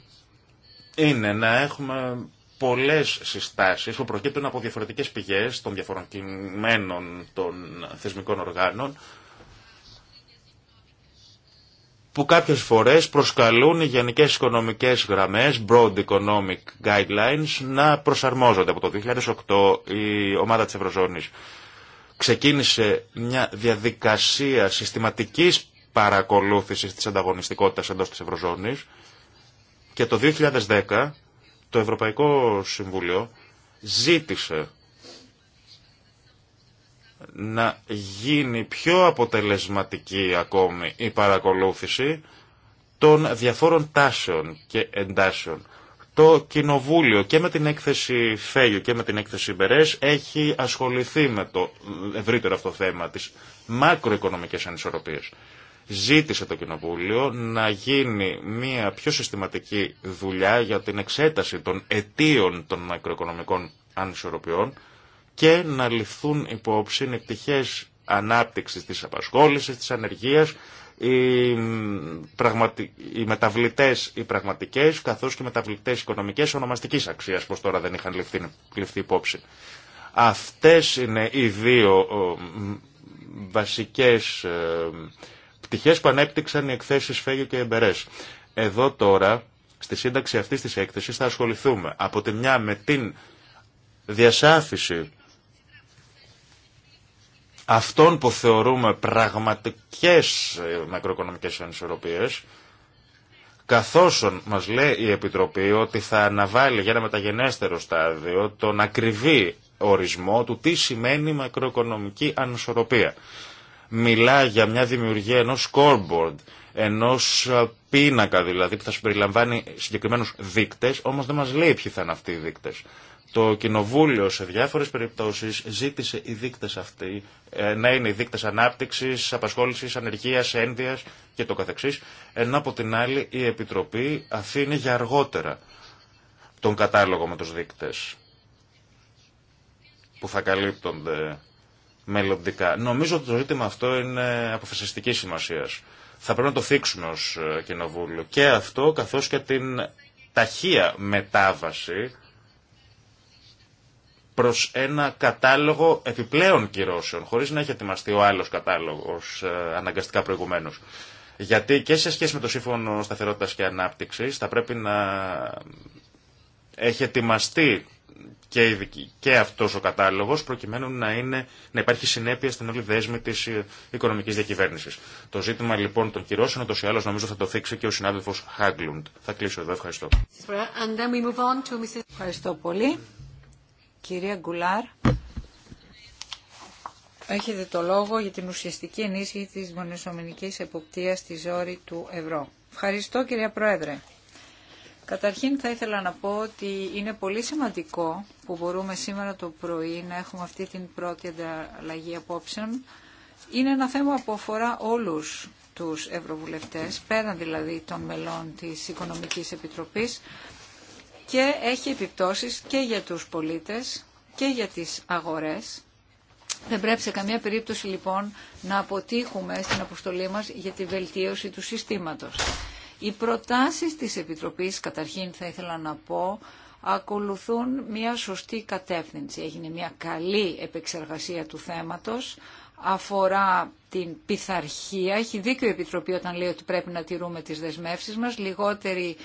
είναι να έχουμε πολλές συστάσεις που προκύπτουν από διαφορετικές πηγές των διαφορετικών των θεσμικών οργάνων που κάποιες φορές προσκαλούν οι γενικές οικονομικές γραμμές, broad economic guidelines, να προσαρμόζονται. Από το 2008 η ομάδα της Ευρωζώνης ξεκίνησε μια διαδικασία συστηματικής παρακολούθησης της ανταγωνιστικότητας εντός της Ευρωζώνης και το 2010 το Ευρωπαϊκό Συμβούλιο ζήτησε να γίνει πιο αποτελεσματική ακόμη η παρακολούθηση των διαφόρων τάσεων και εντάσεων. Το Κοινοβούλιο και με την έκθεση Φέγιο και με την έκθεση Μπερές έχει ασχοληθεί με το ευρύτερο αυτό θέμα της μακροοικονομικής ανισορροπίας. Ζήτησε το Κοινοβούλιο να γίνει μια πιο συστηματική δουλειά για την εξέταση των αιτίων των μακροοικονομικών ανισορροπιών και να ληφθούν υπόψη οι πτυχές ανάπτυξης της απασχόλησης, της ανεργίας, οι, πραγματι... οι μεταβλητές οι πραγματικές καθώς και οι μεταβλητές οικονομικές ονομαστικής αξίας πως τώρα δεν είχαν ληφθεί, υπόψη. Αυτές είναι οι δύο βασικές ε, πτυχές που ανέπτυξαν οι εκθέσεις Φέγιο και Εμπερές. Εδώ τώρα στη σύνταξη αυτής της έκθεσης θα ασχοληθούμε από τη μια με την διασάφηση αυτών που θεωρούμε πραγματικές ε, μακροοικονομικές ανισορροπίες, καθώς μας λέει η Επιτροπή ότι θα αναβάλει για ένα μεταγενέστερο στάδιο τον ακριβή ορισμό του τι σημαίνει μακροοικονομική ανισορροπία. Μιλά για μια δημιουργία ενός scoreboard, ενός ε, πίνακα δηλαδή που θα συμπεριλαμβάνει συγκεκριμένους δείκτες, όμως δεν μας λέει ποιοι θα είναι αυτοί οι δείκτες. Το Κοινοβούλιο σε διάφορες περιπτώσεις ζήτησε οι δείκτες αυτοί ε, να είναι οι δείκτες ανάπτυξης, απασχόλησης, ανεργίας, ένδυας και το καθεξής, ενώ από την άλλη η Επιτροπή αφήνει για αργότερα τον κατάλογο με τους δείκτες που θα καλύπτονται μελλοντικά. Νομίζω ότι το ζήτημα αυτό είναι αποφασιστική σημασία. Θα πρέπει να το θίξουμε ως ε, Κοινοβούλιο. Και αυτό καθώς και την ταχεία μετάβαση προς ένα κατάλογο επιπλέον κυρώσεων, χωρίς να έχει ετοιμαστεί ο άλλος κατάλογος ε, αναγκαστικά προηγουμένως. Γιατί και σε σχέση με το Σύμφωνο Σταθερότητας και Ανάπτυξης θα πρέπει να έχει ετοιμαστεί και, και αυτός ο κατάλογος προκειμένου να, είναι, να υπάρχει συνέπεια στην όλη δέσμη της ε, οικονομικής διακυβέρνησης. Το ζήτημα λοιπόν των κυρώσεων ούτως ή άλλως νομίζω θα το θίξει και ο συνάδελφος Χάγκλουντ. Θα κλείσω εδώ. Ευχαριστώ. Ευχαριστώ πολύ. Κυρία Γκουλάρ, έχετε το λόγο για την ουσιαστική ενίσχυση της μονοσομενικής εποπτείας στη ζώρη του ευρώ. Ευχαριστώ κυρία Πρόεδρε. Καταρχήν θα ήθελα να πω ότι είναι πολύ σημαντικό που μπορούμε σήμερα το πρωί να έχουμε αυτή την πρώτη ανταλλαγή απόψεων. Είναι ένα θέμα που αφορά όλους τους ευρωβουλευτές, πέραν δηλαδή των μελών της Οικονομικής Επιτροπής, και έχει επιπτώσεις και για τους πολίτες και για τις αγορές. Δεν πρέπει σε καμία περίπτωση λοιπόν να αποτύχουμε στην αποστολή μας για τη βελτίωση του συστήματος. Οι προτάσεις της Επιτροπής, καταρχήν θα ήθελα να πω, ακολουθούν μια σωστή κατεύθυνση. Έγινε μια καλή επεξεργασία του θέματος, αφορά την πειθαρχία. Έχει δίκιο η Επιτροπή όταν λέει ότι πρέπει να τηρούμε τις δεσμεύσεις μας, λιγότερη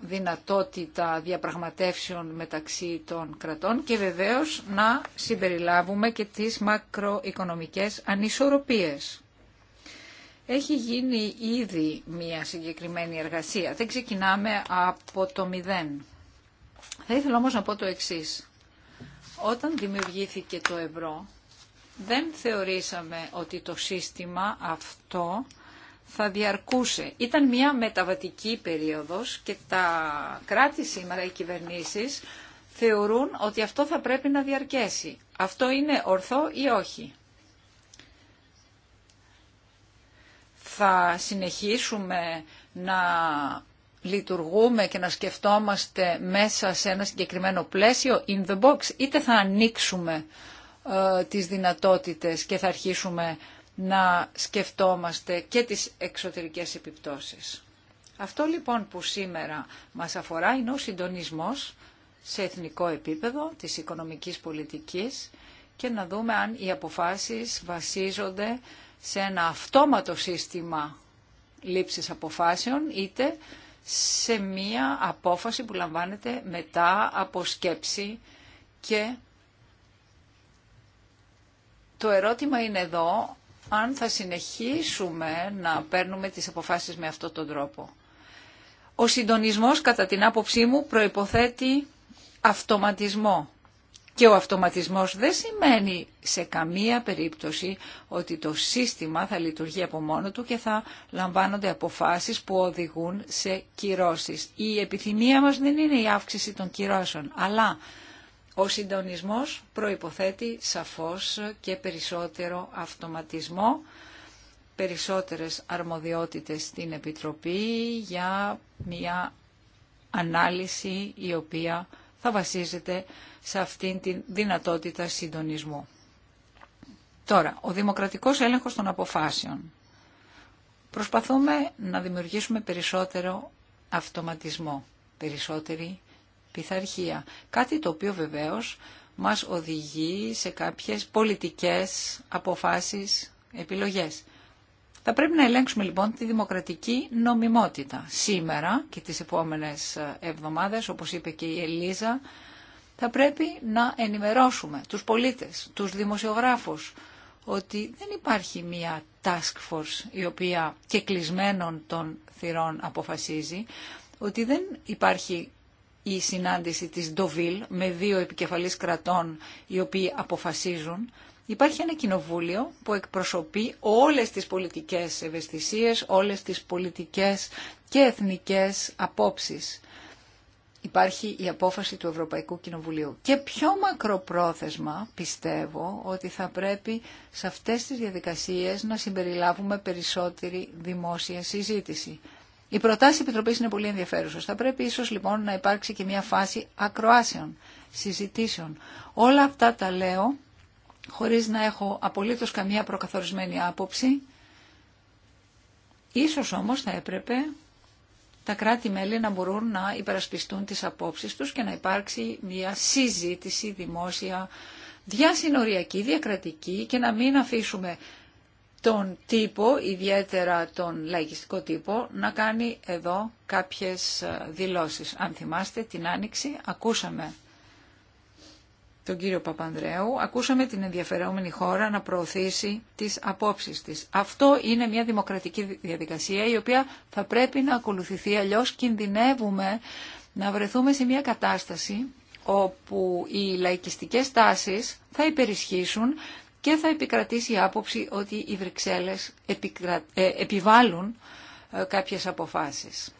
δυνατότητα διαπραγματεύσεων μεταξύ των κρατών και βεβαίως να συμπεριλάβουμε και τις μακροοικονομικές ανισορροπίες. Έχει γίνει ήδη μια συγκεκριμένη εργασία. Δεν ξεκινάμε από το μηδέν. Θα ήθελα όμως να πω το εξής. Όταν δημιουργήθηκε το ευρώ, δεν θεωρήσαμε ότι το σύστημα αυτό θα διαρκούσε. Ήταν μια μεταβατική περίοδος και τα κράτη σήμερα, οι κυβερνήσεις, θεωρούν ότι αυτό θα πρέπει να διαρκέσει. Αυτό είναι ορθό ή όχι. Θα συνεχίσουμε να λειτουργούμε και να σκεφτόμαστε μέσα σε ένα συγκεκριμένο πλαίσιο in the box, είτε θα ανοίξουμε ε, τις δυνατότητες και θα αρχίσουμε να σκεφτόμαστε και τις εξωτερικές επιπτώσεις. Αυτό λοιπόν που σήμερα μας αφορά είναι ο συντονισμός σε εθνικό επίπεδο της οικονομικής πολιτικής και να δούμε αν οι αποφάσεις βασίζονται σε ένα αυτόματο σύστημα λήψης αποφάσεων είτε σε μία απόφαση που λαμβάνεται μετά από σκέψη και το ερώτημα είναι εδώ αν θα συνεχίσουμε να παίρνουμε τις αποφάσεις με αυτόν τον τρόπο. Ο συντονισμός, κατά την άποψή μου, προϋποθέτει αυτοματισμό. Και ο αυτοματισμός δεν σημαίνει σε καμία περίπτωση ότι το σύστημα θα λειτουργεί από μόνο του και θα λαμβάνονται αποφάσεις που οδηγούν σε κυρώσεις. Η επιθυμία μας δεν είναι η αύξηση των κυρώσεων, αλλά ο συντονισμός προϋποθέτει σαφώς και περισσότερο αυτοματισμό, περισσότερες αρμοδιότητες στην Επιτροπή για μια ανάλυση η οποία θα βασίζεται σε αυτήν την δυνατότητα συντονισμού. Τώρα, ο δημοκρατικός έλεγχος των αποφάσεων. Προσπαθούμε να δημιουργήσουμε περισσότερο αυτοματισμό, περισσότερη πειθαρχία. Κάτι το οποίο βεβαίως μας οδηγεί σε κάποιες πολιτικές αποφάσεις, επιλογές. Θα πρέπει να ελέγξουμε λοιπόν τη δημοκρατική νομιμότητα. Σήμερα και τις επόμενες ε, εβδομάδες, όπως είπε και η Ελίζα, θα πρέπει να ενημερώσουμε τους πολίτες, τους δημοσιογράφους, ότι δεν υπάρχει μία task force η οποία και κλεισμένων των θυρών αποφασίζει, ότι δεν υπάρχει η συνάντηση της Ντοβίλ με δύο επικεφαλής κρατών οι οποίοι αποφασίζουν. Υπάρχει ένα κοινοβούλιο που εκπροσωπεί όλες τις πολιτικές ευαισθησίες, όλες τις πολιτικές και εθνικές απόψεις. Υπάρχει η απόφαση του Ευρωπαϊκού Κοινοβουλίου. Και πιο μακροπρόθεσμα πιστεύω ότι θα πρέπει σε αυτές τις διαδικασίες να συμπεριλάβουμε περισσότερη δημόσια συζήτηση. Οι προτάσει τη Επιτροπή είναι πολύ ενδιαφέρουσα. Θα πρέπει ίσω λοιπόν να υπάρξει και μια φάση ακροάσεων, συζητήσεων. Όλα αυτά τα λέω χωρίς να έχω απολύτως καμία προκαθορισμένη άποψη. Ίσως όμως θα έπρεπε τα κράτη-μέλη να μπορούν να υπερασπιστούν τις απόψεις τους και να υπάρξει μια συζήτηση δημόσια, διασυνοριακή, διακρατική και να μην αφήσουμε τον τύπο, ιδιαίτερα τον λαϊκιστικό τύπο, να κάνει εδώ κάποιες ε, δηλώσεις. Αν θυμάστε την Άνοιξη ακούσαμε τον κύριο Παπανδρέου, ακούσαμε την ενδιαφερόμενη χώρα να προωθήσει τις απόψεις της. Αυτό είναι μια δημοκρατική διαδικασία η οποία θα πρέπει να ακολουθηθεί, αλλιώς κινδυνεύουμε να βρεθούμε σε μια κατάσταση όπου οι λαϊκιστικές τάσεις θα υπερισχύσουν και θα επικρατήσει η άποψη ότι οι Βρυξέλλες ε, επιβάλλουν ε, κάποιες αποφάσεις.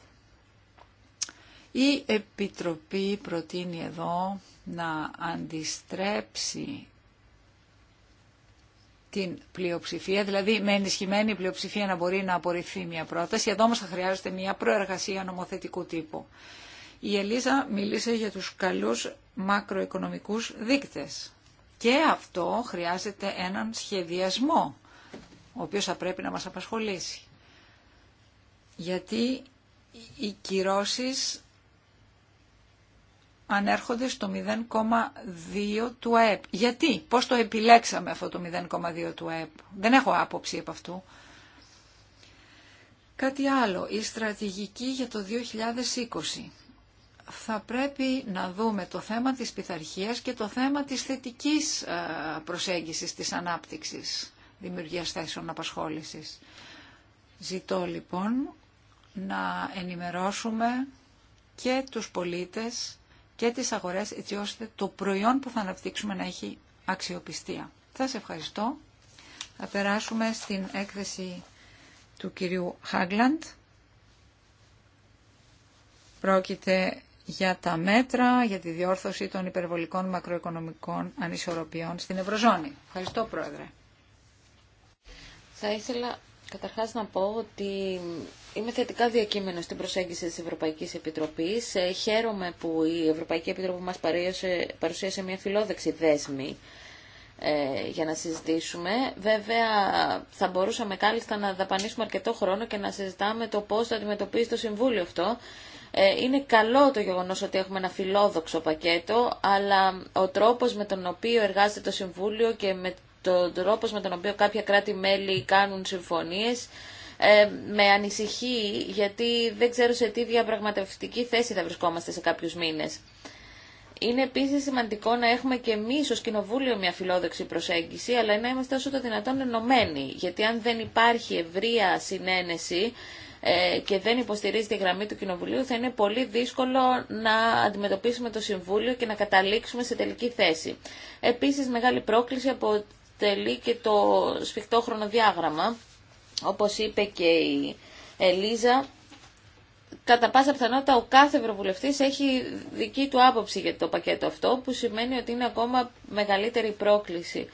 Η Επιτροπή προτείνει εδώ να αντιστρέψει την πλειοψηφία, δηλαδή με ενισχυμένη πλειοψηφία να μπορεί να απορριφθεί μια πρόταση. Εδώ όμως θα χρειάζεται μια προεργασία νομοθετικού τύπου. Η Ελίζα μίλησε για τους καλούς μακροοικονομικούς δείκτες. Και αυτό χρειάζεται έναν σχεδιασμό, ο οποίος θα πρέπει να μας απασχολήσει. Γιατί οι κυρώσεις ανέρχονται στο 0,2 του ΑΕΠ. Γιατί, πώς το επιλέξαμε αυτό το 0,2 του ΑΕΠ. Δεν έχω άποψη από αυτού. Κάτι άλλο, η στρατηγική για το 2020 θα πρέπει να δούμε το θέμα της πειθαρχία και το θέμα της θετικής ε, προσέγγισης της ανάπτυξης δημιουργίας θέσεων απασχόλησης. Ζητώ λοιπόν να ενημερώσουμε και τους πολίτες και τις αγορές έτσι ώστε το προϊόν που θα αναπτύξουμε να έχει αξιοπιστία. Θα σε ευχαριστώ. Θα περάσουμε στην έκθεση του κυρίου Χάγκλαντ. Πρόκειται για τα μέτρα για τη διόρθωση των υπερβολικών μακροοικονομικών ανισορροπιών στην Ευρωζώνη. Ευχαριστώ, Πρόεδρε. Θα ήθελα καταρχάς να πω ότι είμαι θετικά διακείμενο στην προσέγγιση της Ευρωπαϊκής Επιτροπής. Ε, χαίρομαι που η Ευρωπαϊκή Επιτροπή μας παρουσίασε, μια φιλόδεξη δέσμη ε, για να συζητήσουμε. Βέβαια, θα μπορούσαμε κάλλιστα να δαπανίσουμε αρκετό χρόνο και να συζητάμε το πώς θα αντιμετωπίσει το Συμβούλιο αυτό ε, είναι καλό το γεγονός ότι έχουμε ένα φιλόδοξο πακέτο, αλλά ο τρόπος με τον οποίο εργάζεται το Συμβούλιο και με τον τρόπο με τον οποίο κάποια κράτη-μέλη κάνουν συμφωνίες ε, με ανησυχεί γιατί δεν ξέρω σε τι διαπραγματευτική θέση θα βρισκόμαστε σε κάποιους μήνες. Είναι επίση σημαντικό να έχουμε και εμεί ω Κοινοβούλιο μια φιλόδοξη προσέγγιση, αλλά να είμαστε όσο το δυνατόν ενωμένοι. Γιατί αν δεν υπάρχει ευρεία συνένεση, ε, και δεν υποστηρίζει τη γραμμή του Κοινοβουλίου, θα είναι πολύ δύσκολο να αντιμετωπίσουμε το Συμβούλιο και να καταλήξουμε σε τελική θέση. Επίσης, μεγάλη πρόκληση αποτελεί και το σφιχτό χρονοδιάγραμμα. Όπως είπε και η Ελίζα, κατά πάσα πιθανότητα ο κάθε ευρωβουλευτής έχει δική του άποψη για το πακέτο αυτό, που σημαίνει ότι είναι ακόμα μεγαλύτερη πρόκληση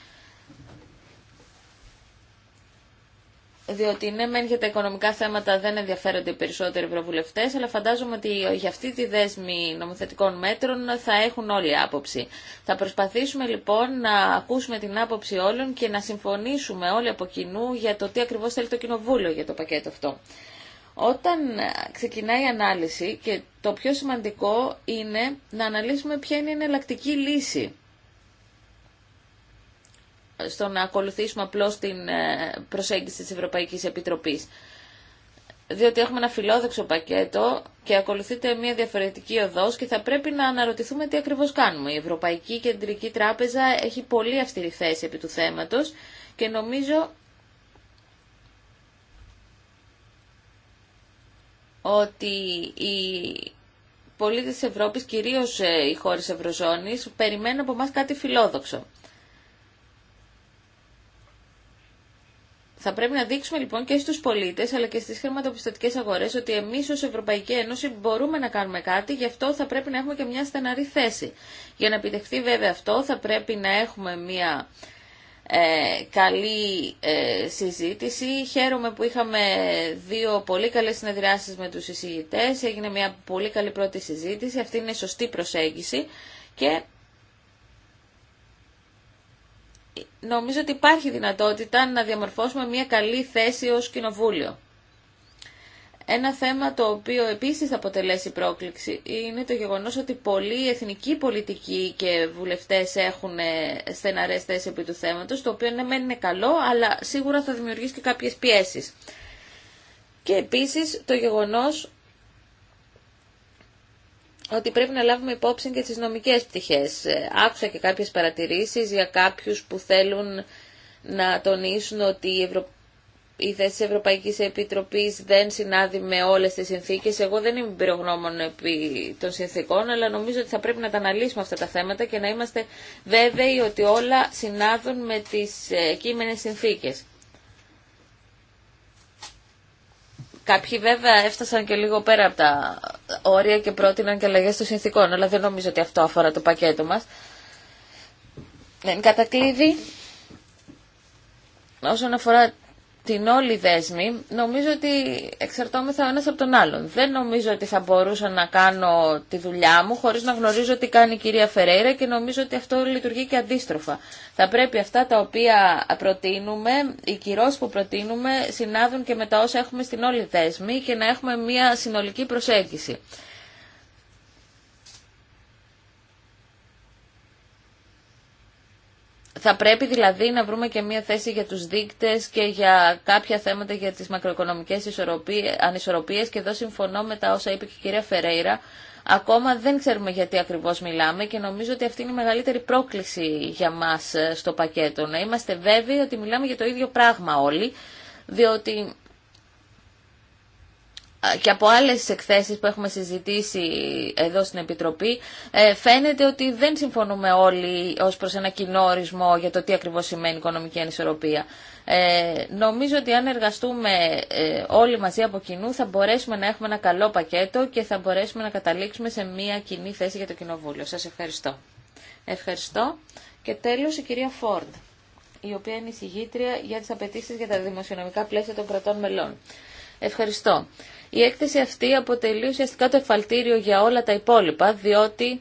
διότι ναι μεν για τα οικονομικά θέματα δεν ενδιαφέρονται οι περισσότεροι ευρωβουλευτέ, αλλά φαντάζομαι ότι για αυτή τη δέσμη νομοθετικών μέτρων θα έχουν όλοι άποψη. Θα προσπαθήσουμε λοιπόν να ακούσουμε την άποψη όλων και να συμφωνήσουμε όλοι από κοινού για το τι ακριβώς θέλει το Κοινοβούλιο για το πακέτο αυτό. Όταν ξεκινάει η ανάλυση και το πιο σημαντικό είναι να αναλύσουμε ποια είναι η εναλλακτική λύση στο να ακολουθήσουμε απλώς την ε, προσέγγιση της Ευρωπαϊκής Επιτροπής. Διότι έχουμε ένα φιλόδοξο πακέτο και ακολουθείται μια διαφορετική οδός και θα πρέπει να αναρωτηθούμε τι ακριβώς κάνουμε. Η Ευρωπαϊκή Κεντρική Τράπεζα έχει πολύ αυστηρή θέση επί του θέματος και νομίζω ότι οι πολίτες της Ευρώπης, κυρίως ε, οι χώρες Ευρωζώνης, περιμένουν από εμά κάτι φιλόδοξο. Θα πρέπει να δείξουμε λοιπόν και στους πολίτες αλλά και στις χρηματοπιστωτικές αγορές ότι εμείς ως Ευρωπαϊκή Ένωση μπορούμε να κάνουμε κάτι, γι' αυτό θα πρέπει να έχουμε και μια στεναρή θέση. Για να επιτευχθεί βέβαια αυτό θα πρέπει να έχουμε μια ε, καλή ε, συζήτηση. Χαίρομαι που είχαμε δύο πολύ καλές συνεδριάσεις με τους εισηγητές, έγινε μια πολύ καλή πρώτη συζήτηση, αυτή είναι σωστή προσέγγιση και νομίζω ότι υπάρχει δυνατότητα να διαμορφώσουμε μια καλή θέση ως κοινοβούλιο. Ένα θέμα το οποίο επίσης θα αποτελέσει πρόκληση είναι το γεγονός ότι πολλοί εθνικοί πολιτικοί και βουλευτές έχουν ε, στεναρές θέσεις επί του θέματος, το οποίο ναι μένει είναι καλό, αλλά σίγουρα θα δημιουργήσει και κάποιες πιέσεις. Και επίσης το γεγονός ότι πρέπει να λάβουμε υπόψη και τις νομικές πτυχές. Ε, άκουσα και κάποιες παρατηρήσεις για κάποιους που θέλουν να τονίσουν ότι η, θέση της Ευρωπαϊκής Επιτροπής δεν συνάδει με όλες τις συνθήκες. Εγώ δεν είμαι πυρογνώμων επί των συνθήκων, αλλά νομίζω ότι θα πρέπει να τα αναλύσουμε αυτά τα θέματα και να είμαστε βέβαιοι ότι όλα συνάδουν με τις ε, κείμενες συνθήκες. Κάποιοι βέβαια έφτασαν και λίγο πέρα από τα όρια και πρότειναν και αλλαγέ των συνθήκων, αλλά δεν νομίζω ότι αυτό αφορά το πακέτο μας. Εν κατακλείδη, όσον αφορά την όλη δέσμη, νομίζω ότι εξαρτώμεθα ο ένας από τον άλλον. Δεν νομίζω ότι θα μπορούσα να κάνω τη δουλειά μου χωρίς να γνωρίζω τι κάνει η κυρία Φερέιρα και νομίζω ότι αυτό λειτουργεί και αντίστροφα. Θα πρέπει αυτά τα οποία προτείνουμε, οι κυρώσει που προτείνουμε, συνάδουν και με τα όσα έχουμε στην όλη δέσμη και να έχουμε μια συνολική προσέγγιση. Θα πρέπει δηλαδή να βρούμε και μία θέση για τους δείκτες και για κάποια θέματα για τις μακροοικονομικές ανισορροπίες και εδώ συμφωνώ με τα όσα είπε και η κυρία Φερέιρα. Ακόμα δεν ξέρουμε γιατί ακριβώς μιλάμε και νομίζω ότι αυτή είναι η μεγαλύτερη πρόκληση για μας ε, στο πακέτο. Να είμαστε βέβαιοι ότι μιλάμε για το ίδιο πράγμα όλοι, διότι και από άλλες εκθέσεις που έχουμε συζητήσει εδώ στην Επιτροπή ε, φαίνεται ότι δεν συμφωνούμε όλοι ως προς ένα κοινό ορισμό για το τι ακριβώς σημαίνει οικονομική ανισορροπία. Ε, νομίζω ότι αν εργαστούμε ε, όλοι μαζί από κοινού θα μπορέσουμε να έχουμε ένα καλό πακέτο και θα μπορέσουμε να καταλήξουμε σε μια κοινή θέση για το Κοινοβούλιο. Σας ευχαριστώ. Ευχαριστώ. Και τέλος η κυρία Φόρντ, η οποία είναι η συγγήτρια για τις απαιτήσει για τα δημοσιονομικά πλαίσια των κρατών μελών. Ευχαριστώ. Η έκθεση αυτή αποτελεί ουσιαστικά το εφαλτήριο για όλα τα υπόλοιπα, διότι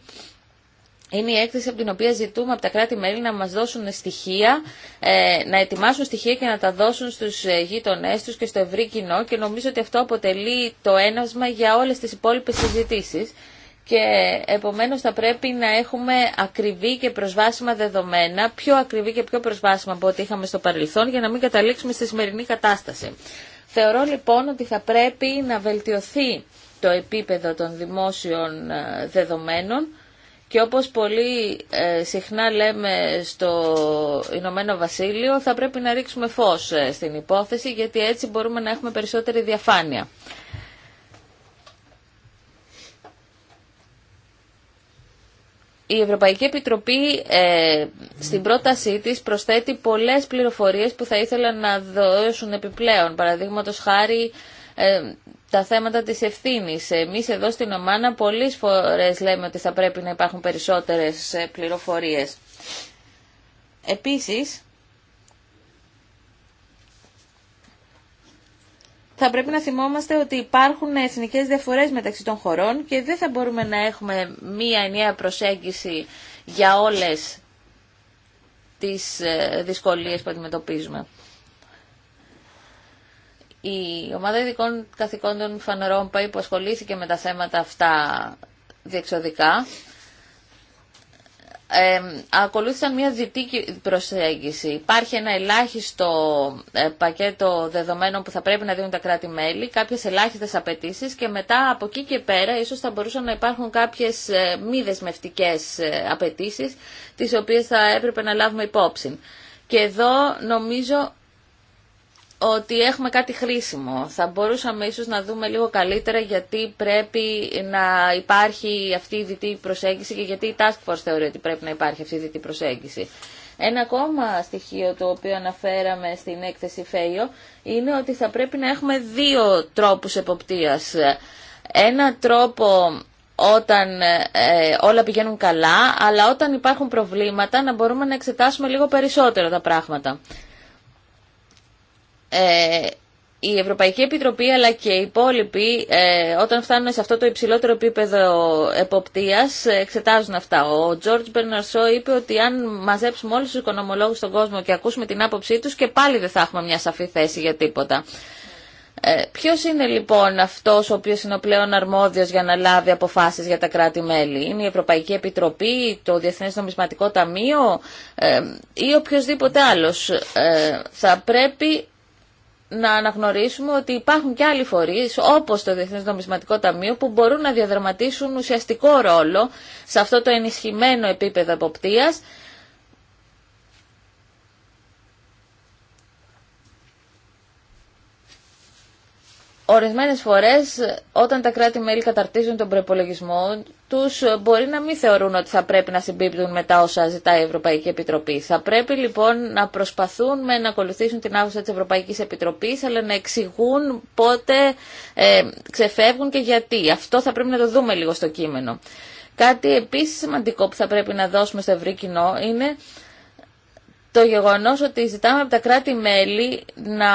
είναι η έκθεση από την οποία ζητούμε από τα κράτη-μέλη να μας δώσουν στοιχεία, ε, να ετοιμάσουν στοιχεία και να τα δώσουν στους ε, γείτονές τους και στο ευρύ κοινό και νομίζω ότι αυτό αποτελεί το ένασμα για όλες τις υπόλοιπες συζητήσεις και επομένως θα πρέπει να έχουμε ακριβή και προσβάσιμα δεδομένα, πιο ακριβή και πιο προσβάσιμα από ό,τι είχαμε στο παρελθόν για να μην καταλήξουμε στη σημερινή κατάσταση. Θεωρώ λοιπόν ότι θα πρέπει να βελτιωθεί το επίπεδο των δημόσιων ε, δεδομένων και όπως πολύ ε, συχνά λέμε στο Ηνωμένο Βασίλειο θα πρέπει να ρίξουμε φως ε, στην υπόθεση γιατί έτσι μπορούμε να έχουμε περισσότερη διαφάνεια. η Ευρωπαϊκή Επιτροπή ε, στην πρότασή της προσθέτει πολλές πληροφορίες που θα ήθελαν να δώσουν επιπλέον. Παραδείγματο χάρη ε, τα θέματα της ευθύνης. Εμείς εδώ στην ΟΜΑΝΑ πολλές φορές λέμε ότι θα πρέπει να υπάρχουν περισσότερες ε, πληροφορίες. Επίσης, θα πρέπει να θυμόμαστε ότι υπάρχουν εθνικές διαφορές μεταξύ των χωρών και δεν θα μπορούμε να έχουμε μία ενιαία προσέγγιση για όλες τις ε, δυσκολίες που αντιμετωπίζουμε. Η ομάδα ειδικών καθηκόντων Φανερόμπα που ασχολήθηκε με τα θέματα αυτά διεξοδικά ακολούθησαν μια δυτική προσέγγιση. Υπάρχει ένα ελάχιστο ε, πακέτο δεδομένων που θα πρέπει να δίνουν τα κράτη-μέλη, κάποιες ελάχιστες απαιτήσεις και μετά από εκεί και πέρα ίσως θα μπορούσαν να υπάρχουν κάποιες ε, μη δεσμευτικέ ε, απαιτήσεις τις οποίες θα έπρεπε να λάβουμε υπόψη. Και εδώ νομίζω ότι έχουμε κάτι χρήσιμο. Θα μπορούσαμε ίσως να δούμε λίγο καλύτερα γιατί πρέπει να υπάρχει αυτή η δυτή προσέγγιση και γιατί η Task Force θεωρεί ότι πρέπει να υπάρχει αυτή η δυτή προσέγγιση. Ένα ακόμα στοιχείο το οποίο αναφέραμε στην έκθεση ΦΕΙΟ είναι ότι θα πρέπει να έχουμε δύο τρόπους εποπτείας. Ένα τρόπο όταν ε, όλα πηγαίνουν καλά, αλλά όταν υπάρχουν προβλήματα να μπορούμε να εξετάσουμε λίγο περισσότερο τα πράγματα. Ε, η Ευρωπαϊκή Επιτροπή αλλά και οι υπόλοιποι ε, όταν φτάνουν σε αυτό το υψηλότερο επίπεδο εποπτείας εξετάζουν αυτά. Ο Τζόρτζ Μπερναρσό είπε ότι αν μαζέψουμε όλους τους οικονομολόγους στον κόσμο και ακούσουμε την άποψή τους και πάλι δεν θα έχουμε μια σαφή θέση για τίποτα. Ε, είναι λοιπόν αυτό ο οποίο είναι ο πλέον αρμόδιο για να λάβει αποφάσει για τα κράτη-μέλη. Είναι η Ευρωπαϊκή Επιτροπή, το Διεθνέ Νομισματικό Ταμείο ε, ή οποιοδήποτε άλλο ε, θα πρέπει να αναγνωρίσουμε ότι υπάρχουν και άλλοι φορείς όπως το Διεθνές Νομισματικό Ταμείο που μπορούν να διαδραματίσουν ουσιαστικό ρόλο σε αυτό το ενισχυμένο επίπεδο εποπτείας Ορισμένε φορέ όταν τα κράτη-μέλη καταρτίζουν τον προπολογισμό του μπορεί να μην θεωρούν ότι θα πρέπει να συμπίπτουν μετά όσα ζητάει η Ευρωπαϊκή Επιτροπή. Θα πρέπει λοιπόν να προσπαθούν με να ακολουθήσουν την άγουσα τη Ευρωπαϊκή Επιτροπής αλλά να εξηγούν πότε ε, ξεφεύγουν και γιατί. Αυτό θα πρέπει να το δούμε λίγο στο κείμενο. Κάτι επίση σημαντικό που θα πρέπει να δώσουμε στο ευρύ κοινό είναι το γεγονός ότι ζητάμε από τα κράτη-μέλη να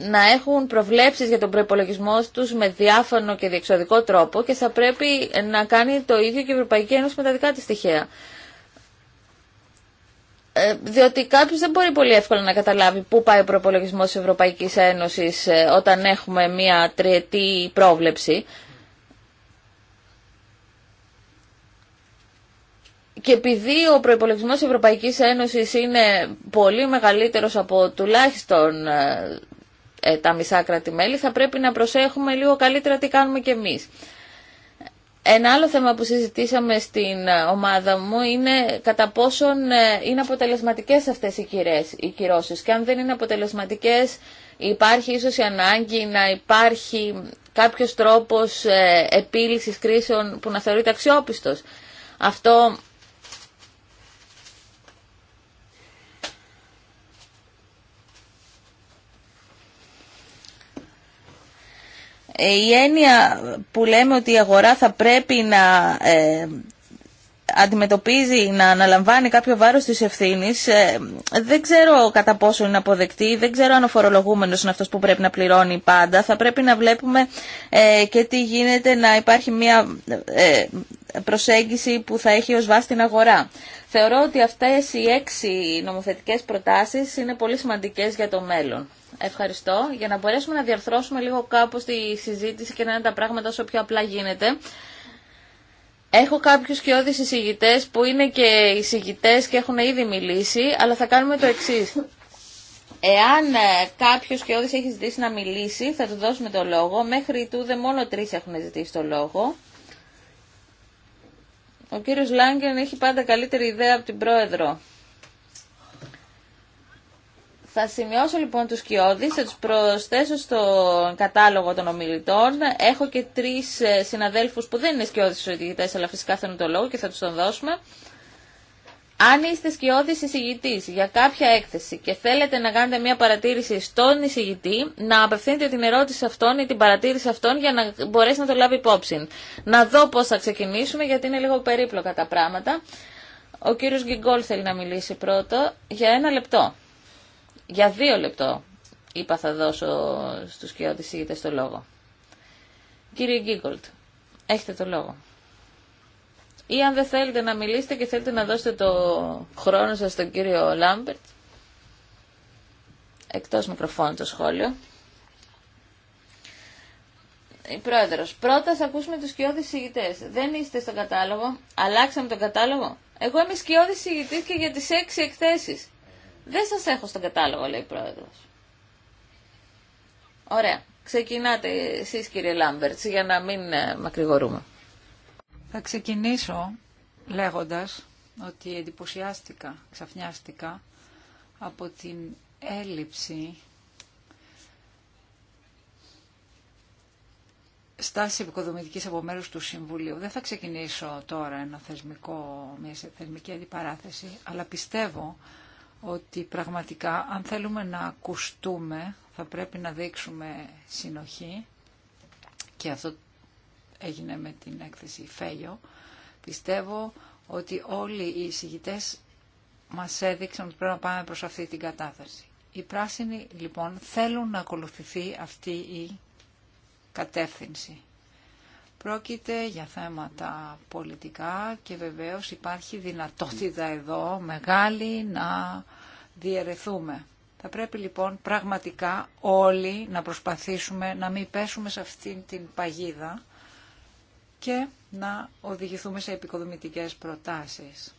να έχουν προβλέψεις για τον προπολογισμό τους με διάφανο και διεξοδικό τρόπο και θα πρέπει να κάνει το ίδιο και η Ευρωπαϊκή Ένωση με τα δικά της στοιχεία. Ε, διότι κάποιο δεν μπορεί πολύ εύκολα να καταλάβει πού πάει ο προπολογισμό τη Ευρωπαϊκή Ένωση ε, όταν έχουμε μία τριετή πρόβλεψη. Και επειδή ο προπολογισμό τη Ευρωπαϊκή Ένωση είναι πολύ μεγαλύτερο από τουλάχιστον ε, ε, τα μισά κράτη-μέλη, θα πρέπει να προσέχουμε λίγο καλύτερα τι κάνουμε κι εμείς. Ένα άλλο θέμα που συζητήσαμε στην ε, ομάδα μου είναι κατά πόσον ε, είναι αποτελεσματικές αυτές οι, κυρές, οι κυρώσεις και αν δεν είναι αποτελεσματικές υπάρχει ίσως η ανάγκη να υπάρχει κάποιος τρόπος επίλυσης κρίσεων που να θεωρείται αξιόπιστος. Αυτό Ε, η έννοια που λέμε ότι η αγορά θα πρέπει να ε, αντιμετωπίζει, να αναλαμβάνει κάποιο βάρος της ευθύνης, ε, δεν ξέρω κατά πόσο είναι αποδεκτή, δεν ξέρω αν ο φορολογούμενος είναι αυτός που πρέπει να πληρώνει πάντα. Θα πρέπει να βλέπουμε και τι γίνεται να υπάρχει μια προσέγγιση που θα έχει ως βάση την αγορά. Θεωρώ ότι αυτές οι έξι νομοθετικές προτάσεις είναι πολύ σημαντικές για το μέλλον. Ευχαριστώ. Για να μπορέσουμε να διαρθρώσουμε λίγο κάπως τη συζήτηση και να είναι τα πράγματα όσο πιο απλά γίνεται. Έχω κάποιους όδης εισηγητές που είναι και εισηγητές και έχουν ήδη μιλήσει, αλλά θα κάνουμε το εξή. Εάν ε, κάποιο όδης έχει ζητήσει να μιλήσει, θα του δώσουμε το λόγο. Μέχρι τούδε μόνο τρει έχουν ζητήσει το λόγο. Ο κύριο Λάγκεν έχει πάντα καλύτερη ιδέα από την πρόεδρο. Θα σημειώσω λοιπόν τους κοιόδης, θα τους προσθέσω στο κατάλογο των ομιλητών. Έχω και τρεις ε, συναδέλφους που δεν είναι σκιώδης εισηγητές, αλλά φυσικά θέλουν το λόγο και θα τους τον δώσουμε. Αν είστε σκιώδης εισηγητής για κάποια έκθεση και θέλετε να κάνετε μια παρατήρηση στον εισηγητή, να απευθύνετε την ερώτηση αυτών ή την παρατήρηση αυτών για να μπορέσει να το λάβει υπόψη. Να δω πώς θα ξεκινήσουμε γιατί είναι λίγο περίπλοκα τα πράγματα. Ο κύριος Γκυγκόλ θέλει να μιλήσει πρώτο για ένα λεπτό. Για δύο λεπτό, είπα θα δώσω στους κοιότης το λόγο. Κύριε Γκίγκολτ, έχετε το λόγο. Ή αν δεν θέλετε να μιλήσετε και θέλετε να δώσετε το χρόνο σας στον κύριο Λάμπερτ. Εκτός μικροφώνου το σχόλιο. Η ε, πρόεδρος, πρώτα θα ακούσουμε τους σκιώδεις συγητές. Δεν είστε στον κατάλογο. Αλλάξαμε τον κατάλογο. Εγώ είμαι σκιώδης συγητής και για τις έξι εκθέσεις. Δεν σας έχω στον κατάλογο, λέει η πρόεδρος. Ωραία. Ξεκινάτε εσείς κύριε Λάμπερτς για να μην ε, μακρηγορούμε. Θα ξεκινήσω λέγοντας ότι εντυπωσιάστηκα, ξαφνιάστηκα από την έλλειψη στάση επικοδομητικής από μέρους του Συμβουλίου. Δεν θα ξεκινήσω τώρα ένα θεσμικό, μια θεσμική αντιπαράθεση, αλλά πιστεύω ότι πραγματικά αν θέλουμε να ακουστούμε θα πρέπει να δείξουμε συνοχή και αυτό έγινε με την έκθεση Φέγιο. Πιστεύω ότι όλοι οι εισηγητές μας έδειξαν ότι πρέπει να πάμε προς αυτή την κατάθεση. Οι πράσινοι λοιπόν θέλουν να ακολουθηθεί αυτή η κατεύθυνση. Πρόκειται για θέματα πολιτικά και βεβαίως υπάρχει δυνατότητα εδώ μεγάλη να διαιρεθούμε. Θα πρέπει λοιπόν πραγματικά όλοι να προσπαθήσουμε να μην πέσουμε σε αυτήν την παγίδα και να οδηγηθούμε σε επικοδομητικές προτάσεις.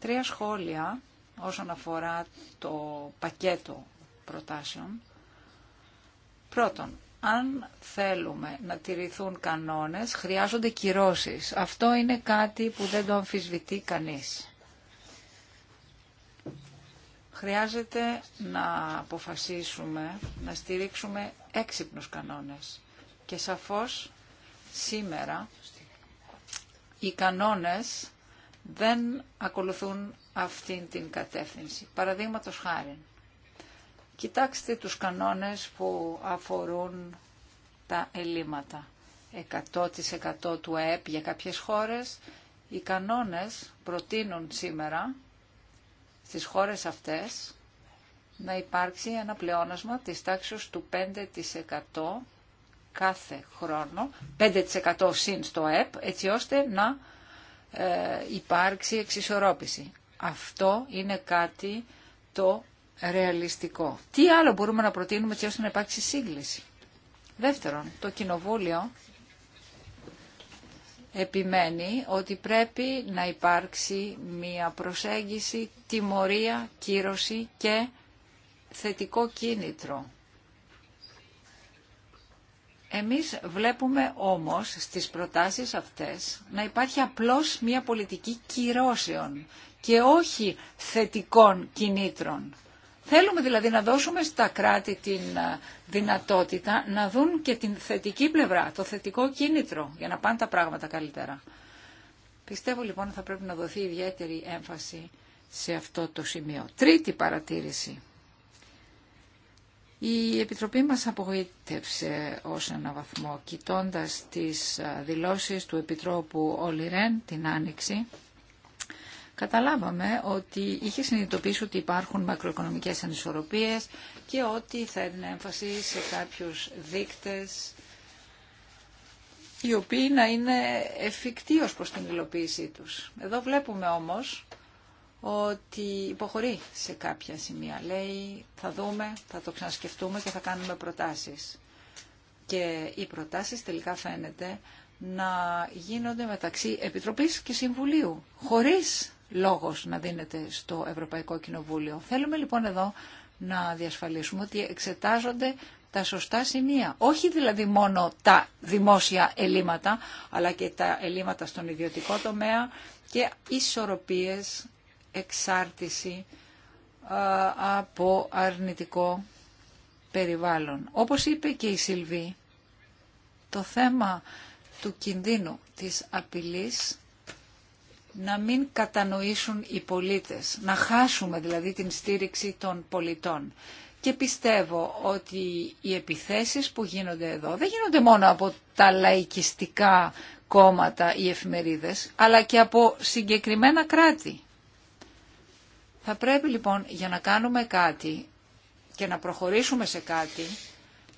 Τρία σχόλια όσον αφορά το πακέτο προτάσεων. Πρώτον, αν θέλουμε να τηρηθούν κανόνες, χρειάζονται κυρώσεις. Αυτό είναι κάτι που δεν το αμφισβητεί κανείς. Χρειάζεται να αποφασίσουμε, να στηρίξουμε έξυπνους κανόνες. Και σαφώς σήμερα οι κανόνες δεν ακολουθούν αυτήν την κατεύθυνση. Παραδείγματος χάρη. Κοιτάξτε τους κανόνες που αφορούν τα ελλείμματα. 100% του ΑΕΠ για κάποιες χώρες. Οι κανόνες προτείνουν σήμερα στις χώρες αυτές να υπάρξει ένα πλεόνασμα της τάξης του 5% κάθε χρόνο, 5% συν στο ΕΠ, έτσι ώστε να ε, υπάρξει εξισορρόπηση. Αυτό είναι κάτι το ρεαλιστικό. Τι άλλο μπορούμε να προτείνουμε έτσι ώστε να υπάρξει σύγκληση. Δεύτερον, το Κοινοβούλιο επιμένει ότι πρέπει να υπάρξει μία προσέγγιση, τιμωρία, κύρωση και θετικό κίνητρο. Εμείς βλέπουμε όμως στις προτάσεις αυτές να υπάρχει απλώς μία πολιτική κυρώσεων και όχι θετικών κινήτρων. Θέλουμε δηλαδή να δώσουμε στα κράτη την ε, δυνατότητα να δουν και την θετική πλευρά, το θετικό κίνητρο για να πάνε τα πράγματα καλύτερα. Πιστεύω λοιπόν ότι θα πρέπει να δοθεί ιδιαίτερη έμφαση σε αυτό το σημείο. Τρίτη παρατήρηση. Η Επιτροπή μας απογοήτευσε ως ένα βαθμό, κοιτώντας τις ε, δηλώσεις του Επιτρόπου Ολιρέν την Άνοιξη, καταλάβαμε ότι είχε συνειδητοποιήσει ότι υπάρχουν μακροοικονομικές ανισορροπίες και ότι θα έδινε έμφαση σε κάποιους δείκτες οι οποίοι να είναι εφικτοί ως προς την υλοποίησή τους. Εδώ βλέπουμε όμως ότι υποχωρεί σε κάποια σημεία. Λέει θα δούμε, θα το ξανασκεφτούμε και θα κάνουμε προτάσεις. Και οι προτάσεις τελικά φαίνεται να γίνονται μεταξύ Επιτροπής και Συμβουλίου, χωρίς λόγος να δίνεται στο Ευρωπαϊκό Κοινοβούλιο. Θέλουμε λοιπόν εδώ να διασφαλίσουμε ότι εξετάζονται τα σωστά σημεία. Όχι δηλαδή μόνο τα δημόσια ελλείμματα, αλλά και τα ελλείμματα στον ιδιωτικό τομέα και ισορροπίες, εξάρτηση από αρνητικό περιβάλλον. Όπως είπε και η Σιλβή, το θέμα του κινδύνου της απειλής να μην κατανοήσουν οι πολίτες, να χάσουμε δηλαδή την στήριξη των πολιτών. Και πιστεύω ότι οι επιθέσεις που γίνονται εδώ δεν γίνονται μόνο από τα λαϊκιστικά κόμματα ή εφημερίδες, αλλά και από συγκεκριμένα κράτη. Θα πρέπει λοιπόν για να κάνουμε κάτι και να προχωρήσουμε σε κάτι,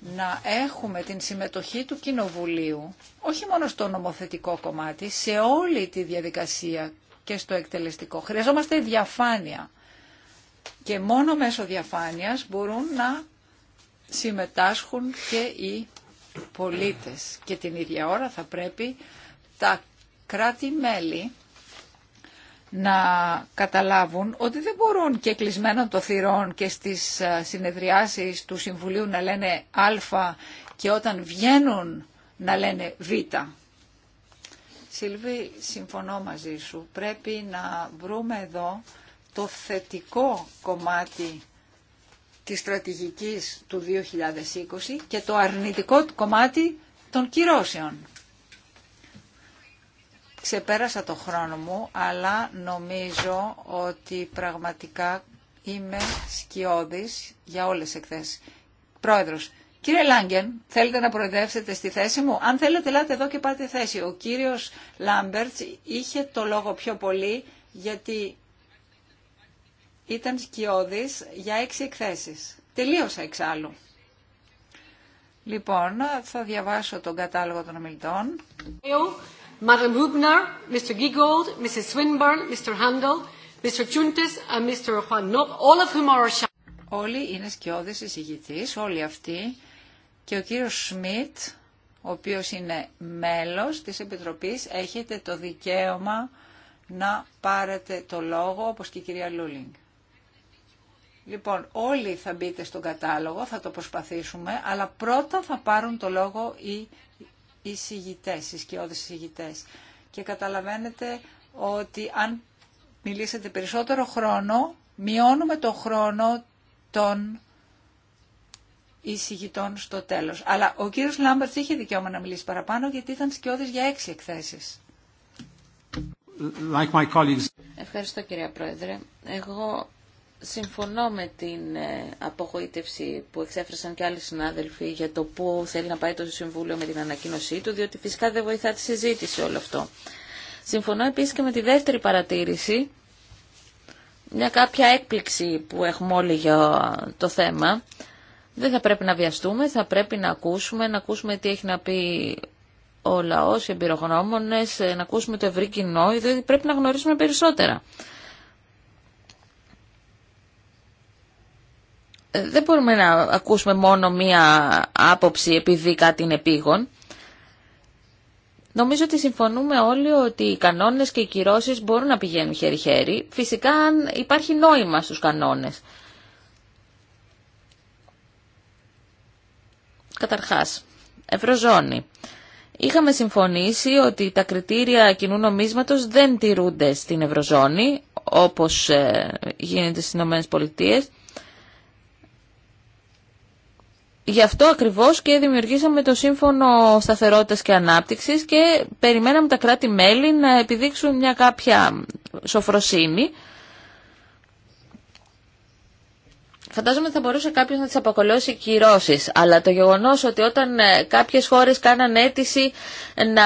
να έχουμε την συμμετοχή του Κοινοβουλίου, όχι μόνο στο νομοθετικό κομμάτι, σε όλη τη διαδικασία και στο εκτελεστικό. Χρειαζόμαστε διαφάνεια και μόνο μέσω διαφάνειας μπορούν να συμμετάσχουν και οι πολίτες. Και την ίδια ώρα θα πρέπει τα κράτη-μέλη να καταλάβουν ότι δεν μπορούν και κλεισμένων των θυρών και στις ε, συνεδριάσεις του Συμβουλίου να λένε Α και όταν βγαίνουν να λένε Β. Σιλβί, συμφωνώ μαζί σου. Πρέπει να βρούμε εδώ το θετικό κομμάτι της στρατηγικής του 2020 και το αρνητικό κομμάτι των κυρώσεων. Ξεπέρασα το χρόνο μου, αλλά νομίζω ότι πραγματικά είμαι σκιώδης για όλες τις εκθέσεις. Πρόεδρος, κύριε Λάγκεν, θέλετε να προεδρεύσετε στη θέση μου. Αν θέλετε, λάτε εδώ και πάτε θέση. Ο κύριος Λάμπερτς είχε το λόγο πιο πολύ, γιατί ήταν σκιώδης για έξι εκθέσεις. Τελείωσα εξάλλου. Λοιπόν, θα διαβάσω τον κατάλογο των ομιλητών. Madam Hubner, Mr. Giegold, Mrs. Swinburne, Mr. Handel, Mr. and Mr. Juan Όλοι είναι σκιώδες εισηγητής, όλοι αυτοί και ο κύριος Σμιτ, ο οποίος είναι μέλος της Επιτροπής, έχετε το δικαίωμα να πάρετε το λόγο, όπως και η κυρία Λούλινγκ. Λοιπόν, όλοι θα μπείτε στον κατάλογο, θα το προσπαθήσουμε, αλλά πρώτα θα πάρουν το λόγο οι οι συγητές, οι Και καταλαβαίνετε ότι αν μιλήσετε περισσότερο χρόνο, μειώνουμε το χρόνο των εισηγητών στο τέλος. Αλλά ο κύριος Λάμπερτς είχε δικαίωμα να μιλήσει παραπάνω γιατί ήταν σκιώδης για έξι εκθέσεις. Like my Ευχαριστώ κυρία Πρόεδρε. Εγώ συμφωνώ με την ε, απογοήτευση που εξέφρασαν και άλλοι συνάδελφοι για το πού θέλει να πάει το Συμβούλιο με την ανακοίνωσή του, διότι φυσικά δεν βοηθά τη συζήτηση όλο αυτό. Συμφωνώ επίσης και με τη δεύτερη παρατήρηση, μια κάποια έκπληξη που έχουμε όλοι για το θέμα. Δεν θα πρέπει να βιαστούμε, θα πρέπει να ακούσουμε, να ακούσουμε τι έχει να πει ο λαός, οι εμπειρογνώμονες, να ακούσουμε το ευρύ κοινό, διότι πρέπει να γνωρίσουμε περισσότερα. δεν μπορούμε να ακούσουμε μόνο μία άποψη επειδή κάτι είναι πήγον. Νομίζω ότι συμφωνούμε όλοι ότι οι κανόνες και οι κυρώσεις μπορούν να πηγαίνουν χέρι-χέρι. Φυσικά αν υπάρχει νόημα στους κανόνες. Καταρχάς, Ευρωζώνη. Είχαμε συμφωνήσει ότι τα κριτήρια κοινού νομίσματος δεν τηρούνται στην Ευρωζώνη, όπως ε, γίνεται στις ΗΠΑ... Γι' αυτό ακριβώς και δημιουργήσαμε το Σύμφωνο Σταθερότητας και Ανάπτυξης και περιμέναμε τα κράτη-μέλη να επιδείξουν μια κάποια σοφροσύνη Φαντάζομαι ότι θα μπορούσε κάποιο να τι αποκολώσει κυρώσει, αλλά το γεγονό ότι όταν ε, κάποιε χώρε κάναν αίτηση να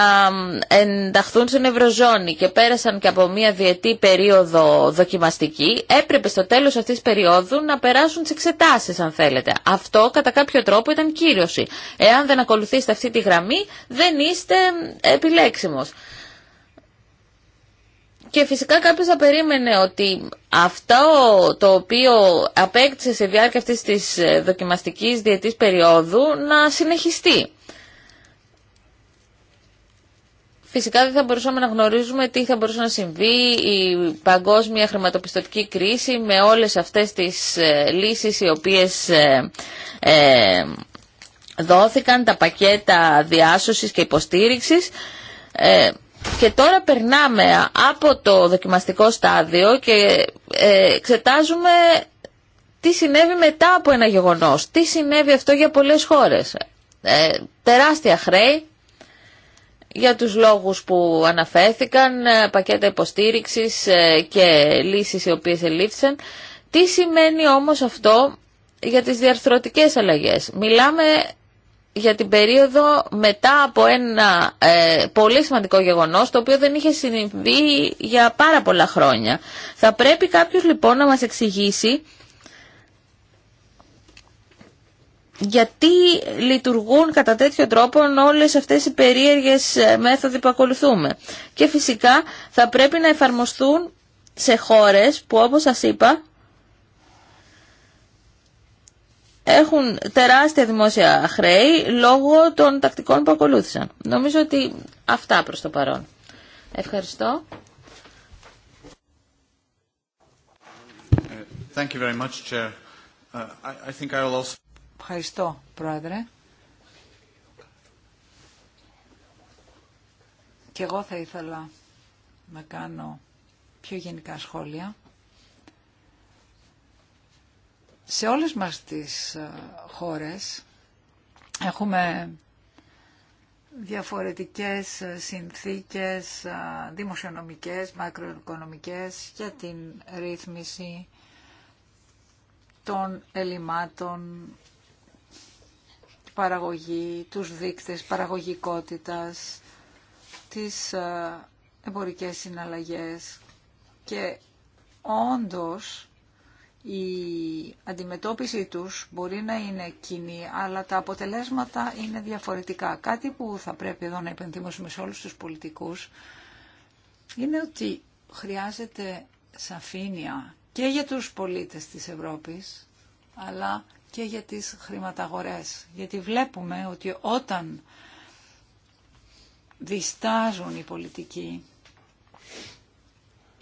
ενταχθούν στην Ευρωζώνη και πέρασαν και από μία διετή περίοδο δοκιμαστική, έπρεπε στο τέλο αυτή τη περίοδου να περάσουν τι εξετάσει, αν θέλετε. Αυτό κατά κάποιο τρόπο ήταν κύρωση. Εάν δεν ακολουθήσετε αυτή τη γραμμή, δεν είστε επιλέξιμο. Και φυσικά κάποιος θα περίμενε ότι αυτό το οποίο απέκτησε σε διάρκεια αυτής της ε, δοκιμαστικής διετής περίοδου να συνεχιστεί. Φυσικά δεν θα μπορούσαμε να γνωρίζουμε τι θα μπορούσε να συμβεί η παγκόσμια χρηματοπιστωτική κρίση με όλες αυτές τις ε, λύσεις οι οποίες ε, δόθηκαν, τα πακέτα διάσωσης και υποστήριξης. Και τώρα περνάμε από το δοκιμαστικό στάδιο και ε, εξετάζουμε τι συνέβη μετά από ένα γεγονός. Τι συνέβη αυτό για πολλές χώρες. Ε, τεράστια χρέη για τους λόγους που αναφέθηκαν, ε, πακέτα υποστήριξης και λύσεις οι οποίες ελήφθησαν. Τι σημαίνει όμως αυτό για τις διαρθρωτικές αλλαγές. Μιλάμε για την περίοδο μετά από ένα ε, πολύ σημαντικό γεγονός το οποίο δεν είχε συμβεί για πάρα πολλά χρόνια. Θα πρέπει κάποιος λοιπόν να μας εξηγήσει γιατί λειτουργούν κατά τέτοιο τρόπο όλες αυτές οι περίεργες ε, μέθοδοι που ακολουθούμε. Και φυσικά θα πρέπει να εφαρμοστούν σε χώρες που όπως σας είπα έχουν τεράστια δημόσια χρέη λόγω των τακτικών που ακολούθησαν. Νομίζω ότι αυτά προς το παρόν. Ευχαριστώ. Ευχαριστώ, Πρόεδρε. Και εγώ θα ήθελα να κάνω πιο γενικά σχόλια σε όλες μας τις ε, χώρες έχουμε διαφορετικές ε, συνθήκες ε, δημοσιονομικές, μακροοικονομικές για την ρύθμιση των ελλημάτων παραγωγή, τους δείκτες παραγωγικότητας, τις εμπορικές συναλλαγές και όντως η αντιμετώπιση τους μπορεί να είναι κοινή, αλλά τα αποτελέσματα είναι διαφορετικά. Κάτι που θα πρέπει εδώ να υπενθυμίσουμε σε όλους τους πολιτικούς είναι ότι χρειάζεται σαφήνεια και για τους πολίτες της Ευρώπης, αλλά και για τις χρηματαγορές. Γιατί βλέπουμε ότι όταν διστάζουν οι πολιτικοί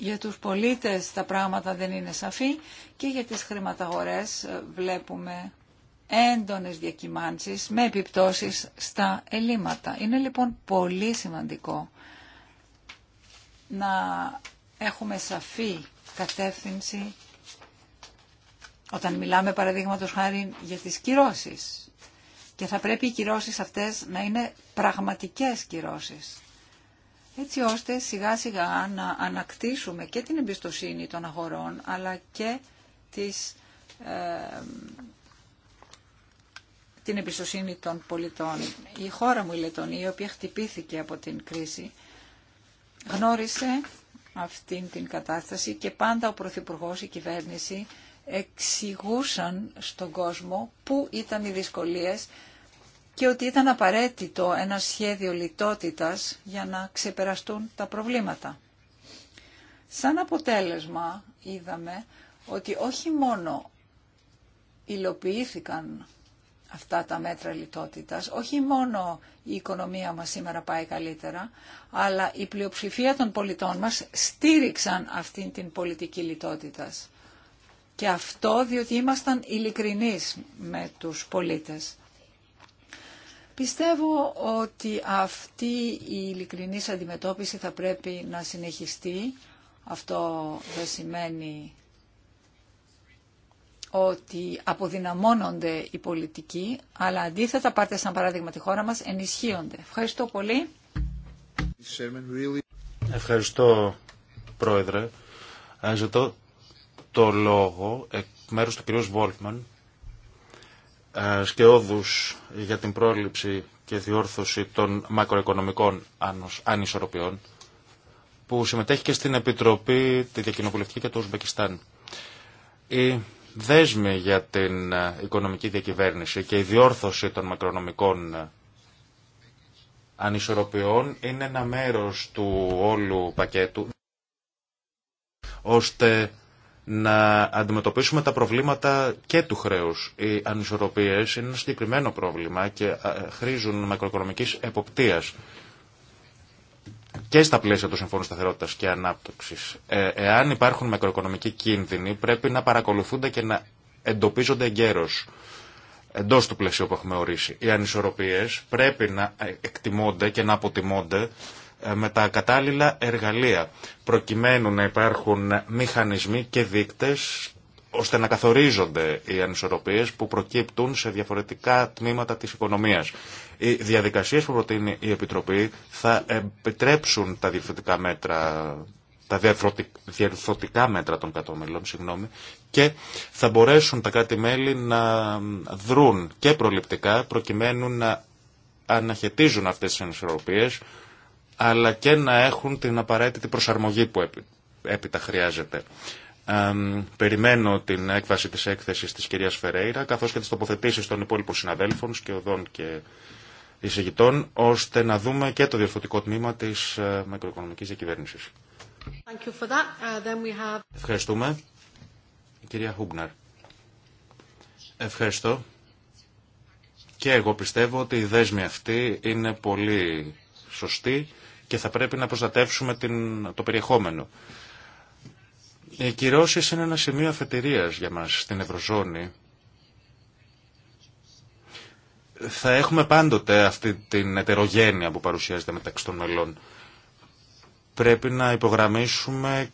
για τους πολίτες τα πράγματα δεν είναι σαφή και για τις χρηματαγορές ε, βλέπουμε έντονες διακυμάνσεις με επιπτώσεις στα ελλείμματα. Είναι λοιπόν πολύ σημαντικό να έχουμε σαφή κατεύθυνση όταν μιλάμε παραδείγματος χάρη για τις κυρώσεις. Και θα πρέπει οι κυρώσεις αυτές να είναι πραγματικές κυρώσεις έτσι ώστε σιγά σιγά να ανακτήσουμε και την εμπιστοσύνη των αγορών αλλά και της, την εμπιστοσύνη των πολιτών. Η χώρα μου η Λετωνία, η οποία χτυπήθηκε από την κρίση, γνώρισε αυτήν την κατάσταση και πάντα ο Πρωθυπουργό, η κυβέρνηση εξηγούσαν στον κόσμο πού ήταν οι δυσκολίες και ότι ήταν απαραίτητο ένα σχέδιο λιτότητας για να ξεπεραστούν τα προβλήματα. Σαν αποτέλεσμα είδαμε ότι όχι μόνο υλοποιήθηκαν αυτά τα μέτρα λιτότητας, όχι μόνο η οικονομία μας σήμερα πάει καλύτερα, αλλά η πλειοψηφία των πολιτών μας στήριξαν αυτήν την πολιτική λιτότητας. Και αυτό διότι ήμασταν ειλικρινείς με τους πολίτες. Πιστεύω ότι αυτή η ειλικρινή αντιμετώπιση θα πρέπει να συνεχιστεί. Αυτό δεν σημαίνει ότι αποδυναμώνονται οι πολιτικοί, αλλά αντίθετα, πάρτε σαν παράδειγμα τη χώρα μας, ενισχύονται. Ευχαριστώ πολύ. Ευχαριστώ, Πρόεδρε. Ζητώ το λόγο εκ μέρους του κ. Βόλφμαν ε, σκεώδους για την πρόληψη και διόρθωση των μακροοικονομικών ανισορροπιών που συμμετέχει και στην Επιτροπή τη Διακοινοβουλευτική και του Ουσμπεκιστάν. Οι δέσμοι για την ε, οικονομική διακυβέρνηση και η διόρθωση των μακρονομικών ε, ανισορροπιών είναι ένα μέρος του όλου πακέτου ώστε να αντιμετωπίσουμε τα προβλήματα και του χρέους. Οι ανισορροπίες είναι ένα συγκεκριμένο πρόβλημα και ε, χρήζουν μακροοικονομικής εποπτείας και στα πλαίσια του Συμφώνου Σταθερότητα και Ανάπτυξης. Ε, εάν υπάρχουν μακροοικονομικοί κίνδυνοι, πρέπει να παρακολουθούνται και να εντοπίζονται εγκαίρως εντός του πλαισίου που έχουμε ορίσει. Οι ανισορροπίες πρέπει να ε, εκτιμώνται και να αποτιμώνται με τα κατάλληλα εργαλεία, προκειμένου να υπάρχουν μηχανισμοί και δείκτες ώστε να καθορίζονται οι ανισορροπίες που προκύπτουν σε διαφορετικά τμήματα της οικονομίας. Οι διαδικασίες που προτείνει η Επιτροπή θα επιτρέψουν τα διαφορετικά μέτρα τα διερθωτικά μέτρα των κατώμελων συγγνώμη, και θα μπορέσουν τα κράτη-μέλη να δρουν και προληπτικά προκειμένου να αναχαιτίζουν αυτές τις ανισορροπίες αλλά και να έχουν την απαραίτητη προσαρμογή που έπειτα χρειάζεται. περιμένω την έκβαση της έκθεσης της κυρίας Φερέιρα, καθώς και τις τοποθετήσεις των υπόλοιπων συναδέλφων, σκιωδών και εισηγητών, ώστε να δούμε και το διορθωτικό τμήμα της ε, μακροοικονομικής διακυβέρνησης. Thank uh, have... Ευχαριστούμε. κυρία Χούμπναρ. Ευχαριστώ. Και εγώ πιστεύω ότι η δέσμη αυτή είναι πολύ σωστή και θα πρέπει να προστατεύσουμε την, το περιεχόμενο. Οι κυρώσεις είναι ένα σημείο αφετηρίας για μας στην Ευρωζώνη. Θα έχουμε πάντοτε αυτή την ετερογένεια που παρουσιάζεται μεταξύ των μελών. Πρέπει να υπογραμμίσουμε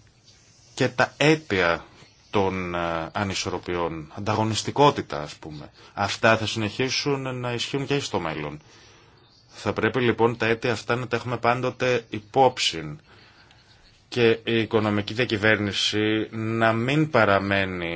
και τα αίτια των ε, ανισορροπιών, ανταγωνιστικότητα ας πούμε. Αυτά θα συνεχίσουν να ισχύουν και στο μέλλον. Θα πρέπει λοιπόν τα αίτια αυτά να τα έχουμε πάντοτε υπόψη και η οικονομική διακυβέρνηση να μην παραμένει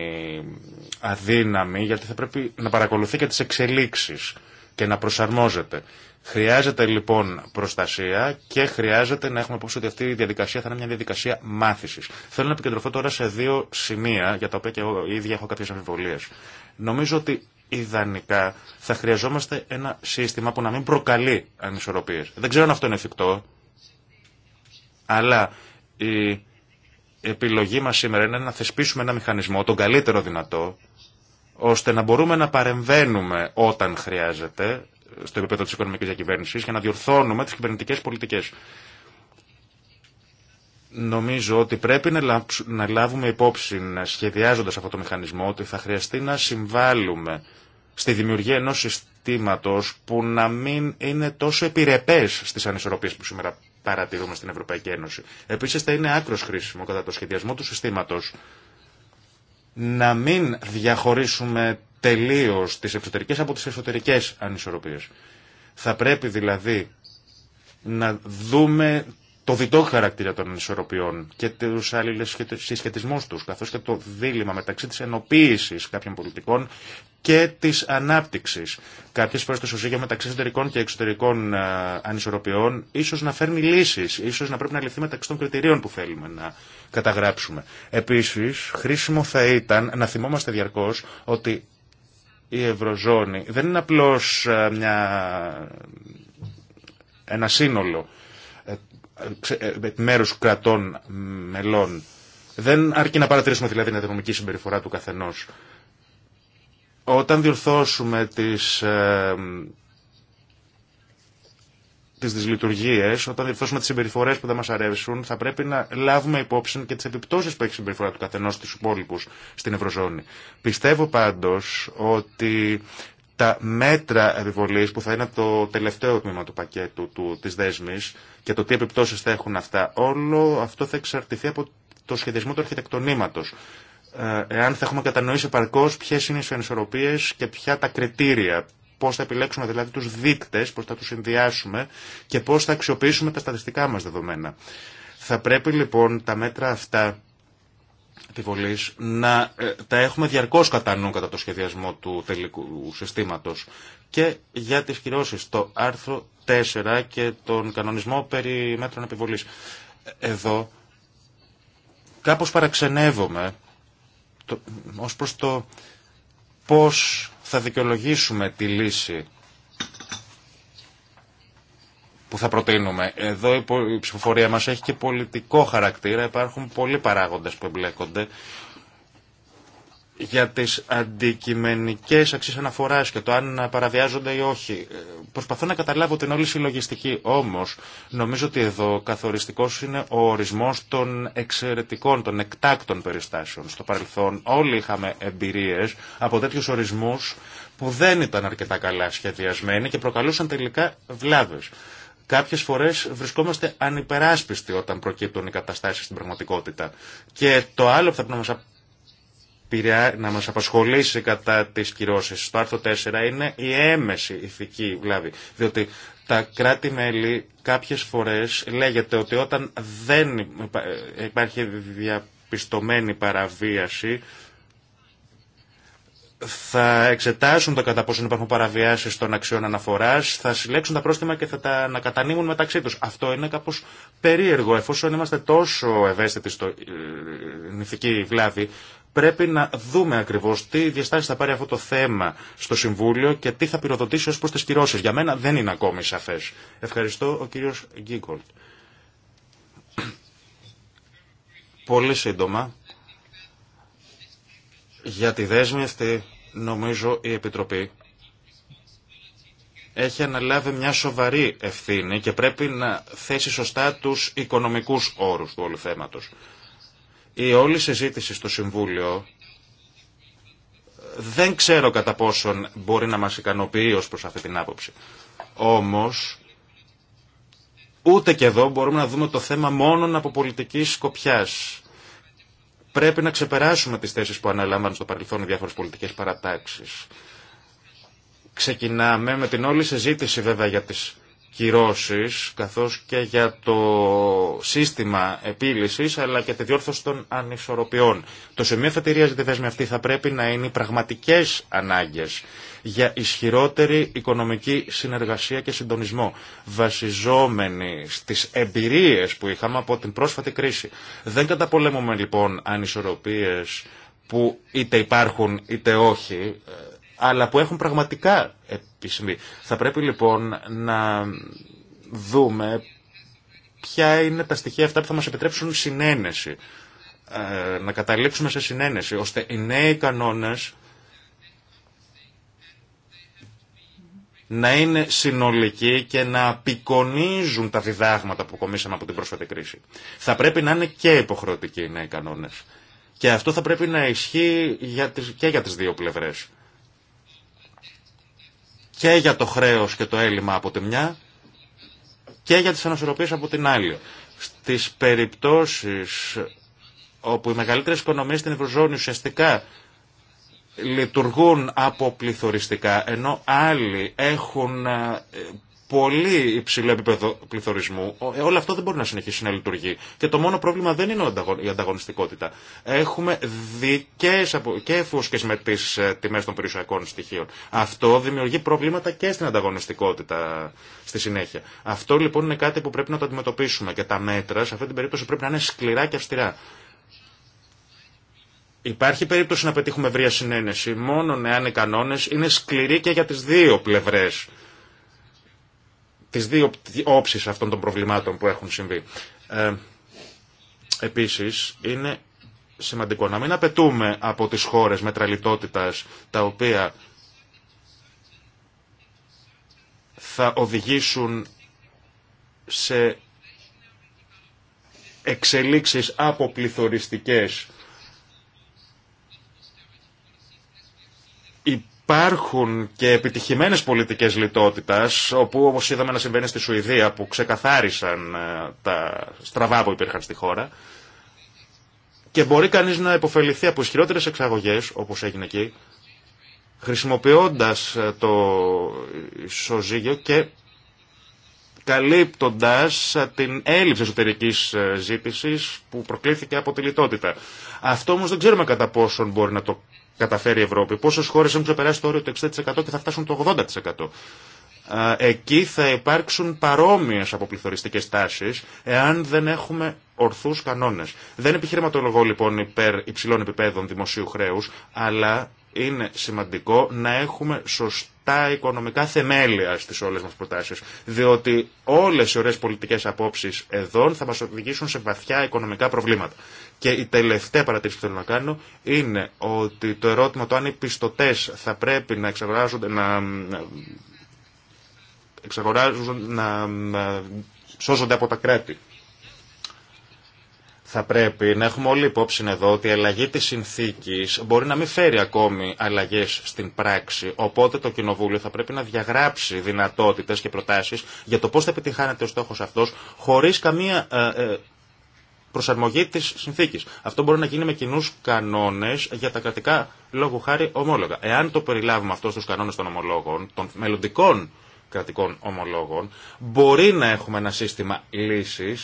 αδύναμη γιατί θα πρέπει να παρακολουθεί και τις εξελίξεις και να προσαρμόζεται. Χρειάζεται λοιπόν προστασία και χρειάζεται να έχουμε υπόψη ότι αυτή η διαδικασία θα είναι μια διαδικασία μάθησης. Θέλω να επικεντρωθώ τώρα σε δύο σημεία για τα οποία και εγώ ήδη έχω κάποιες αμφιβολίες. Νομίζω ότι ιδανικά θα χρειαζόμαστε ένα σύστημα που να μην προκαλεί ανισορροπίες. Δεν ξέρω αν αυτό είναι εφικτό, αλλά η επιλογή μας σήμερα είναι να θεσπίσουμε ένα μηχανισμό, τον καλύτερο δυνατό, ώστε να μπορούμε να παρεμβαίνουμε όταν χρειάζεται στο επίπεδο της οικονομικής διακυβέρνησης για να διορθώνουμε τις κυβερνητικές πολιτικές. Νομίζω ότι πρέπει να λάβουμε υπόψη, σχεδιάζοντας αυτό το μηχανισμό, ότι θα χρειαστεί να συμβάλλουμε στη δημιουργία ενός συστήματος που να μην είναι τόσο επιρρεπές στις ανισορροπίες που σήμερα παρατηρούμε στην Ευρωπαϊκή Ένωση. Επίσης θα είναι άκρος χρήσιμο κατά το σχεδιασμό του συστήματος να μην διαχωρίσουμε τελείως τις εξωτερικές από τις εσωτερικές ανισορροπίες. Θα πρέπει δηλαδή να δούμε το διτό χαρακτήρα των ανισορροπιών και άλλου συσχετισμού του, καθώ και το δίλημα μεταξύ τη ενοποίηση κάποιων πολιτικών και τη ανάπτυξη. Κάποιε φορέ το σωσίγιο μεταξύ εσωτερικών και εξωτερικών ανισορροπιών ίσω να φέρνει λύσει, ίσω να πρέπει να ληφθεί μεταξύ των κριτηρίων που θέλουμε να καταγράψουμε. Επίση, χρήσιμο θα ήταν να θυμόμαστε διαρκώ ότι η Ευρωζώνη δεν είναι απλώ ένα σύνολο ε, μέρους κρατών μελών. Δεν αρκεί να παρατηρήσουμε δηλαδή την ατυνομική συμπεριφορά του καθενός. Όταν διορθώσουμε τις, ε, τις δυσλειτουργίες, όταν διορθώσουμε τις συμπεριφορές που δεν μας αρέσουν, θα πρέπει να λάβουμε υπόψη και τις επιπτώσεις που έχει η συμπεριφορά του καθενός στους υπόλοιπους στην Ευρωζώνη. Πιστεύω πάντως ότι τα μέτρα επιβολή που θα είναι το τελευταίο τμήμα του πακέτου του, της δέσμης και το τι επιπτώσεις θα έχουν αυτά, όλο αυτό θα εξαρτηθεί από το σχεδιασμό του αρχιτεκτονήματος. Ε, εάν θα έχουμε κατανοήσει παρκώς ποιε είναι οι ανισορροπίε και ποια τα κριτήρια, πώς θα επιλέξουμε δηλαδή τους δείκτες, πώς θα τους συνδυάσουμε και πώ θα αξιοποιήσουμε τα στατιστικά μα δεδομένα. Θα πρέπει λοιπόν τα μέτρα αυτά βολής να ε, τα έχουμε διαρκώς κατά νου κατά το σχεδιασμό του τελικού συστήματος και για τις κυρώσεις το άρθρο 4 και τον κανονισμό περί μέτρων επιβολής. Εδώ κάπως παραξενεύομαι το, ως προς το πώς θα δικαιολογήσουμε τη λύση που θα προτείνουμε. Εδώ η ψηφοφορία μας έχει και πολιτικό χαρακτήρα. Υπάρχουν πολλοί παράγοντες που εμπλέκονται για τις αντικειμενικές αξίες αναφοράς και το αν παραβιάζονται ή όχι. Ε, προσπαθώ να καταλάβω την όλη συλλογιστική, όμως νομίζω ότι εδώ καθοριστικός είναι ο ορισμός των εξαιρετικών, των εκτάκτων περιστάσεων. Στο παρελθόν όλοι είχαμε εμπειρίες από τέτοιους ορισμούς που δεν ήταν αρκετά καλά σχεδιασμένοι και προκαλούσαν τελικά βλάβες. Κάποιε φορέ βρισκόμαστε ανυπεράσπιστοι όταν προκύπτουν οι καταστάσει στην πραγματικότητα. Και το άλλο που θα πρέπει να μα να μας απασχολήσει κατά τις κυρώσεις στο άρθρο 4 είναι η έμεση ηθική βλάβη. Διότι τα κράτη-μέλη κάποιες φορές λέγεται ότι όταν δεν υπάρχει διαπιστωμένη παραβίαση θα εξετάσουν το κατά πόσο υπάρχουν παραβιάσει των αξιών αναφορά, θα συλλέξουν τα πρόστιμα και θα τα ανακατανείμουν μεταξύ του. Αυτό είναι κάπω περίεργο. Εφόσον είμαστε τόσο ευαίσθητοι στο ε, νηθική βλάβη, πρέπει να δούμε ακριβώ τι διαστάσει θα πάρει αυτό το θέμα στο Συμβούλιο και τι θα πυροδοτήσει ω προ τι κυρώσει. Για μένα δεν είναι ακόμη σαφέ. Ευχαριστώ, ο κύριο Γκίγκολτ. Πολύ σύντομα για τη δέσμευτη νομίζω η Επιτροπή έχει αναλάβει μια σοβαρή ευθύνη και πρέπει να θέσει σωστά τους οικονομικούς όρους του όλου θέματος. Η όλη συζήτηση στο Συμβούλιο δεν ξέρω κατά πόσον μπορεί να μας ικανοποιεί ως προς αυτή την άποψη. Όμως, ούτε και εδώ μπορούμε να δούμε το θέμα μόνον από πολιτικής σκοπιάς. Πρέπει να ξεπεράσουμε τις θέσεις που αναλάμβανε στο παρελθόν οι διάφορες πολιτικές παρατάξεις. Ξεκινάμε με την όλη συζήτηση βέβαια για τις κυρώσεις, καθώς και για το σύστημα επίλυσης, αλλά και τη διόρθωση των ανισορροπιών. Το σημείο φετηρία για τη δέσμη αυτή θα πρέπει να είναι οι πραγματικές ανάγκες για ισχυρότερη οικονομική συνεργασία και συντονισμό, βασιζόμενοι στις εμπειρίες που είχαμε από την πρόσφατη κρίση. Δεν καταπολέμουμε λοιπόν ανισορροπίες που είτε υπάρχουν είτε όχι, αλλά που έχουν πραγματικά επισημεί. Θα πρέπει λοιπόν να δούμε ποια είναι τα στοιχεία αυτά που θα μας επιτρέψουν συνένεση, ε, να καταλήξουμε σε συνένεση, ώστε οι νέοι κανόνες να είναι συνολικοί και να απεικονίζουν τα διδάγματα που κομίσαμε από την πρόσφατη κρίση. Θα πρέπει να είναι και υποχρεωτικοί οι νέοι κανόνε. Και αυτό θα πρέπει να ισχύει για τις, και για τι δύο πλευρέ. Και για το χρέο και το έλλειμμα από τη μια και για τι ανασορροπίε από την άλλη. Στι περιπτώσει όπου οι μεγαλύτερε οικονομίε στην Ευρωζώνη ουσιαστικά λειτουργούν αποπληθωριστικά, ενώ άλλοι έχουν ε, πολύ υψηλό επίπεδο πληθωρισμού, ε, όλο αυτό δεν μπορεί να συνεχίσει να λειτουργεί. Και το μόνο πρόβλημα δεν είναι η ανταγωνιστικότητα. Έχουμε δικές και φούσκε με τις ε, τιμές των περιουσιακών στοιχείων. Αυτό δημιουργεί προβλήματα και στην ανταγωνιστικότητα στη συνέχεια. Αυτό λοιπόν είναι κάτι που πρέπει να το αντιμετωπίσουμε και τα μέτρα σε αυτή την περίπτωση πρέπει να είναι σκληρά και αυστηρά. Υπάρχει περίπτωση να πετύχουμε ευρεία συνένεση μόνο εάν οι κανόνε είναι σκληροί και για τι δύο πλευρέ. Τι δύο όψει αυτών των προβλημάτων που έχουν συμβεί. Ε, Επίση, είναι σημαντικό να μην απαιτούμε από τι χώρε μετραλιτότητα τα οποία θα οδηγήσουν σε εξελίξεις αποπληθωριστικές Υπάρχουν και επιτυχημένες πολιτικές λιτότητας, όπου όπως είδαμε να συμβαίνει στη Σουηδία, που ξεκαθάρισαν ε, τα στραβά που υπήρχαν στη χώρα. Και μπορεί κανείς να υποφεληθεί από ισχυρότερε εξαγωγές, όπως έγινε εκεί, χρησιμοποιώντας ε, το ισοζύγιο και καλύπτοντας ε, την έλλειψη εσωτερικής ζήτησης που προκλήθηκε από τη λιτότητα. Αυτό όμως δεν ξέρουμε κατά πόσον μπορεί να το καταφέρει η Ευρώπη. Πόσε χώρε έχουν ξεπεράσει το όριο του 60% και θα φτάσουν το 80%. Εκεί θα υπάρξουν παρόμοιες αποπληθωριστικές τάσει, εάν δεν έχουμε ορθούς κανόνες. Δεν επιχειρηματολογώ λοιπόν υπέρ υψηλών επιπέδων δημοσίου χρέου, αλλά είναι σημαντικό να έχουμε σωστά οικονομικά θεμέλια στις όλες μας προτάσεις. Διότι όλες οι ωραίες πολιτικές απόψεις εδώ θα μας οδηγήσουν σε βαθιά οικονομικά προβλήματα. Και η τελευταία παρατήρηση που θέλω να κάνω είναι ότι το ερώτημα το αν οι πιστωτέ θα πρέπει να εξαγοράζονται, να, εξαγοράζουν, να σώζονται από τα κράτη. Θα πρέπει να έχουμε όλοι υπόψη εδώ ότι η αλλαγή της συνθήκης μπορεί να μην φέρει ακόμη αλλαγές στην πράξη, οπότε το Κοινοβούλιο θα πρέπει να διαγράψει δυνατότητες και προτάσεις για το πώς θα επιτυχάνεται ο στόχος αυτός χωρίς καμία ε, ε, προσαρμογή τη συνθήκη. Αυτό μπορεί να γίνει με κοινού κανόνε για τα κρατικά λόγου χάρη ομόλογα. Εάν το περιλάβουμε αυτό στου κανόνε των ομολόγων, των μελλοντικών κρατικών ομολόγων. Μπορεί να έχουμε ένα σύστημα λύση,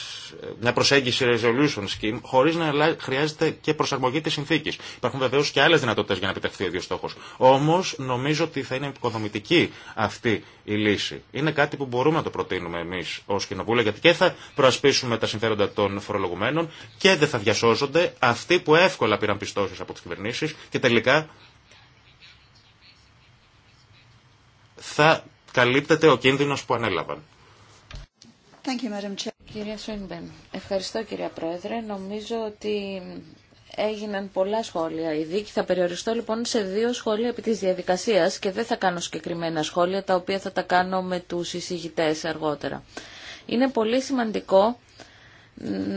μια προσέγγιση resolution scheme, χωρί να χρειάζεται και προσαρμογή τη συνθήκη. Υπάρχουν βεβαίω και άλλε δυνατότητε για να επιτευχθεί ο ίδιο στόχο. Όμω νομίζω ότι θα είναι υποδομητική αυτή η λύση. Είναι κάτι που μπορούμε να το προτείνουμε εμεί ω κοινοβούλια, γιατί και θα προασπίσουμε τα συμφέροντα των φορολογουμένων και δεν θα διασώζονται αυτοί που εύκολα πήραν πιστώσει από τι κυβερνήσει και τελικά θα καλύπτεται ο κίνδυνος που ανέλαβαν. Κυρία Σουίνμπεν, ευχαριστώ κυρία Πρόεδρε. Νομίζω ότι έγιναν πολλά σχόλια Η δίκη θα περιοριστώ λοιπόν σε δύο σχόλια επί της διαδικασίας και δεν θα κάνω συγκεκριμένα σχόλια τα οποία θα τα κάνω με τους εισηγητές αργότερα. Είναι πολύ σημαντικό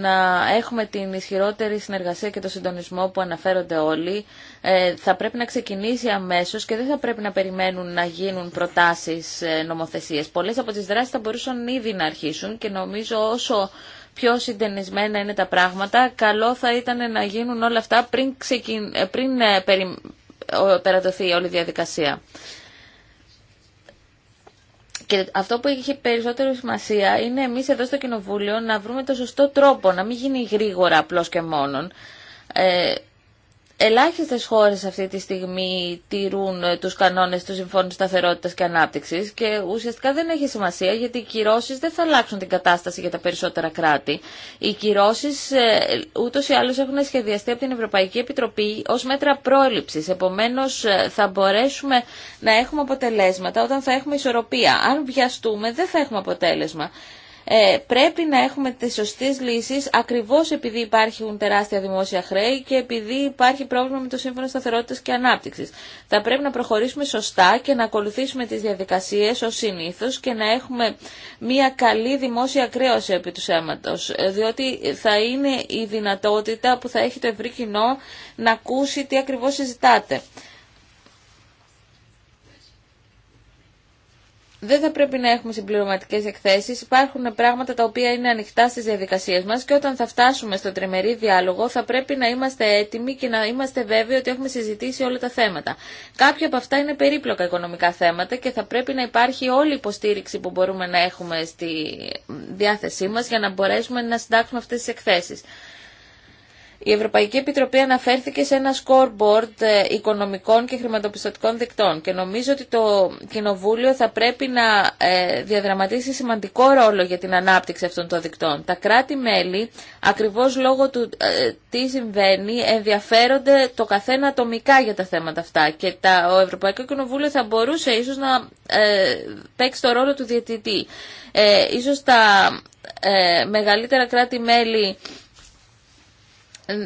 να έχουμε την ισχυρότερη συνεργασία και το συντονισμό που αναφέρονται όλοι. Ε, θα πρέπει να ξεκινήσει αμέσως και δεν θα πρέπει να περιμένουν να γίνουν προτάσεις ε, νομοθεσίες. Πολλές από τις δράσεις θα μπορούσαν ήδη να αρχίσουν και νομίζω όσο πιο συντενισμένα είναι τα πράγματα, καλό θα ήταν να γίνουν όλα αυτά πριν, ε, πριν ε, περατωθεί όλη η διαδικασία. Και αυτό που έχει περισσότερη σημασία είναι εμείς εδώ στο Κοινοβούλιο να βρούμε το σωστό τρόπο, να μην γίνει γρήγορα απλώς και μόνον. Ε, ελάχιστες χώρες αυτή τη στιγμή τηρούν ε, τους κανόνες του Συμφώνου Σταθερότητας και Ανάπτυξης και ουσιαστικά δεν έχει σημασία γιατί οι κυρώσεις δεν θα αλλάξουν την κατάσταση για τα περισσότερα κράτη. Οι κυρώσεις ε, ούτως ή άλλως έχουν σχεδιαστεί από την Ευρωπαϊκή Επιτροπή ως μέτρα πρόληψης. Επομένως ε, θα μπορέσουμε να έχουμε αποτελέσματα όταν θα έχουμε ισορροπία. Αν βιαστούμε δεν θα έχουμε αποτέλεσμα ε, πρέπει να έχουμε τις σωστές λύσεις ακριβώς επειδή υπάρχουν τεράστια δημόσια χρέη και επειδή υπάρχει πρόβλημα με το Σύμφωνο Σταθερότητας και Ανάπτυξης. Θα πρέπει να προχωρήσουμε σωστά και να ακολουθήσουμε τις διαδικασίες ως συνήθως και να έχουμε μια καλή δημόσια κρέωση επί του σέματος, ε, διότι θα είναι η δυνατότητα που θα έχει το ευρύ κοινό να ακούσει τι ακριβώς συζητάτε. δεν θα πρέπει να έχουμε συμπληρωματικέ εκθέσει. Υπάρχουν πράγματα τα οποία είναι ανοιχτά στι διαδικασίε μα και όταν θα φτάσουμε στο τριμερή διάλογο θα πρέπει να είμαστε έτοιμοι και να είμαστε βέβαιοι ότι έχουμε συζητήσει όλα τα θέματα. Κάποια από αυτά είναι περίπλοκα οικονομικά θέματα και θα πρέπει να υπάρχει όλη η υποστήριξη που μπορούμε να έχουμε στη διάθεσή μα για να μπορέσουμε να συντάξουμε αυτέ τι εκθέσει. Η Ευρωπαϊκή Επιτροπή αναφέρθηκε σε ένα scoreboard ε, οικονομικών και χρηματοπιστωτικών δικτών και νομίζω ότι το Κοινοβούλιο θα πρέπει να ε, διαδραματίσει σημαντικό ρόλο για την ανάπτυξη αυτών των δικτών. Τα κράτη-μέλη, ακριβώς λόγω του ε, τι συμβαίνει, ενδιαφέρονται το καθένα ατομικά για τα θέματα αυτά και τα, ο Ευρωπαϊκό Κοινοβούλιο θα μπορούσε ίσως να παίξει το ρόλο του διαιτητή. ίσως τα μεγαλύτερα κράτη-μέλη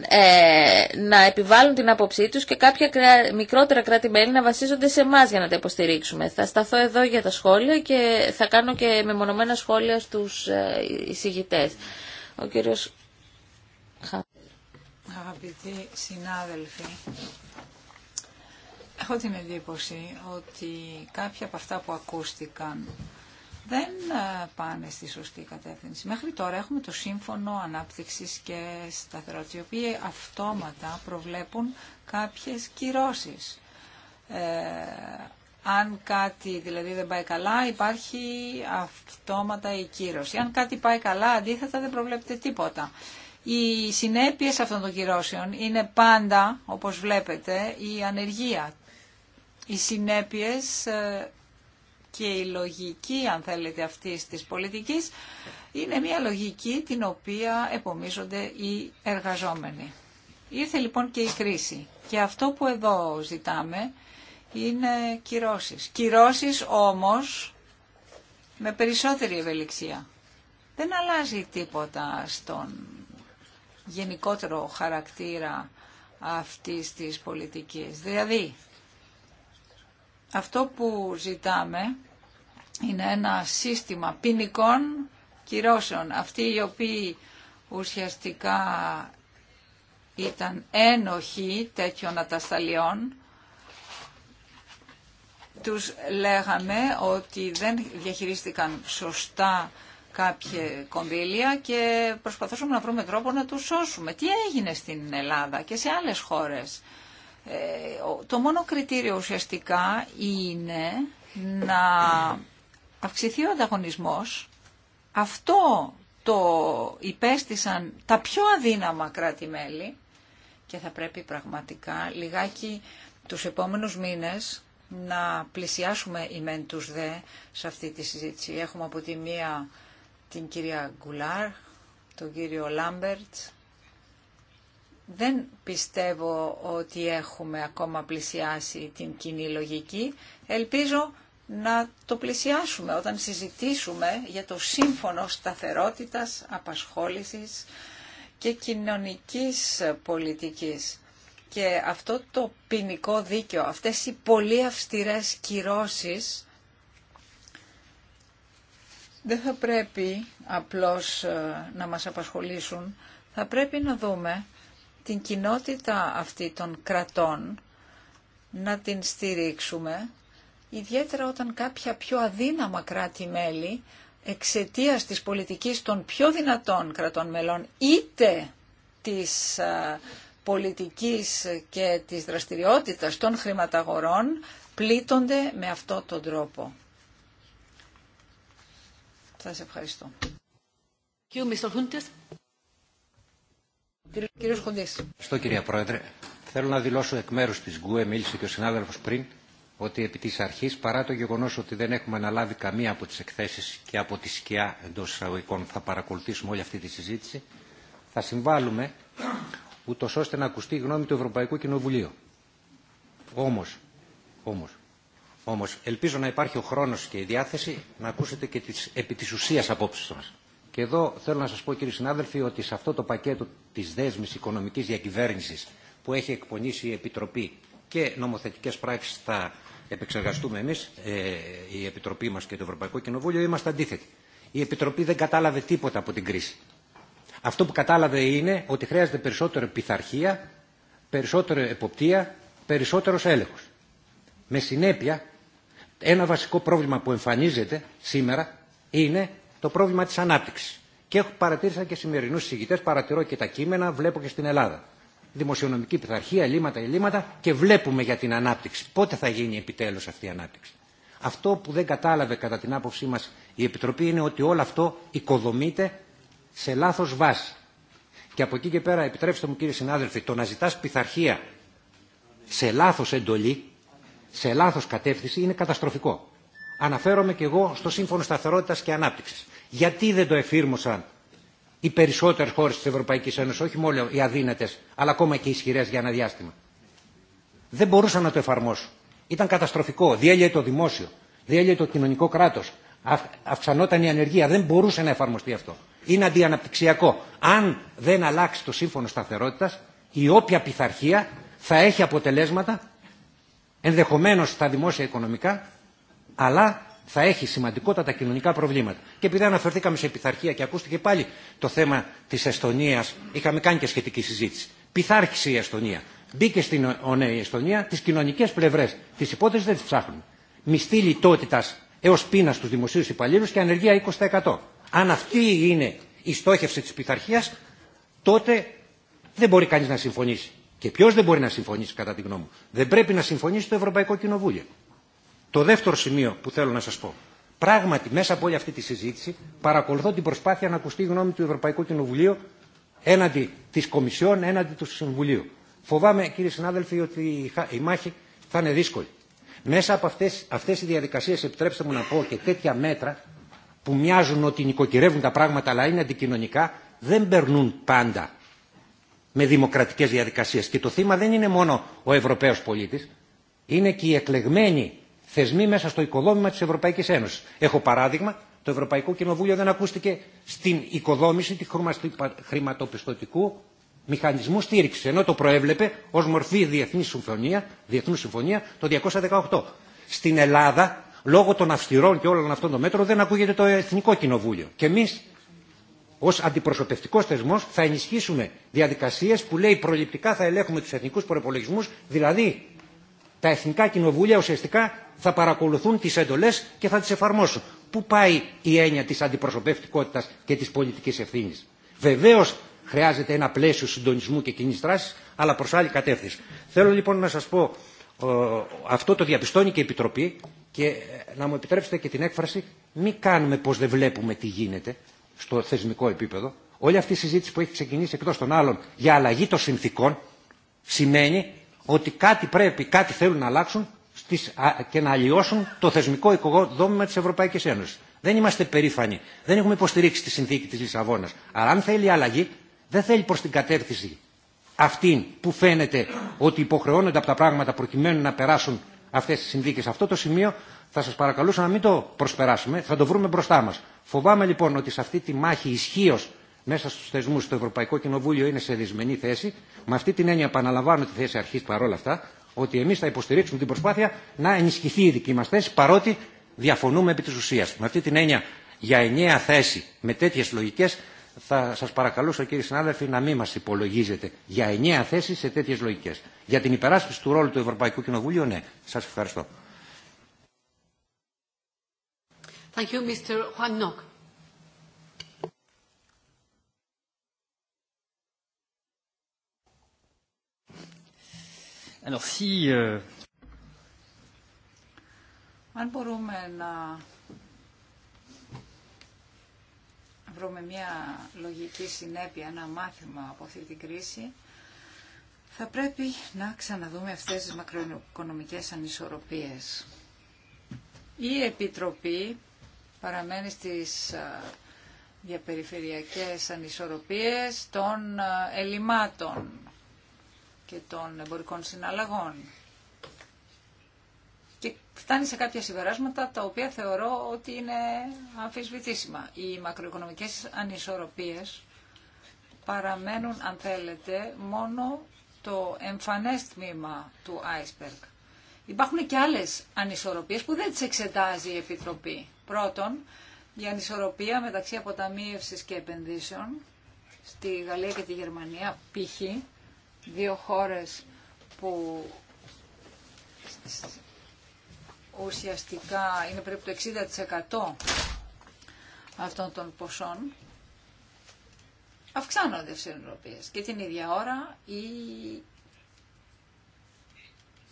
ε, να επιβάλλουν την άποψή τους και κάποια μικρότερα κράτη-μέλη να βασίζονται σε εμά για να τα υποστηρίξουμε. Θα σταθώ εδώ για τα σχόλια και θα κάνω και μεμονωμένα σχόλια στους ε, εισηγητές. Ο κύριος Αγαπητοί συνάδελφοι, έχω την εντύπωση ότι κάποια από αυτά που ακούστηκαν δεν ε, πάνε στη σωστή κατεύθυνση. Μέχρι τώρα έχουμε το Σύμφωνο Ανάπτυξης και σταθερότητα, οι οποίοι αυτόματα προβλέπουν κάποιες κυρώσεις. Ε, αν κάτι δηλαδή δεν πάει καλά, υπάρχει αυτόματα η κύρωση. Αν κάτι πάει καλά, αντίθετα δεν προβλέπεται τίποτα. Οι συνέπειες αυτών των κυρώσεων είναι πάντα, όπως βλέπετε, η ανεργία. Οι συνέπειες ε, και η λογική, αν θέλετε, αυτής της πολιτικής είναι μια λογική την οποία επομίζονται οι εργαζόμενοι. Ήρθε λοιπόν και η κρίση και αυτό που εδώ ζητάμε είναι κυρώσεις. Κυρώσεις όμως με περισσότερη ευελιξία. Δεν αλλάζει τίποτα στον γενικότερο χαρακτήρα αυτής της πολιτικής. Δηλαδή, αυτό που ζητάμε είναι ένα σύστημα ποινικών κυρώσεων. Αυτοί οι οποίοι ουσιαστικά ήταν ένοχοι τέτοιων ατασταλιών, τους λέγαμε ότι δεν διαχειρίστηκαν σωστά κάποια κονδύλια και προσπαθούσαμε να βρούμε τρόπο να τους σώσουμε. Τι έγινε στην Ελλάδα και σε άλλες χώρες. Ε, το μόνο κριτήριο ουσιαστικά είναι να αυξηθεί ο ανταγωνισμός, αυτό το υπέστησαν τα πιο αδύναμα κράτη-μέλη και θα πρέπει πραγματικά λιγάκι τους επόμενους μήνες να πλησιάσουμε οι μεν τους δε σε αυτή τη συζήτηση. Έχουμε από τη μία την κυρία Γκουλάρ, τον κύριο Λάμπερτ. Δεν πιστεύω ότι έχουμε ακόμα πλησιάσει την κοινή λογική. Ελπίζω να το πλησιάσουμε όταν συζητήσουμε για το σύμφωνο σταθερότητας, απασχόλησης και κοινωνικής πολιτικής. Και αυτό το ποινικό δίκαιο, αυτές οι πολύ αυστηρές κυρώσεις δεν θα πρέπει απλώς ε, να μας απασχολήσουν, θα πρέπει να δούμε την κοινότητα αυτή των κρατών, να την στηρίξουμε ιδιαίτερα όταν κάποια πιο αδύναμα κράτη-μέλη εξαιτίας της πολιτικής των πιο δυνατών κρατών μελών είτε της πολιτικής και της δραστηριότητας των χρηματαγορών πλήττονται με αυτό τον τρόπο. Σας ευχαριστώ. Κύριος Χουντής. Στο κυρία Πρόεδρε. Θέλω να δηλώσω εκ μέρους της ΓΚΟΕ, και ο συνάδελφος πριν, ότι επί της αρχής, παρά το γεγονός ότι δεν έχουμε αναλάβει καμία από τις εκθέσεις και από τη σκιά εντό εισαγωγικών θα παρακολουθήσουμε όλη αυτή τη συζήτηση, θα συμβάλλουμε ούτως ώστε να ακουστεί η γνώμη του Ευρωπαϊκού Κοινοβουλίου. Όμως, όμως, όμως ελπίζω να υπάρχει ο χρόνος και η διάθεση να ακούσετε και τις, επί της ουσίας απόψεις μας. Και εδώ θέλω να σας πω κύριοι συνάδελφοι ότι σε αυτό το πακέτο της δέσμης οικονομικής διακυβέρνησης που έχει εκπονήσει η Επιτροπή και νομοθετικές πράξεις θα επεξεργαστούμε εμείς, ε, η Επιτροπή μας και το Ευρωπαϊκό Κοινοβούλιο, είμαστε αντίθετοι. Η Επιτροπή δεν κατάλαβε τίποτα από την κρίση. Αυτό που κατάλαβε είναι ότι χρειάζεται περισσότερη πειθαρχία, περισσότερη εποπτεία, περισσότερος έλεγχος. Με συνέπεια, ένα βασικό πρόβλημα που εμφανίζεται σήμερα είναι το πρόβλημα της ανάπτυξης. Και έχω παρατήρησα και σημερινούς συζητητές, παρατηρώ και τα κείμενα, βλέπω και στην Ελλάδα δημοσιονομική πειθαρχία, ελλείμματα, ελλείμματα και βλέπουμε για την ανάπτυξη. Πότε θα γίνει επιτέλους αυτή η ανάπτυξη. Αυτό που δεν κατάλαβε κατά την άποψή μας η Επιτροπή είναι ότι όλο αυτό οικοδομείται σε λάθος βάση. Και από εκεί και πέρα, επιτρέψτε μου κύριε συνάδελφοι, το να ζητάς πειθαρχία σε λάθος εντολή, σε λάθος κατεύθυνση είναι καταστροφικό. Αναφέρομαι και εγώ στο Σύμφωνο Σταθερότητας και Ανάπτυξης. Γιατί δεν το εφήρμοσαν οι περισσότερε χώρε τη Ευρωπαϊκή Ένωση, όχι μόνο οι αδύνατε, αλλά ακόμα και οι ισχυρέ για ένα διάστημα. Δεν μπορούσαν να το εφαρμόσουν. Ήταν καταστροφικό. Διέλυε το δημόσιο. Διέλυε το κοινωνικό κράτο. Αυξανόταν η ανεργία. Δεν μπορούσε να εφαρμοστεί αυτό. Είναι αντιαναπτυξιακό. Αν δεν αλλάξει το σύμφωνο σταθερότητα, η όποια πειθαρχία θα έχει αποτελέσματα, ενδεχομένω στα δημόσια οικονομικά, αλλά θα έχει σημαντικότατα κοινωνικά προβλήματα. Και επειδή αναφερθήκαμε σε πειθαρχία και ακούστηκε πάλι το θέμα τη Εστονία, είχαμε κάνει και σχετική συζήτηση. Πειθάρχησε η Εστονία. Μπήκε στην ΟΝΕ ναι, η Εστονία, τι κοινωνικέ πλευρέ τη υπόθεση δεν τι ψάχνουν. Μισθή λιτότητα έω πείνα στου δημοσίου υπαλλήλου και ανεργία 20%. Αν αυτή είναι η στόχευση τη πειθαρχία, τότε δεν μπορεί κανεί να συμφωνήσει. Και ποιο δεν μπορεί να συμφωνήσει, κατά τη γνώμη μου. Δεν πρέπει να συμφωνήσει το Ευρωπαϊκό Κοινοβούλιο. Το δεύτερο σημείο που θέλω να σας πω. Πράγματι, μέσα από όλη αυτή τη συζήτηση, παρακολουθώ την προσπάθεια να ακουστεί η γνώμη του Ευρωπαϊκού Κοινοβουλίου έναντι της Κομισιόν, έναντι του Συμβουλίου. Φοβάμαι, κύριοι συνάδελφοι, ότι η μάχη θα είναι δύσκολη. Μέσα από αυτές, αυτές οι διαδικασίες, επιτρέψτε μου να πω, και τέτοια μέτρα που μοιάζουν ότι νοικοκυρεύουν τα πράγματα αλλά είναι αντικοινωνικά, δεν περνούν πάντα με δημοκρατικέ διαδικασίε. Και το θύμα δεν είναι μόνο ο Ευρωπαίος πολίτης, είναι και οι εκλεγμένοι θεσμοί μέσα στο οικοδόμημα τη Ευρωπαϊκή Ένωση. Έχω παράδειγμα, το Ευρωπαϊκό Κοινοβούλιο δεν ακούστηκε στην οικοδόμηση του χρηματοπιστωτικού μηχανισμού στήριξη, ενώ το προέβλεπε ω μορφή διεθνή συμφωνία, διεθνού συμφωνία το 218. Στην Ελλάδα, λόγω των αυστηρών και όλων αυτών των μέτρων, δεν ακούγεται το Εθνικό Κοινοβούλιο. Και εμεί, ω αντιπροσωπευτικό θεσμό, θα ενισχύσουμε διαδικασίε που λέει προληπτικά θα ελέγχουμε του εθνικού προπολογισμού, δηλαδή τα εθνικά κοινοβούλια ουσιαστικά θα παρακολουθούν τις εντολές και θα τις εφαρμόσουν. Πού πάει η έννοια της αντιπροσωπευτικότητας και της πολιτικής ευθύνης. Βεβαίως χρειάζεται ένα πλαίσιο συντονισμού και κοινή δράση, αλλά προς άλλη κατεύθυνση. Θέλω λοιπόν να σας πω, αυτό το διαπιστώνει και η Επιτροπή και ε, να μου επιτρέψετε και την έκφραση, μην κάνουμε πως δεν βλέπουμε τι γίνεται στο θεσμικό επίπεδο. Όλη αυτή η συζήτηση που έχει ξεκινήσει εκτός των άλλων για αλλαγή των συνθήκων σημαίνει ότι κάτι πρέπει, κάτι θέλουν να αλλάξουν και να αλλοιώσουν το θεσμικό οικοδόμημα της Ευρωπαϊκής Ένωσης. Δεν είμαστε περήφανοι. Δεν έχουμε υποστηρίξει τη συνθήκη της Λισαβόνας. Αλλά αν θέλει αλλαγή, δεν θέλει προς την κατεύθυνση αυτή που φαίνεται ότι υποχρεώνονται από τα πράγματα προκειμένου να περάσουν αυτές τις συνθήκες. Αυτό το σημείο θα σας παρακαλούσα να μην το προσπεράσουμε, θα το βρούμε μπροστά μας. Φοβάμαι λοιπόν ότι σε αυτή τη μάχη ισχύω μέσα στου θεσμού, στο Ευρωπαϊκό Κοινοβούλιο είναι σε δυσμενή θέση. Με αυτή την έννοια επαναλαμβάνω τη θέση αρχή παρόλα αυτά, ότι εμεί θα υποστηρίξουμε την προσπάθεια να ενισχυθεί η δική μα θέση, παρότι διαφωνούμε επί τη ουσία. Με αυτή την έννοια, για ενιαία θέση, με τέτοιε λογικέ, θα σα παρακαλούσα, κύριοι συνάδελφοι, να μην μα υπολογίζετε για ενιαία θέση σε τέτοιε λογικέ. Για την υπεράσπιση του ρόλου του Ευρωπαϊκού Κοινοβουλίου, ναι. Σα ευχαριστώ. Thank you, Mr. Euh, Αν μπορούμε να βρούμε μια λογική συνέπεια, ένα μάθημα από αυτή την κρίση, θα πρέπει να ξαναδούμε αυτές τις μακροοικονομικές ανισορροπίες. Η Επιτροπή παραμένει στις διαπεριφερειακές ανισορροπίες των ελλημάτων και των εμπορικών συναλλαγών. Και φτάνει σε κάποια συμπεράσματα τα οποία θεωρώ ότι είναι αμφισβητήσιμα. Οι μακροοικονομικές ανισορροπίες παραμένουν, αν θέλετε, μόνο το εμφανές τμήμα του iceberg. Υπάρχουν και άλλες ανισορροπίες που δεν τις εξετάζει η Επιτροπή. Πρώτον, η ανισορροπία μεταξύ αποταμίευσης και επενδύσεων στη Γαλλία και τη Γερμανία, π.χ δύο χώρες που ουσιαστικά είναι περίπου το 60% αυτών των ποσών, αυξάνονται οι Ευρωπαίες. Και την ίδια ώρα η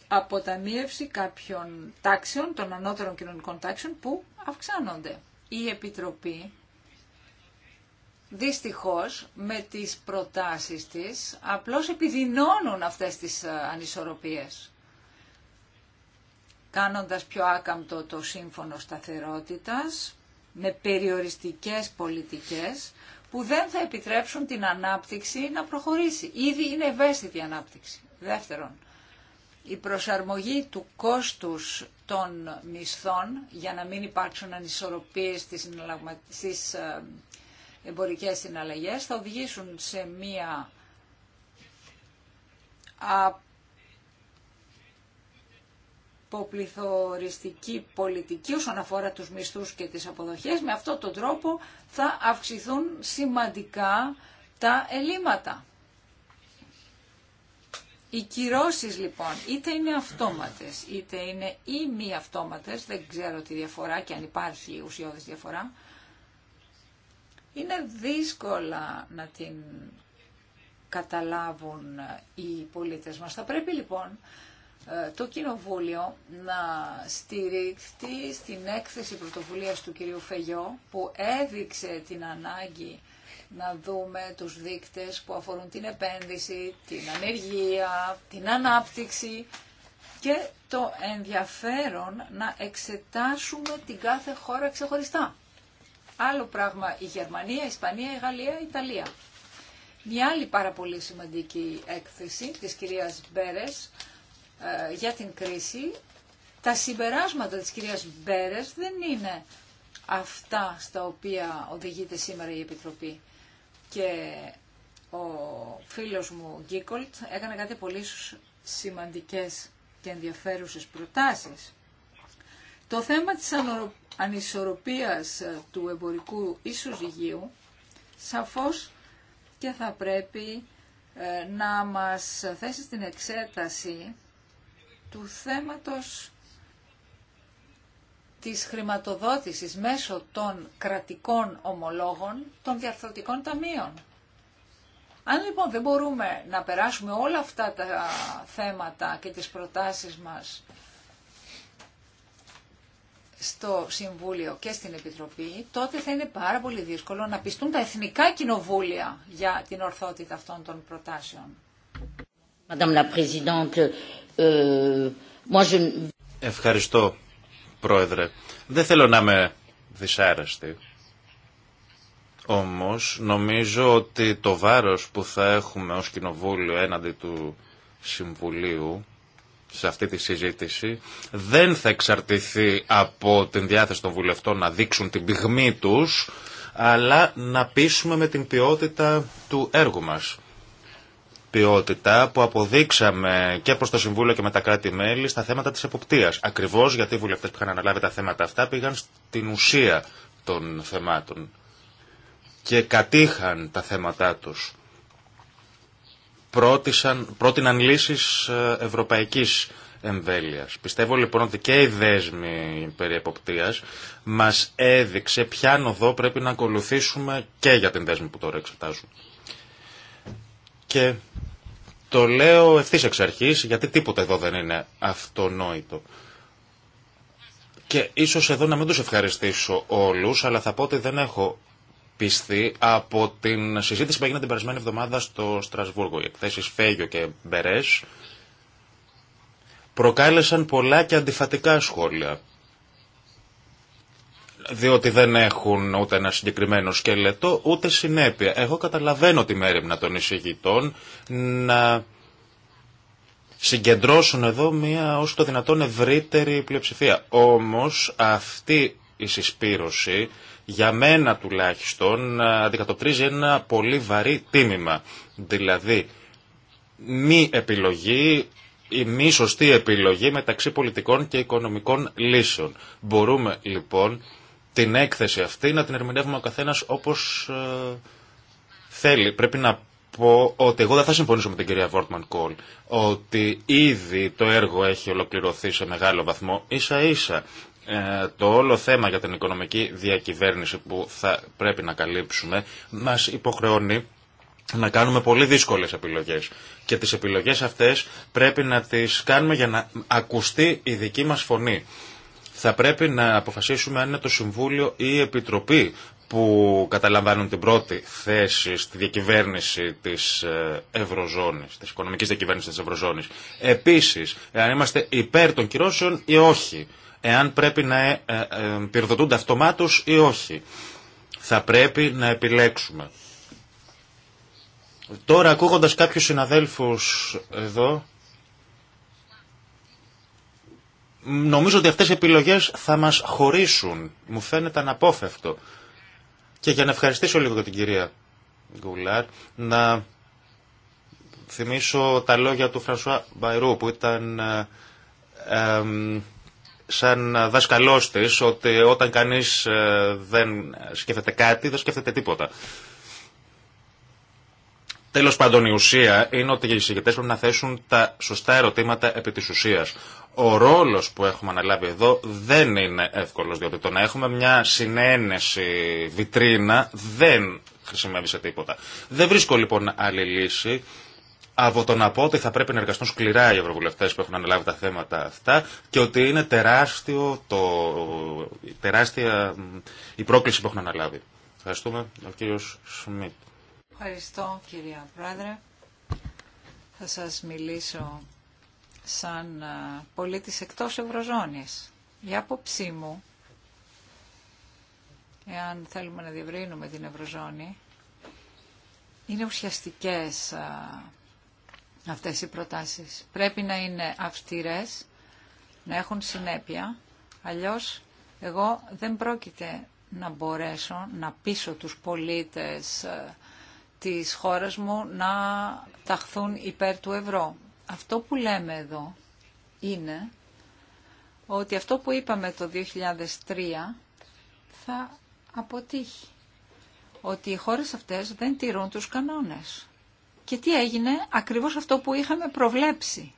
αποταμίευση κάποιων τάξεων, των ανώτερων κοινωνικών τάξεων που αυξάνονται. Η Επιτροπή δυστυχώς με τις προτάσεις της απλώς επιδεινώνουν αυτές τις ε, ανισορροπίες κάνοντας πιο άκαμπτο το σύμφωνο σταθερότητας με περιοριστικές πολιτικές που δεν θα επιτρέψουν την ανάπτυξη να προχωρήσει. Ήδη είναι ευαίσθητη η ανάπτυξη. Δεύτερον, η προσαρμογή του κόστους των μισθών για να μην υπάρξουν ανισορροπίες στις, ε, εμπορικές συναλλαγές θα οδηγήσουν σε μία αποπληθωριστική πολιτική όσον αφορά τους μισθούς και τις αποδοχές. Με αυτόν τον τρόπο θα αυξηθούν σημαντικά τα ελλείμματα. Οι κυρώσεις λοιπόν είτε είναι αυτόματες είτε είναι ή μη αυτόματες, δεν ξέρω τη διαφορά και αν υπάρχει ουσιώδης διαφορά, είναι δύσκολα να την καταλάβουν οι πολίτες μας. Θα πρέπει λοιπόν ε, το Κοινοβούλιο να στηρίχθει στην έκθεση πρωτοβουλίας του κυρίου Φεγιό που έδειξε την ανάγκη να δούμε τους δείκτες που αφορούν την επένδυση, την ανεργία, την ανάπτυξη και το ενδιαφέρον να εξετάσουμε την κάθε χώρα ξεχωριστά. Άλλο πράγμα η Γερμανία, η Ισπανία, η Γαλλία, η Ιταλία. Μια άλλη πάρα πολύ σημαντική έκθεση της κυρίας Μπέρες ε, για την κρίση. Τα συμπεράσματα της κυρίας Μπέρες δεν είναι αυτά στα οποία οδηγείται σήμερα η Επιτροπή. Και ο φίλος μου Γκίκολτ έκανε κάτι πολύ σημαντικές και ενδιαφέρουσες προτάσεις. Το θέμα της ανισορροπίας ε, του εμπορικού ισοζυγίου σαφώς και θα πρέπει ε, να μας θέσει στην εξέταση του θέματος της χρηματοδότησης μέσω των κρατικών ομολόγων των διαρθρωτικών ταμείων. Αν λοιπόν δεν μπορούμε να περάσουμε όλα αυτά τα θέματα και τις προτάσεις μας στο Συμβούλιο και στην Επιτροπή, τότε θα είναι πάρα πολύ δύσκολο να πιστούν τα εθνικά κοινοβούλια για την ορθότητα αυτών των προτάσεων. Euh, Ευχαριστώ, Πρόεδρε. Δεν θέλω να είμαι δυσάρεστη. Όμως, νομίζω ότι το βάρος που θα έχουμε ως Κοινοβούλιο έναντι του Συμβουλίου σε αυτή τη συζήτηση δεν θα εξαρτηθεί από την διάθεση των βουλευτών να δείξουν την πυγμή τους, αλλά να πείσουμε με την ποιότητα του έργου μας. Ποιότητα που αποδείξαμε και προς το Συμβούλιο και με τα κράτη-μέλη στα θέματα της εποπτείας. Ακριβώς γιατί οι βουλευτές που είχαν αναλάβει τα θέματα αυτά πήγαν στην ουσία των θεμάτων και κατήχαν τα θέματά τους πρότισαν, πρότειναν λύσει ε, ευρωπαϊκής εμβέλεια. Πιστεύω λοιπόν ότι και η δέσμη περί εποπτεία μας έδειξε ποια οδό πρέπει να ακολουθήσουμε και για την δέσμη που τώρα εξετάζουμε. Και το λέω ευθύ εξ αρχή, γιατί τίποτα εδώ δεν είναι αυτονόητο. Και ίσως εδώ να μην τους ευχαριστήσω όλους, αλλά θα πω ότι δεν έχω πίστη από την συζήτηση που έγινε την περασμένη εβδομάδα στο Στρασβούργο. Οι εκθέσεις Φέγιο και Μπερές προκάλεσαν πολλά και αντιφατικά σχόλια. Διότι δεν έχουν ούτε ένα συγκεκριμένο σκελετό, ούτε συνέπεια. Εγώ καταλαβαίνω τη μέρημνα των εισηγητών να συγκεντρώσουν εδώ μία όσο το δυνατόν ευρύτερη πλειοψηφία. Όμως αυτή η συσπήρωση για μένα τουλάχιστον ε, αντικατοπτρίζει ένα πολύ βαρύ τίμημα. Δηλαδή, μη επιλογή η μη σωστή επιλογή μεταξύ πολιτικών και οικονομικών λύσεων. Μπορούμε λοιπόν την έκθεση αυτή να την ερμηνεύουμε ο καθένας όπως ε, θέλει. Πρέπει να πω ότι εγώ δεν θα συμφωνήσω με την κυρία Βόρτμαν Κόλ ότι ήδη το έργο έχει ολοκληρωθεί σε μεγάλο βαθμό ίσα ίσα ε, το όλο θέμα για την οικονομική διακυβέρνηση που θα πρέπει να καλύψουμε μας υποχρεώνει να κάνουμε πολύ δύσκολες επιλογές. Και τις επιλογές αυτές πρέπει να τις κάνουμε για να ακουστεί η δική μας φωνή. Θα πρέπει να αποφασίσουμε αν είναι το Συμβούλιο ή η Επιτροπή που καταλαμβάνουν την πρώτη θέση στη διακυβέρνηση της ε, Ευρωζώνης, της οικονομικής διακυβέρνησης της Ευρωζώνης. Επίσης, αν είμαστε υπέρ των κυρώσεων ή όχι εάν πρέπει να ε, ε, ε, πυροδοτούνται αυτομάτως ή όχι. Θα πρέπει να επιλέξουμε. Τώρα ακούγοντας κάποιους συναδέλφους εδώ, νομίζω ότι αυτές οι επιλογές θα μας χωρίσουν. Μου φαίνεται αναπόφευκτο. Και για να ευχαριστήσω λίγο την κυρία Γκουλάρ, να θυμίσω τα λόγια του Φρανσουά Μπαϊρού που ήταν σαν δασκαλός της ότι όταν κανείς ε, δεν σκέφτεται κάτι δεν σκέφτεται τίποτα. Τέλο πάντων, η ουσία είναι ότι οι συγκεκριτέ πρέπει να θέσουν τα σωστά ερωτήματα επί τη ουσία. Ο ρόλο που έχουμε αναλάβει εδώ δεν είναι εύκολο, διότι το να έχουμε μια συνένεση βιτρίνα δεν χρησιμεύει σε τίποτα. Δεν βρίσκω λοιπόν άλλη λύση από το να πω ότι θα πρέπει να εργαστούν σκληρά οι Ευρωβουλευτές που έχουν αναλάβει τα θέματα αυτά και ότι είναι τεράστιο το, τεράστια η πρόκληση που έχουν αναλάβει. Ευχαριστούμε. Ο κύριο Σμιτ. Ευχαριστώ κυρία Πρόεδρε. Θα σας μιλήσω σαν ε, πολίτης εκτός Ευρωζώνης. Η άποψή μου, εάν θέλουμε να διευρύνουμε την Ευρωζώνη, είναι ουσιαστικές ε, αυτές οι προτάσεις. Πρέπει να είναι αυστηρές, να έχουν συνέπεια, αλλιώς εγώ δεν πρόκειται να μπορέσω να πείσω τους πολίτες ε, της χώρας μου να ταχθούν υπέρ του ευρώ. Αυτό που λέμε εδώ είναι ότι αυτό που είπαμε το 2003 θα αποτύχει. Ότι οι χώρες αυτές δεν τηρούν τους κανόνες. Και τι έγινε, ακριβώς αυτό που είχαμε προβλέψει.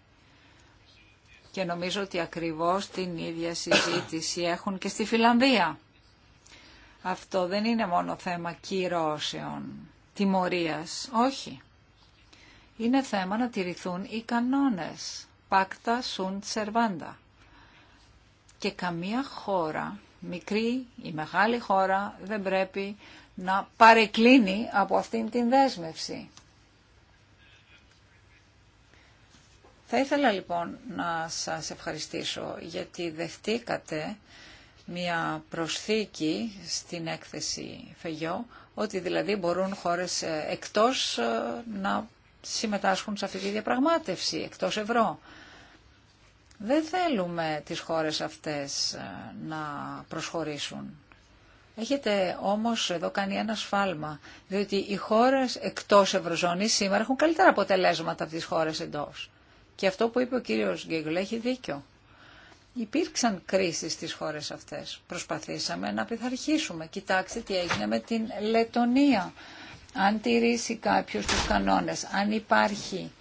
Και νομίζω ότι ακριβώς την ίδια συζήτηση έχουν και στη Φιλανδία. Αυτό δεν είναι μόνο θέμα κυρώσεων, τιμωρίας, όχι. Είναι θέμα να τηρηθούν οι κανόνες, πάκτα sunt servanda. Και καμία χώρα, μικρή ή μεγάλη χώρα, δεν πρέπει να παρεκκλίνει από αυτήν την δέσμευση. Θα ήθελα λοιπόν να σας ευχαριστήσω γιατί δεχτήκατε μια προσθήκη στην έκθεση ΦΕΓΙΟ, ότι δηλαδή μπορούν χώρες ε, εκτός ε, να συμμετάσχουν σε αυτή τη διαπραγμάτευση, εκτός ευρώ. Δεν θέλουμε τις χώρες αυτές ε, να προσχωρήσουν. Έχετε όμως εδώ κάνει ένα σφάλμα, διότι οι χώρες εκτός Ευρωζώνης σήμερα έχουν καλύτερα αποτελέσματα από τις χώρες εντός. Και αυτό που είπε ο κύριος Γκίγκλ έχει δίκιο. Υπήρξαν κρίσεις στις χώρες αυτές. Προσπαθήσαμε να πειθαρχήσουμε. Κοιτάξτε τι έγινε με την Λετωνία. Αν τηρήσει κάποιος τους κανόνες, αν υπάρχει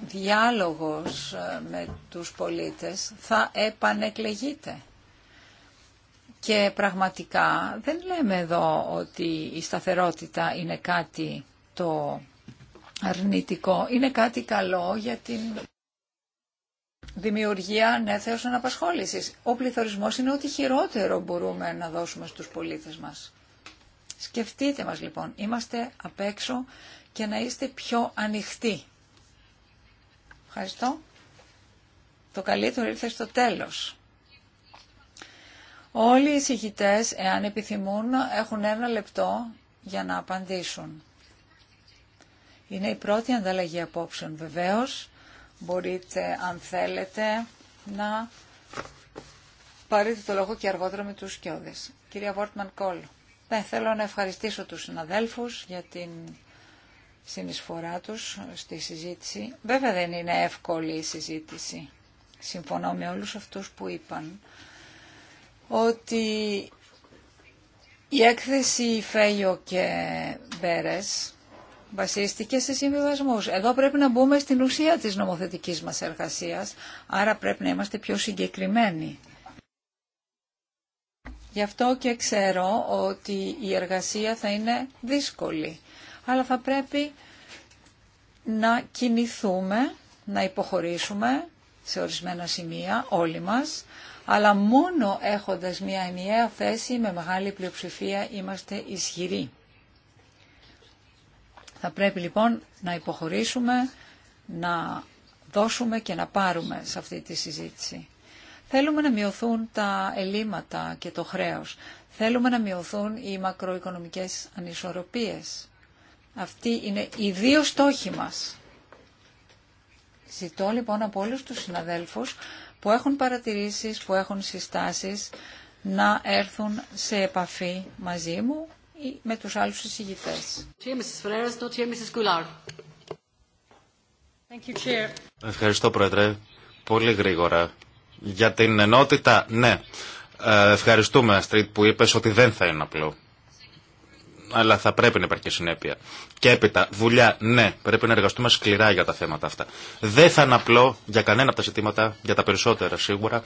διάλογος ε, με τους πολίτες, θα επανεκλεγείται. Και πραγματικά δεν λέμε εδώ ότι η σταθερότητα είναι κάτι το αρνητικό. Είναι κάτι καλό για την δημιουργία ναι, αναπασχόλησης. Ο πληθωρισμός είναι ό,τι χειρότερο μπορούμε να δώσουμε στους πολίτες μας. Σκεφτείτε μας λοιπόν, είμαστε απ' έξω και να είστε πιο ανοιχτοί. Ευχαριστώ. Το καλύτερο ήρθε στο τέλος. Όλοι οι συγητές, εάν επιθυμούν, έχουν ένα λεπτό για να απαντήσουν. Είναι η πρώτη ανταλλαγή απόψεων βεβαίως. Μπορείτε αν θέλετε να πάρετε το λόγο και αργότερα με τους σκιώδες. Κυρία Βόρτμαν Κόλ. Ναι, θέλω να ευχαριστήσω τους συναδέλφους για την συνεισφορά τους στη συζήτηση. Βέβαια δεν είναι εύκολη η συζήτηση. Συμφωνώ με όλους αυτούς που είπαν ότι η έκθεση Φέιο και Μπέρες βασίστηκε σε συμβιβασμού. Εδώ πρέπει να μπούμε στην ουσία της νομοθετική μα εργασία, άρα πρέπει να είμαστε πιο συγκεκριμένοι. Γι' αυτό και ξέρω ότι η εργασία θα είναι δύσκολη, αλλά θα πρέπει να κινηθούμε, να υποχωρήσουμε σε ορισμένα σημεία όλοι μας, αλλά μόνο έχοντας μια ενιαία θέση με μεγάλη πλειοψηφία είμαστε ισχυροί. Θα πρέπει λοιπόν να υποχωρήσουμε, να δώσουμε και να πάρουμε σε αυτή τη συζήτηση. Θέλουμε να μειωθούν τα ελλείμματα και το χρέος. Θέλουμε να μειωθούν οι μακροοικονομικές ανισορροπίες. Αυτοί είναι οι δύο στόχοι μας. Ζητώ λοιπόν από όλους τους συναδέλφους που έχουν παρατηρήσεις, που έχουν συστάσεις, να έρθουν σε επαφή μαζί μου με τους άλλους συζητητές. Ευχαριστώ, Πρόεδρε. Πολύ γρήγορα. Για την ενότητα, ναι. Ε, ευχαριστούμε, Αστρίτ, που είπες ότι δεν θα είναι απλό. Αλλά θα πρέπει να υπάρχει συνέπεια. Και έπειτα, δουλειά, ναι, πρέπει να εργαστούμε σκληρά για τα θέματα αυτά. Δεν θα είναι απλό για κανένα από τα ζητήματα, για τα περισσότερα σίγουρα,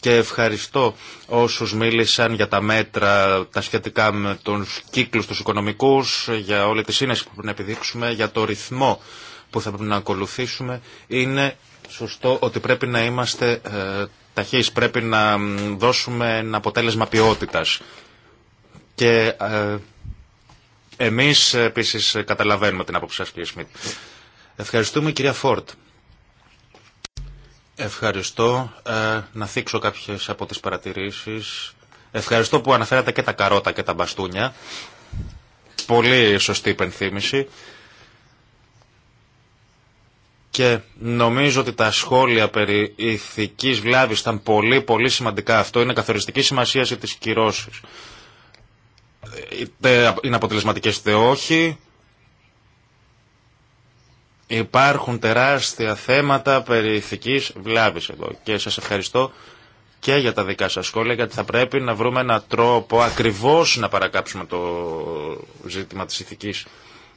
και ευχαριστώ όσους μίλησαν για τα μέτρα τα σχετικά με τους κύκλους τους οικονομικούς, για όλη τη σύνεση που πρέπει να επιδείξουμε, για το ρυθμό που θα πρέπει να ακολουθήσουμε. Είναι σωστό ότι πρέπει να είμαστε ε, ταχείς, πρέπει να δώσουμε ένα αποτέλεσμα ποιότητας. Και ε, εμείς ε, επίσης καταλαβαίνουμε την άποψη σας κύριε Σμίτ. Ευχαριστούμε κυρία Φόρτ. Ευχαριστώ. Ε, να θίξω κάποιες από τις παρατηρήσεις. Ευχαριστώ που αναφέρατε και τα καρότα και τα μπαστούνια. Πολύ σωστή υπενθύμηση. Και νομίζω ότι τα σχόλια περί ηθικής βλάβης ήταν πολύ πολύ σημαντικά. Αυτό είναι καθοριστική σημασία για τις κυρώσεις. Ε, είτε είναι αποτελεσματικές είτε όχι. Υπάρχουν τεράστια θέματα περί ηθικής βλάβης εδώ και σας ευχαριστώ και για τα δικά σας σχόλια γιατί θα πρέπει να βρούμε έναν τρόπο ακριβώς να παρακάψουμε το ζήτημα της ηθικής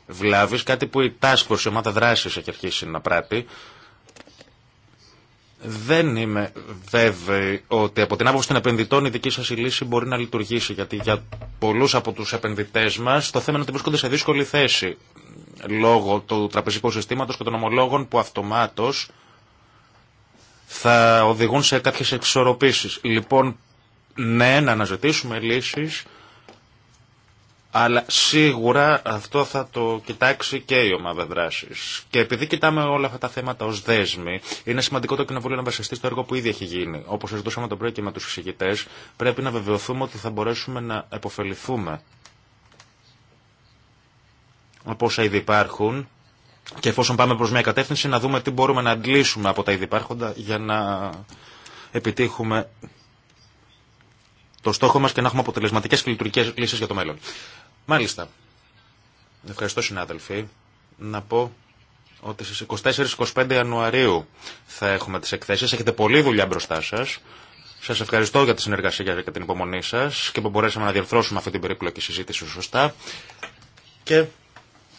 βλάβης, κάτι που η Task Force, η ομάδα δράσης έχει αρχίσει να πράττει. Δεν είμαι βέβαιη ότι από την άποψη των επενδυτών η δική σας η λύση μπορεί να λειτουργήσει, γιατί για πολλούς από τους επενδυτές μας το θέμα είναι ότι βρίσκονται σε δύσκολη θέση λόγω του τραπεζικού συστήματος και των ομολόγων που αυτομάτως θα οδηγούν σε κάποιες εξορροπήσεις. Λοιπόν, ναι, να αναζητήσουμε λύσεις, αλλά σίγουρα αυτό θα το κοιτάξει και η ομάδα δράση. Και επειδή κοιτάμε όλα αυτά τα θέματα ως δέσμοι, είναι σημαντικό το Κοινοβούλιο να βασιστεί στο έργο που ήδη έχει γίνει. Όπω συζητούσαμε το πρωί και με του εισηγητές, πρέπει να βεβαιωθούμε ότι θα μπορέσουμε να επωφεληθούμε από όσα ήδη υπάρχουν και εφόσον πάμε προς μια κατεύθυνση να δούμε τι μπορούμε να αντλήσουμε από τα ήδη υπάρχοντα για να επιτύχουμε το στόχο μας και να έχουμε αποτελεσματικές και λειτουργικές λύσεις για το μέλλον. Μάλιστα. Ευχαριστώ συνάδελφοι. Να πω ότι στις 24-25 Ιανουαρίου θα έχουμε τις εκθέσεις. Έχετε πολλή δουλειά μπροστά σας. Σας ευχαριστώ για τη συνεργασία και την υπομονή σας και που μπορέσαμε να διορθώσουμε αυτή την περίπλοκη συζήτηση σωστά. Και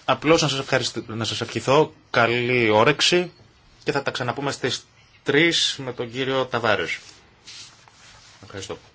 Απλώς να σας, ευχαριστώ, να σας ευχηθώ καλή όρεξη και θα τα ξαναπούμε στις 3 με τον κύριο Ταβάρες. Ευχαριστώ.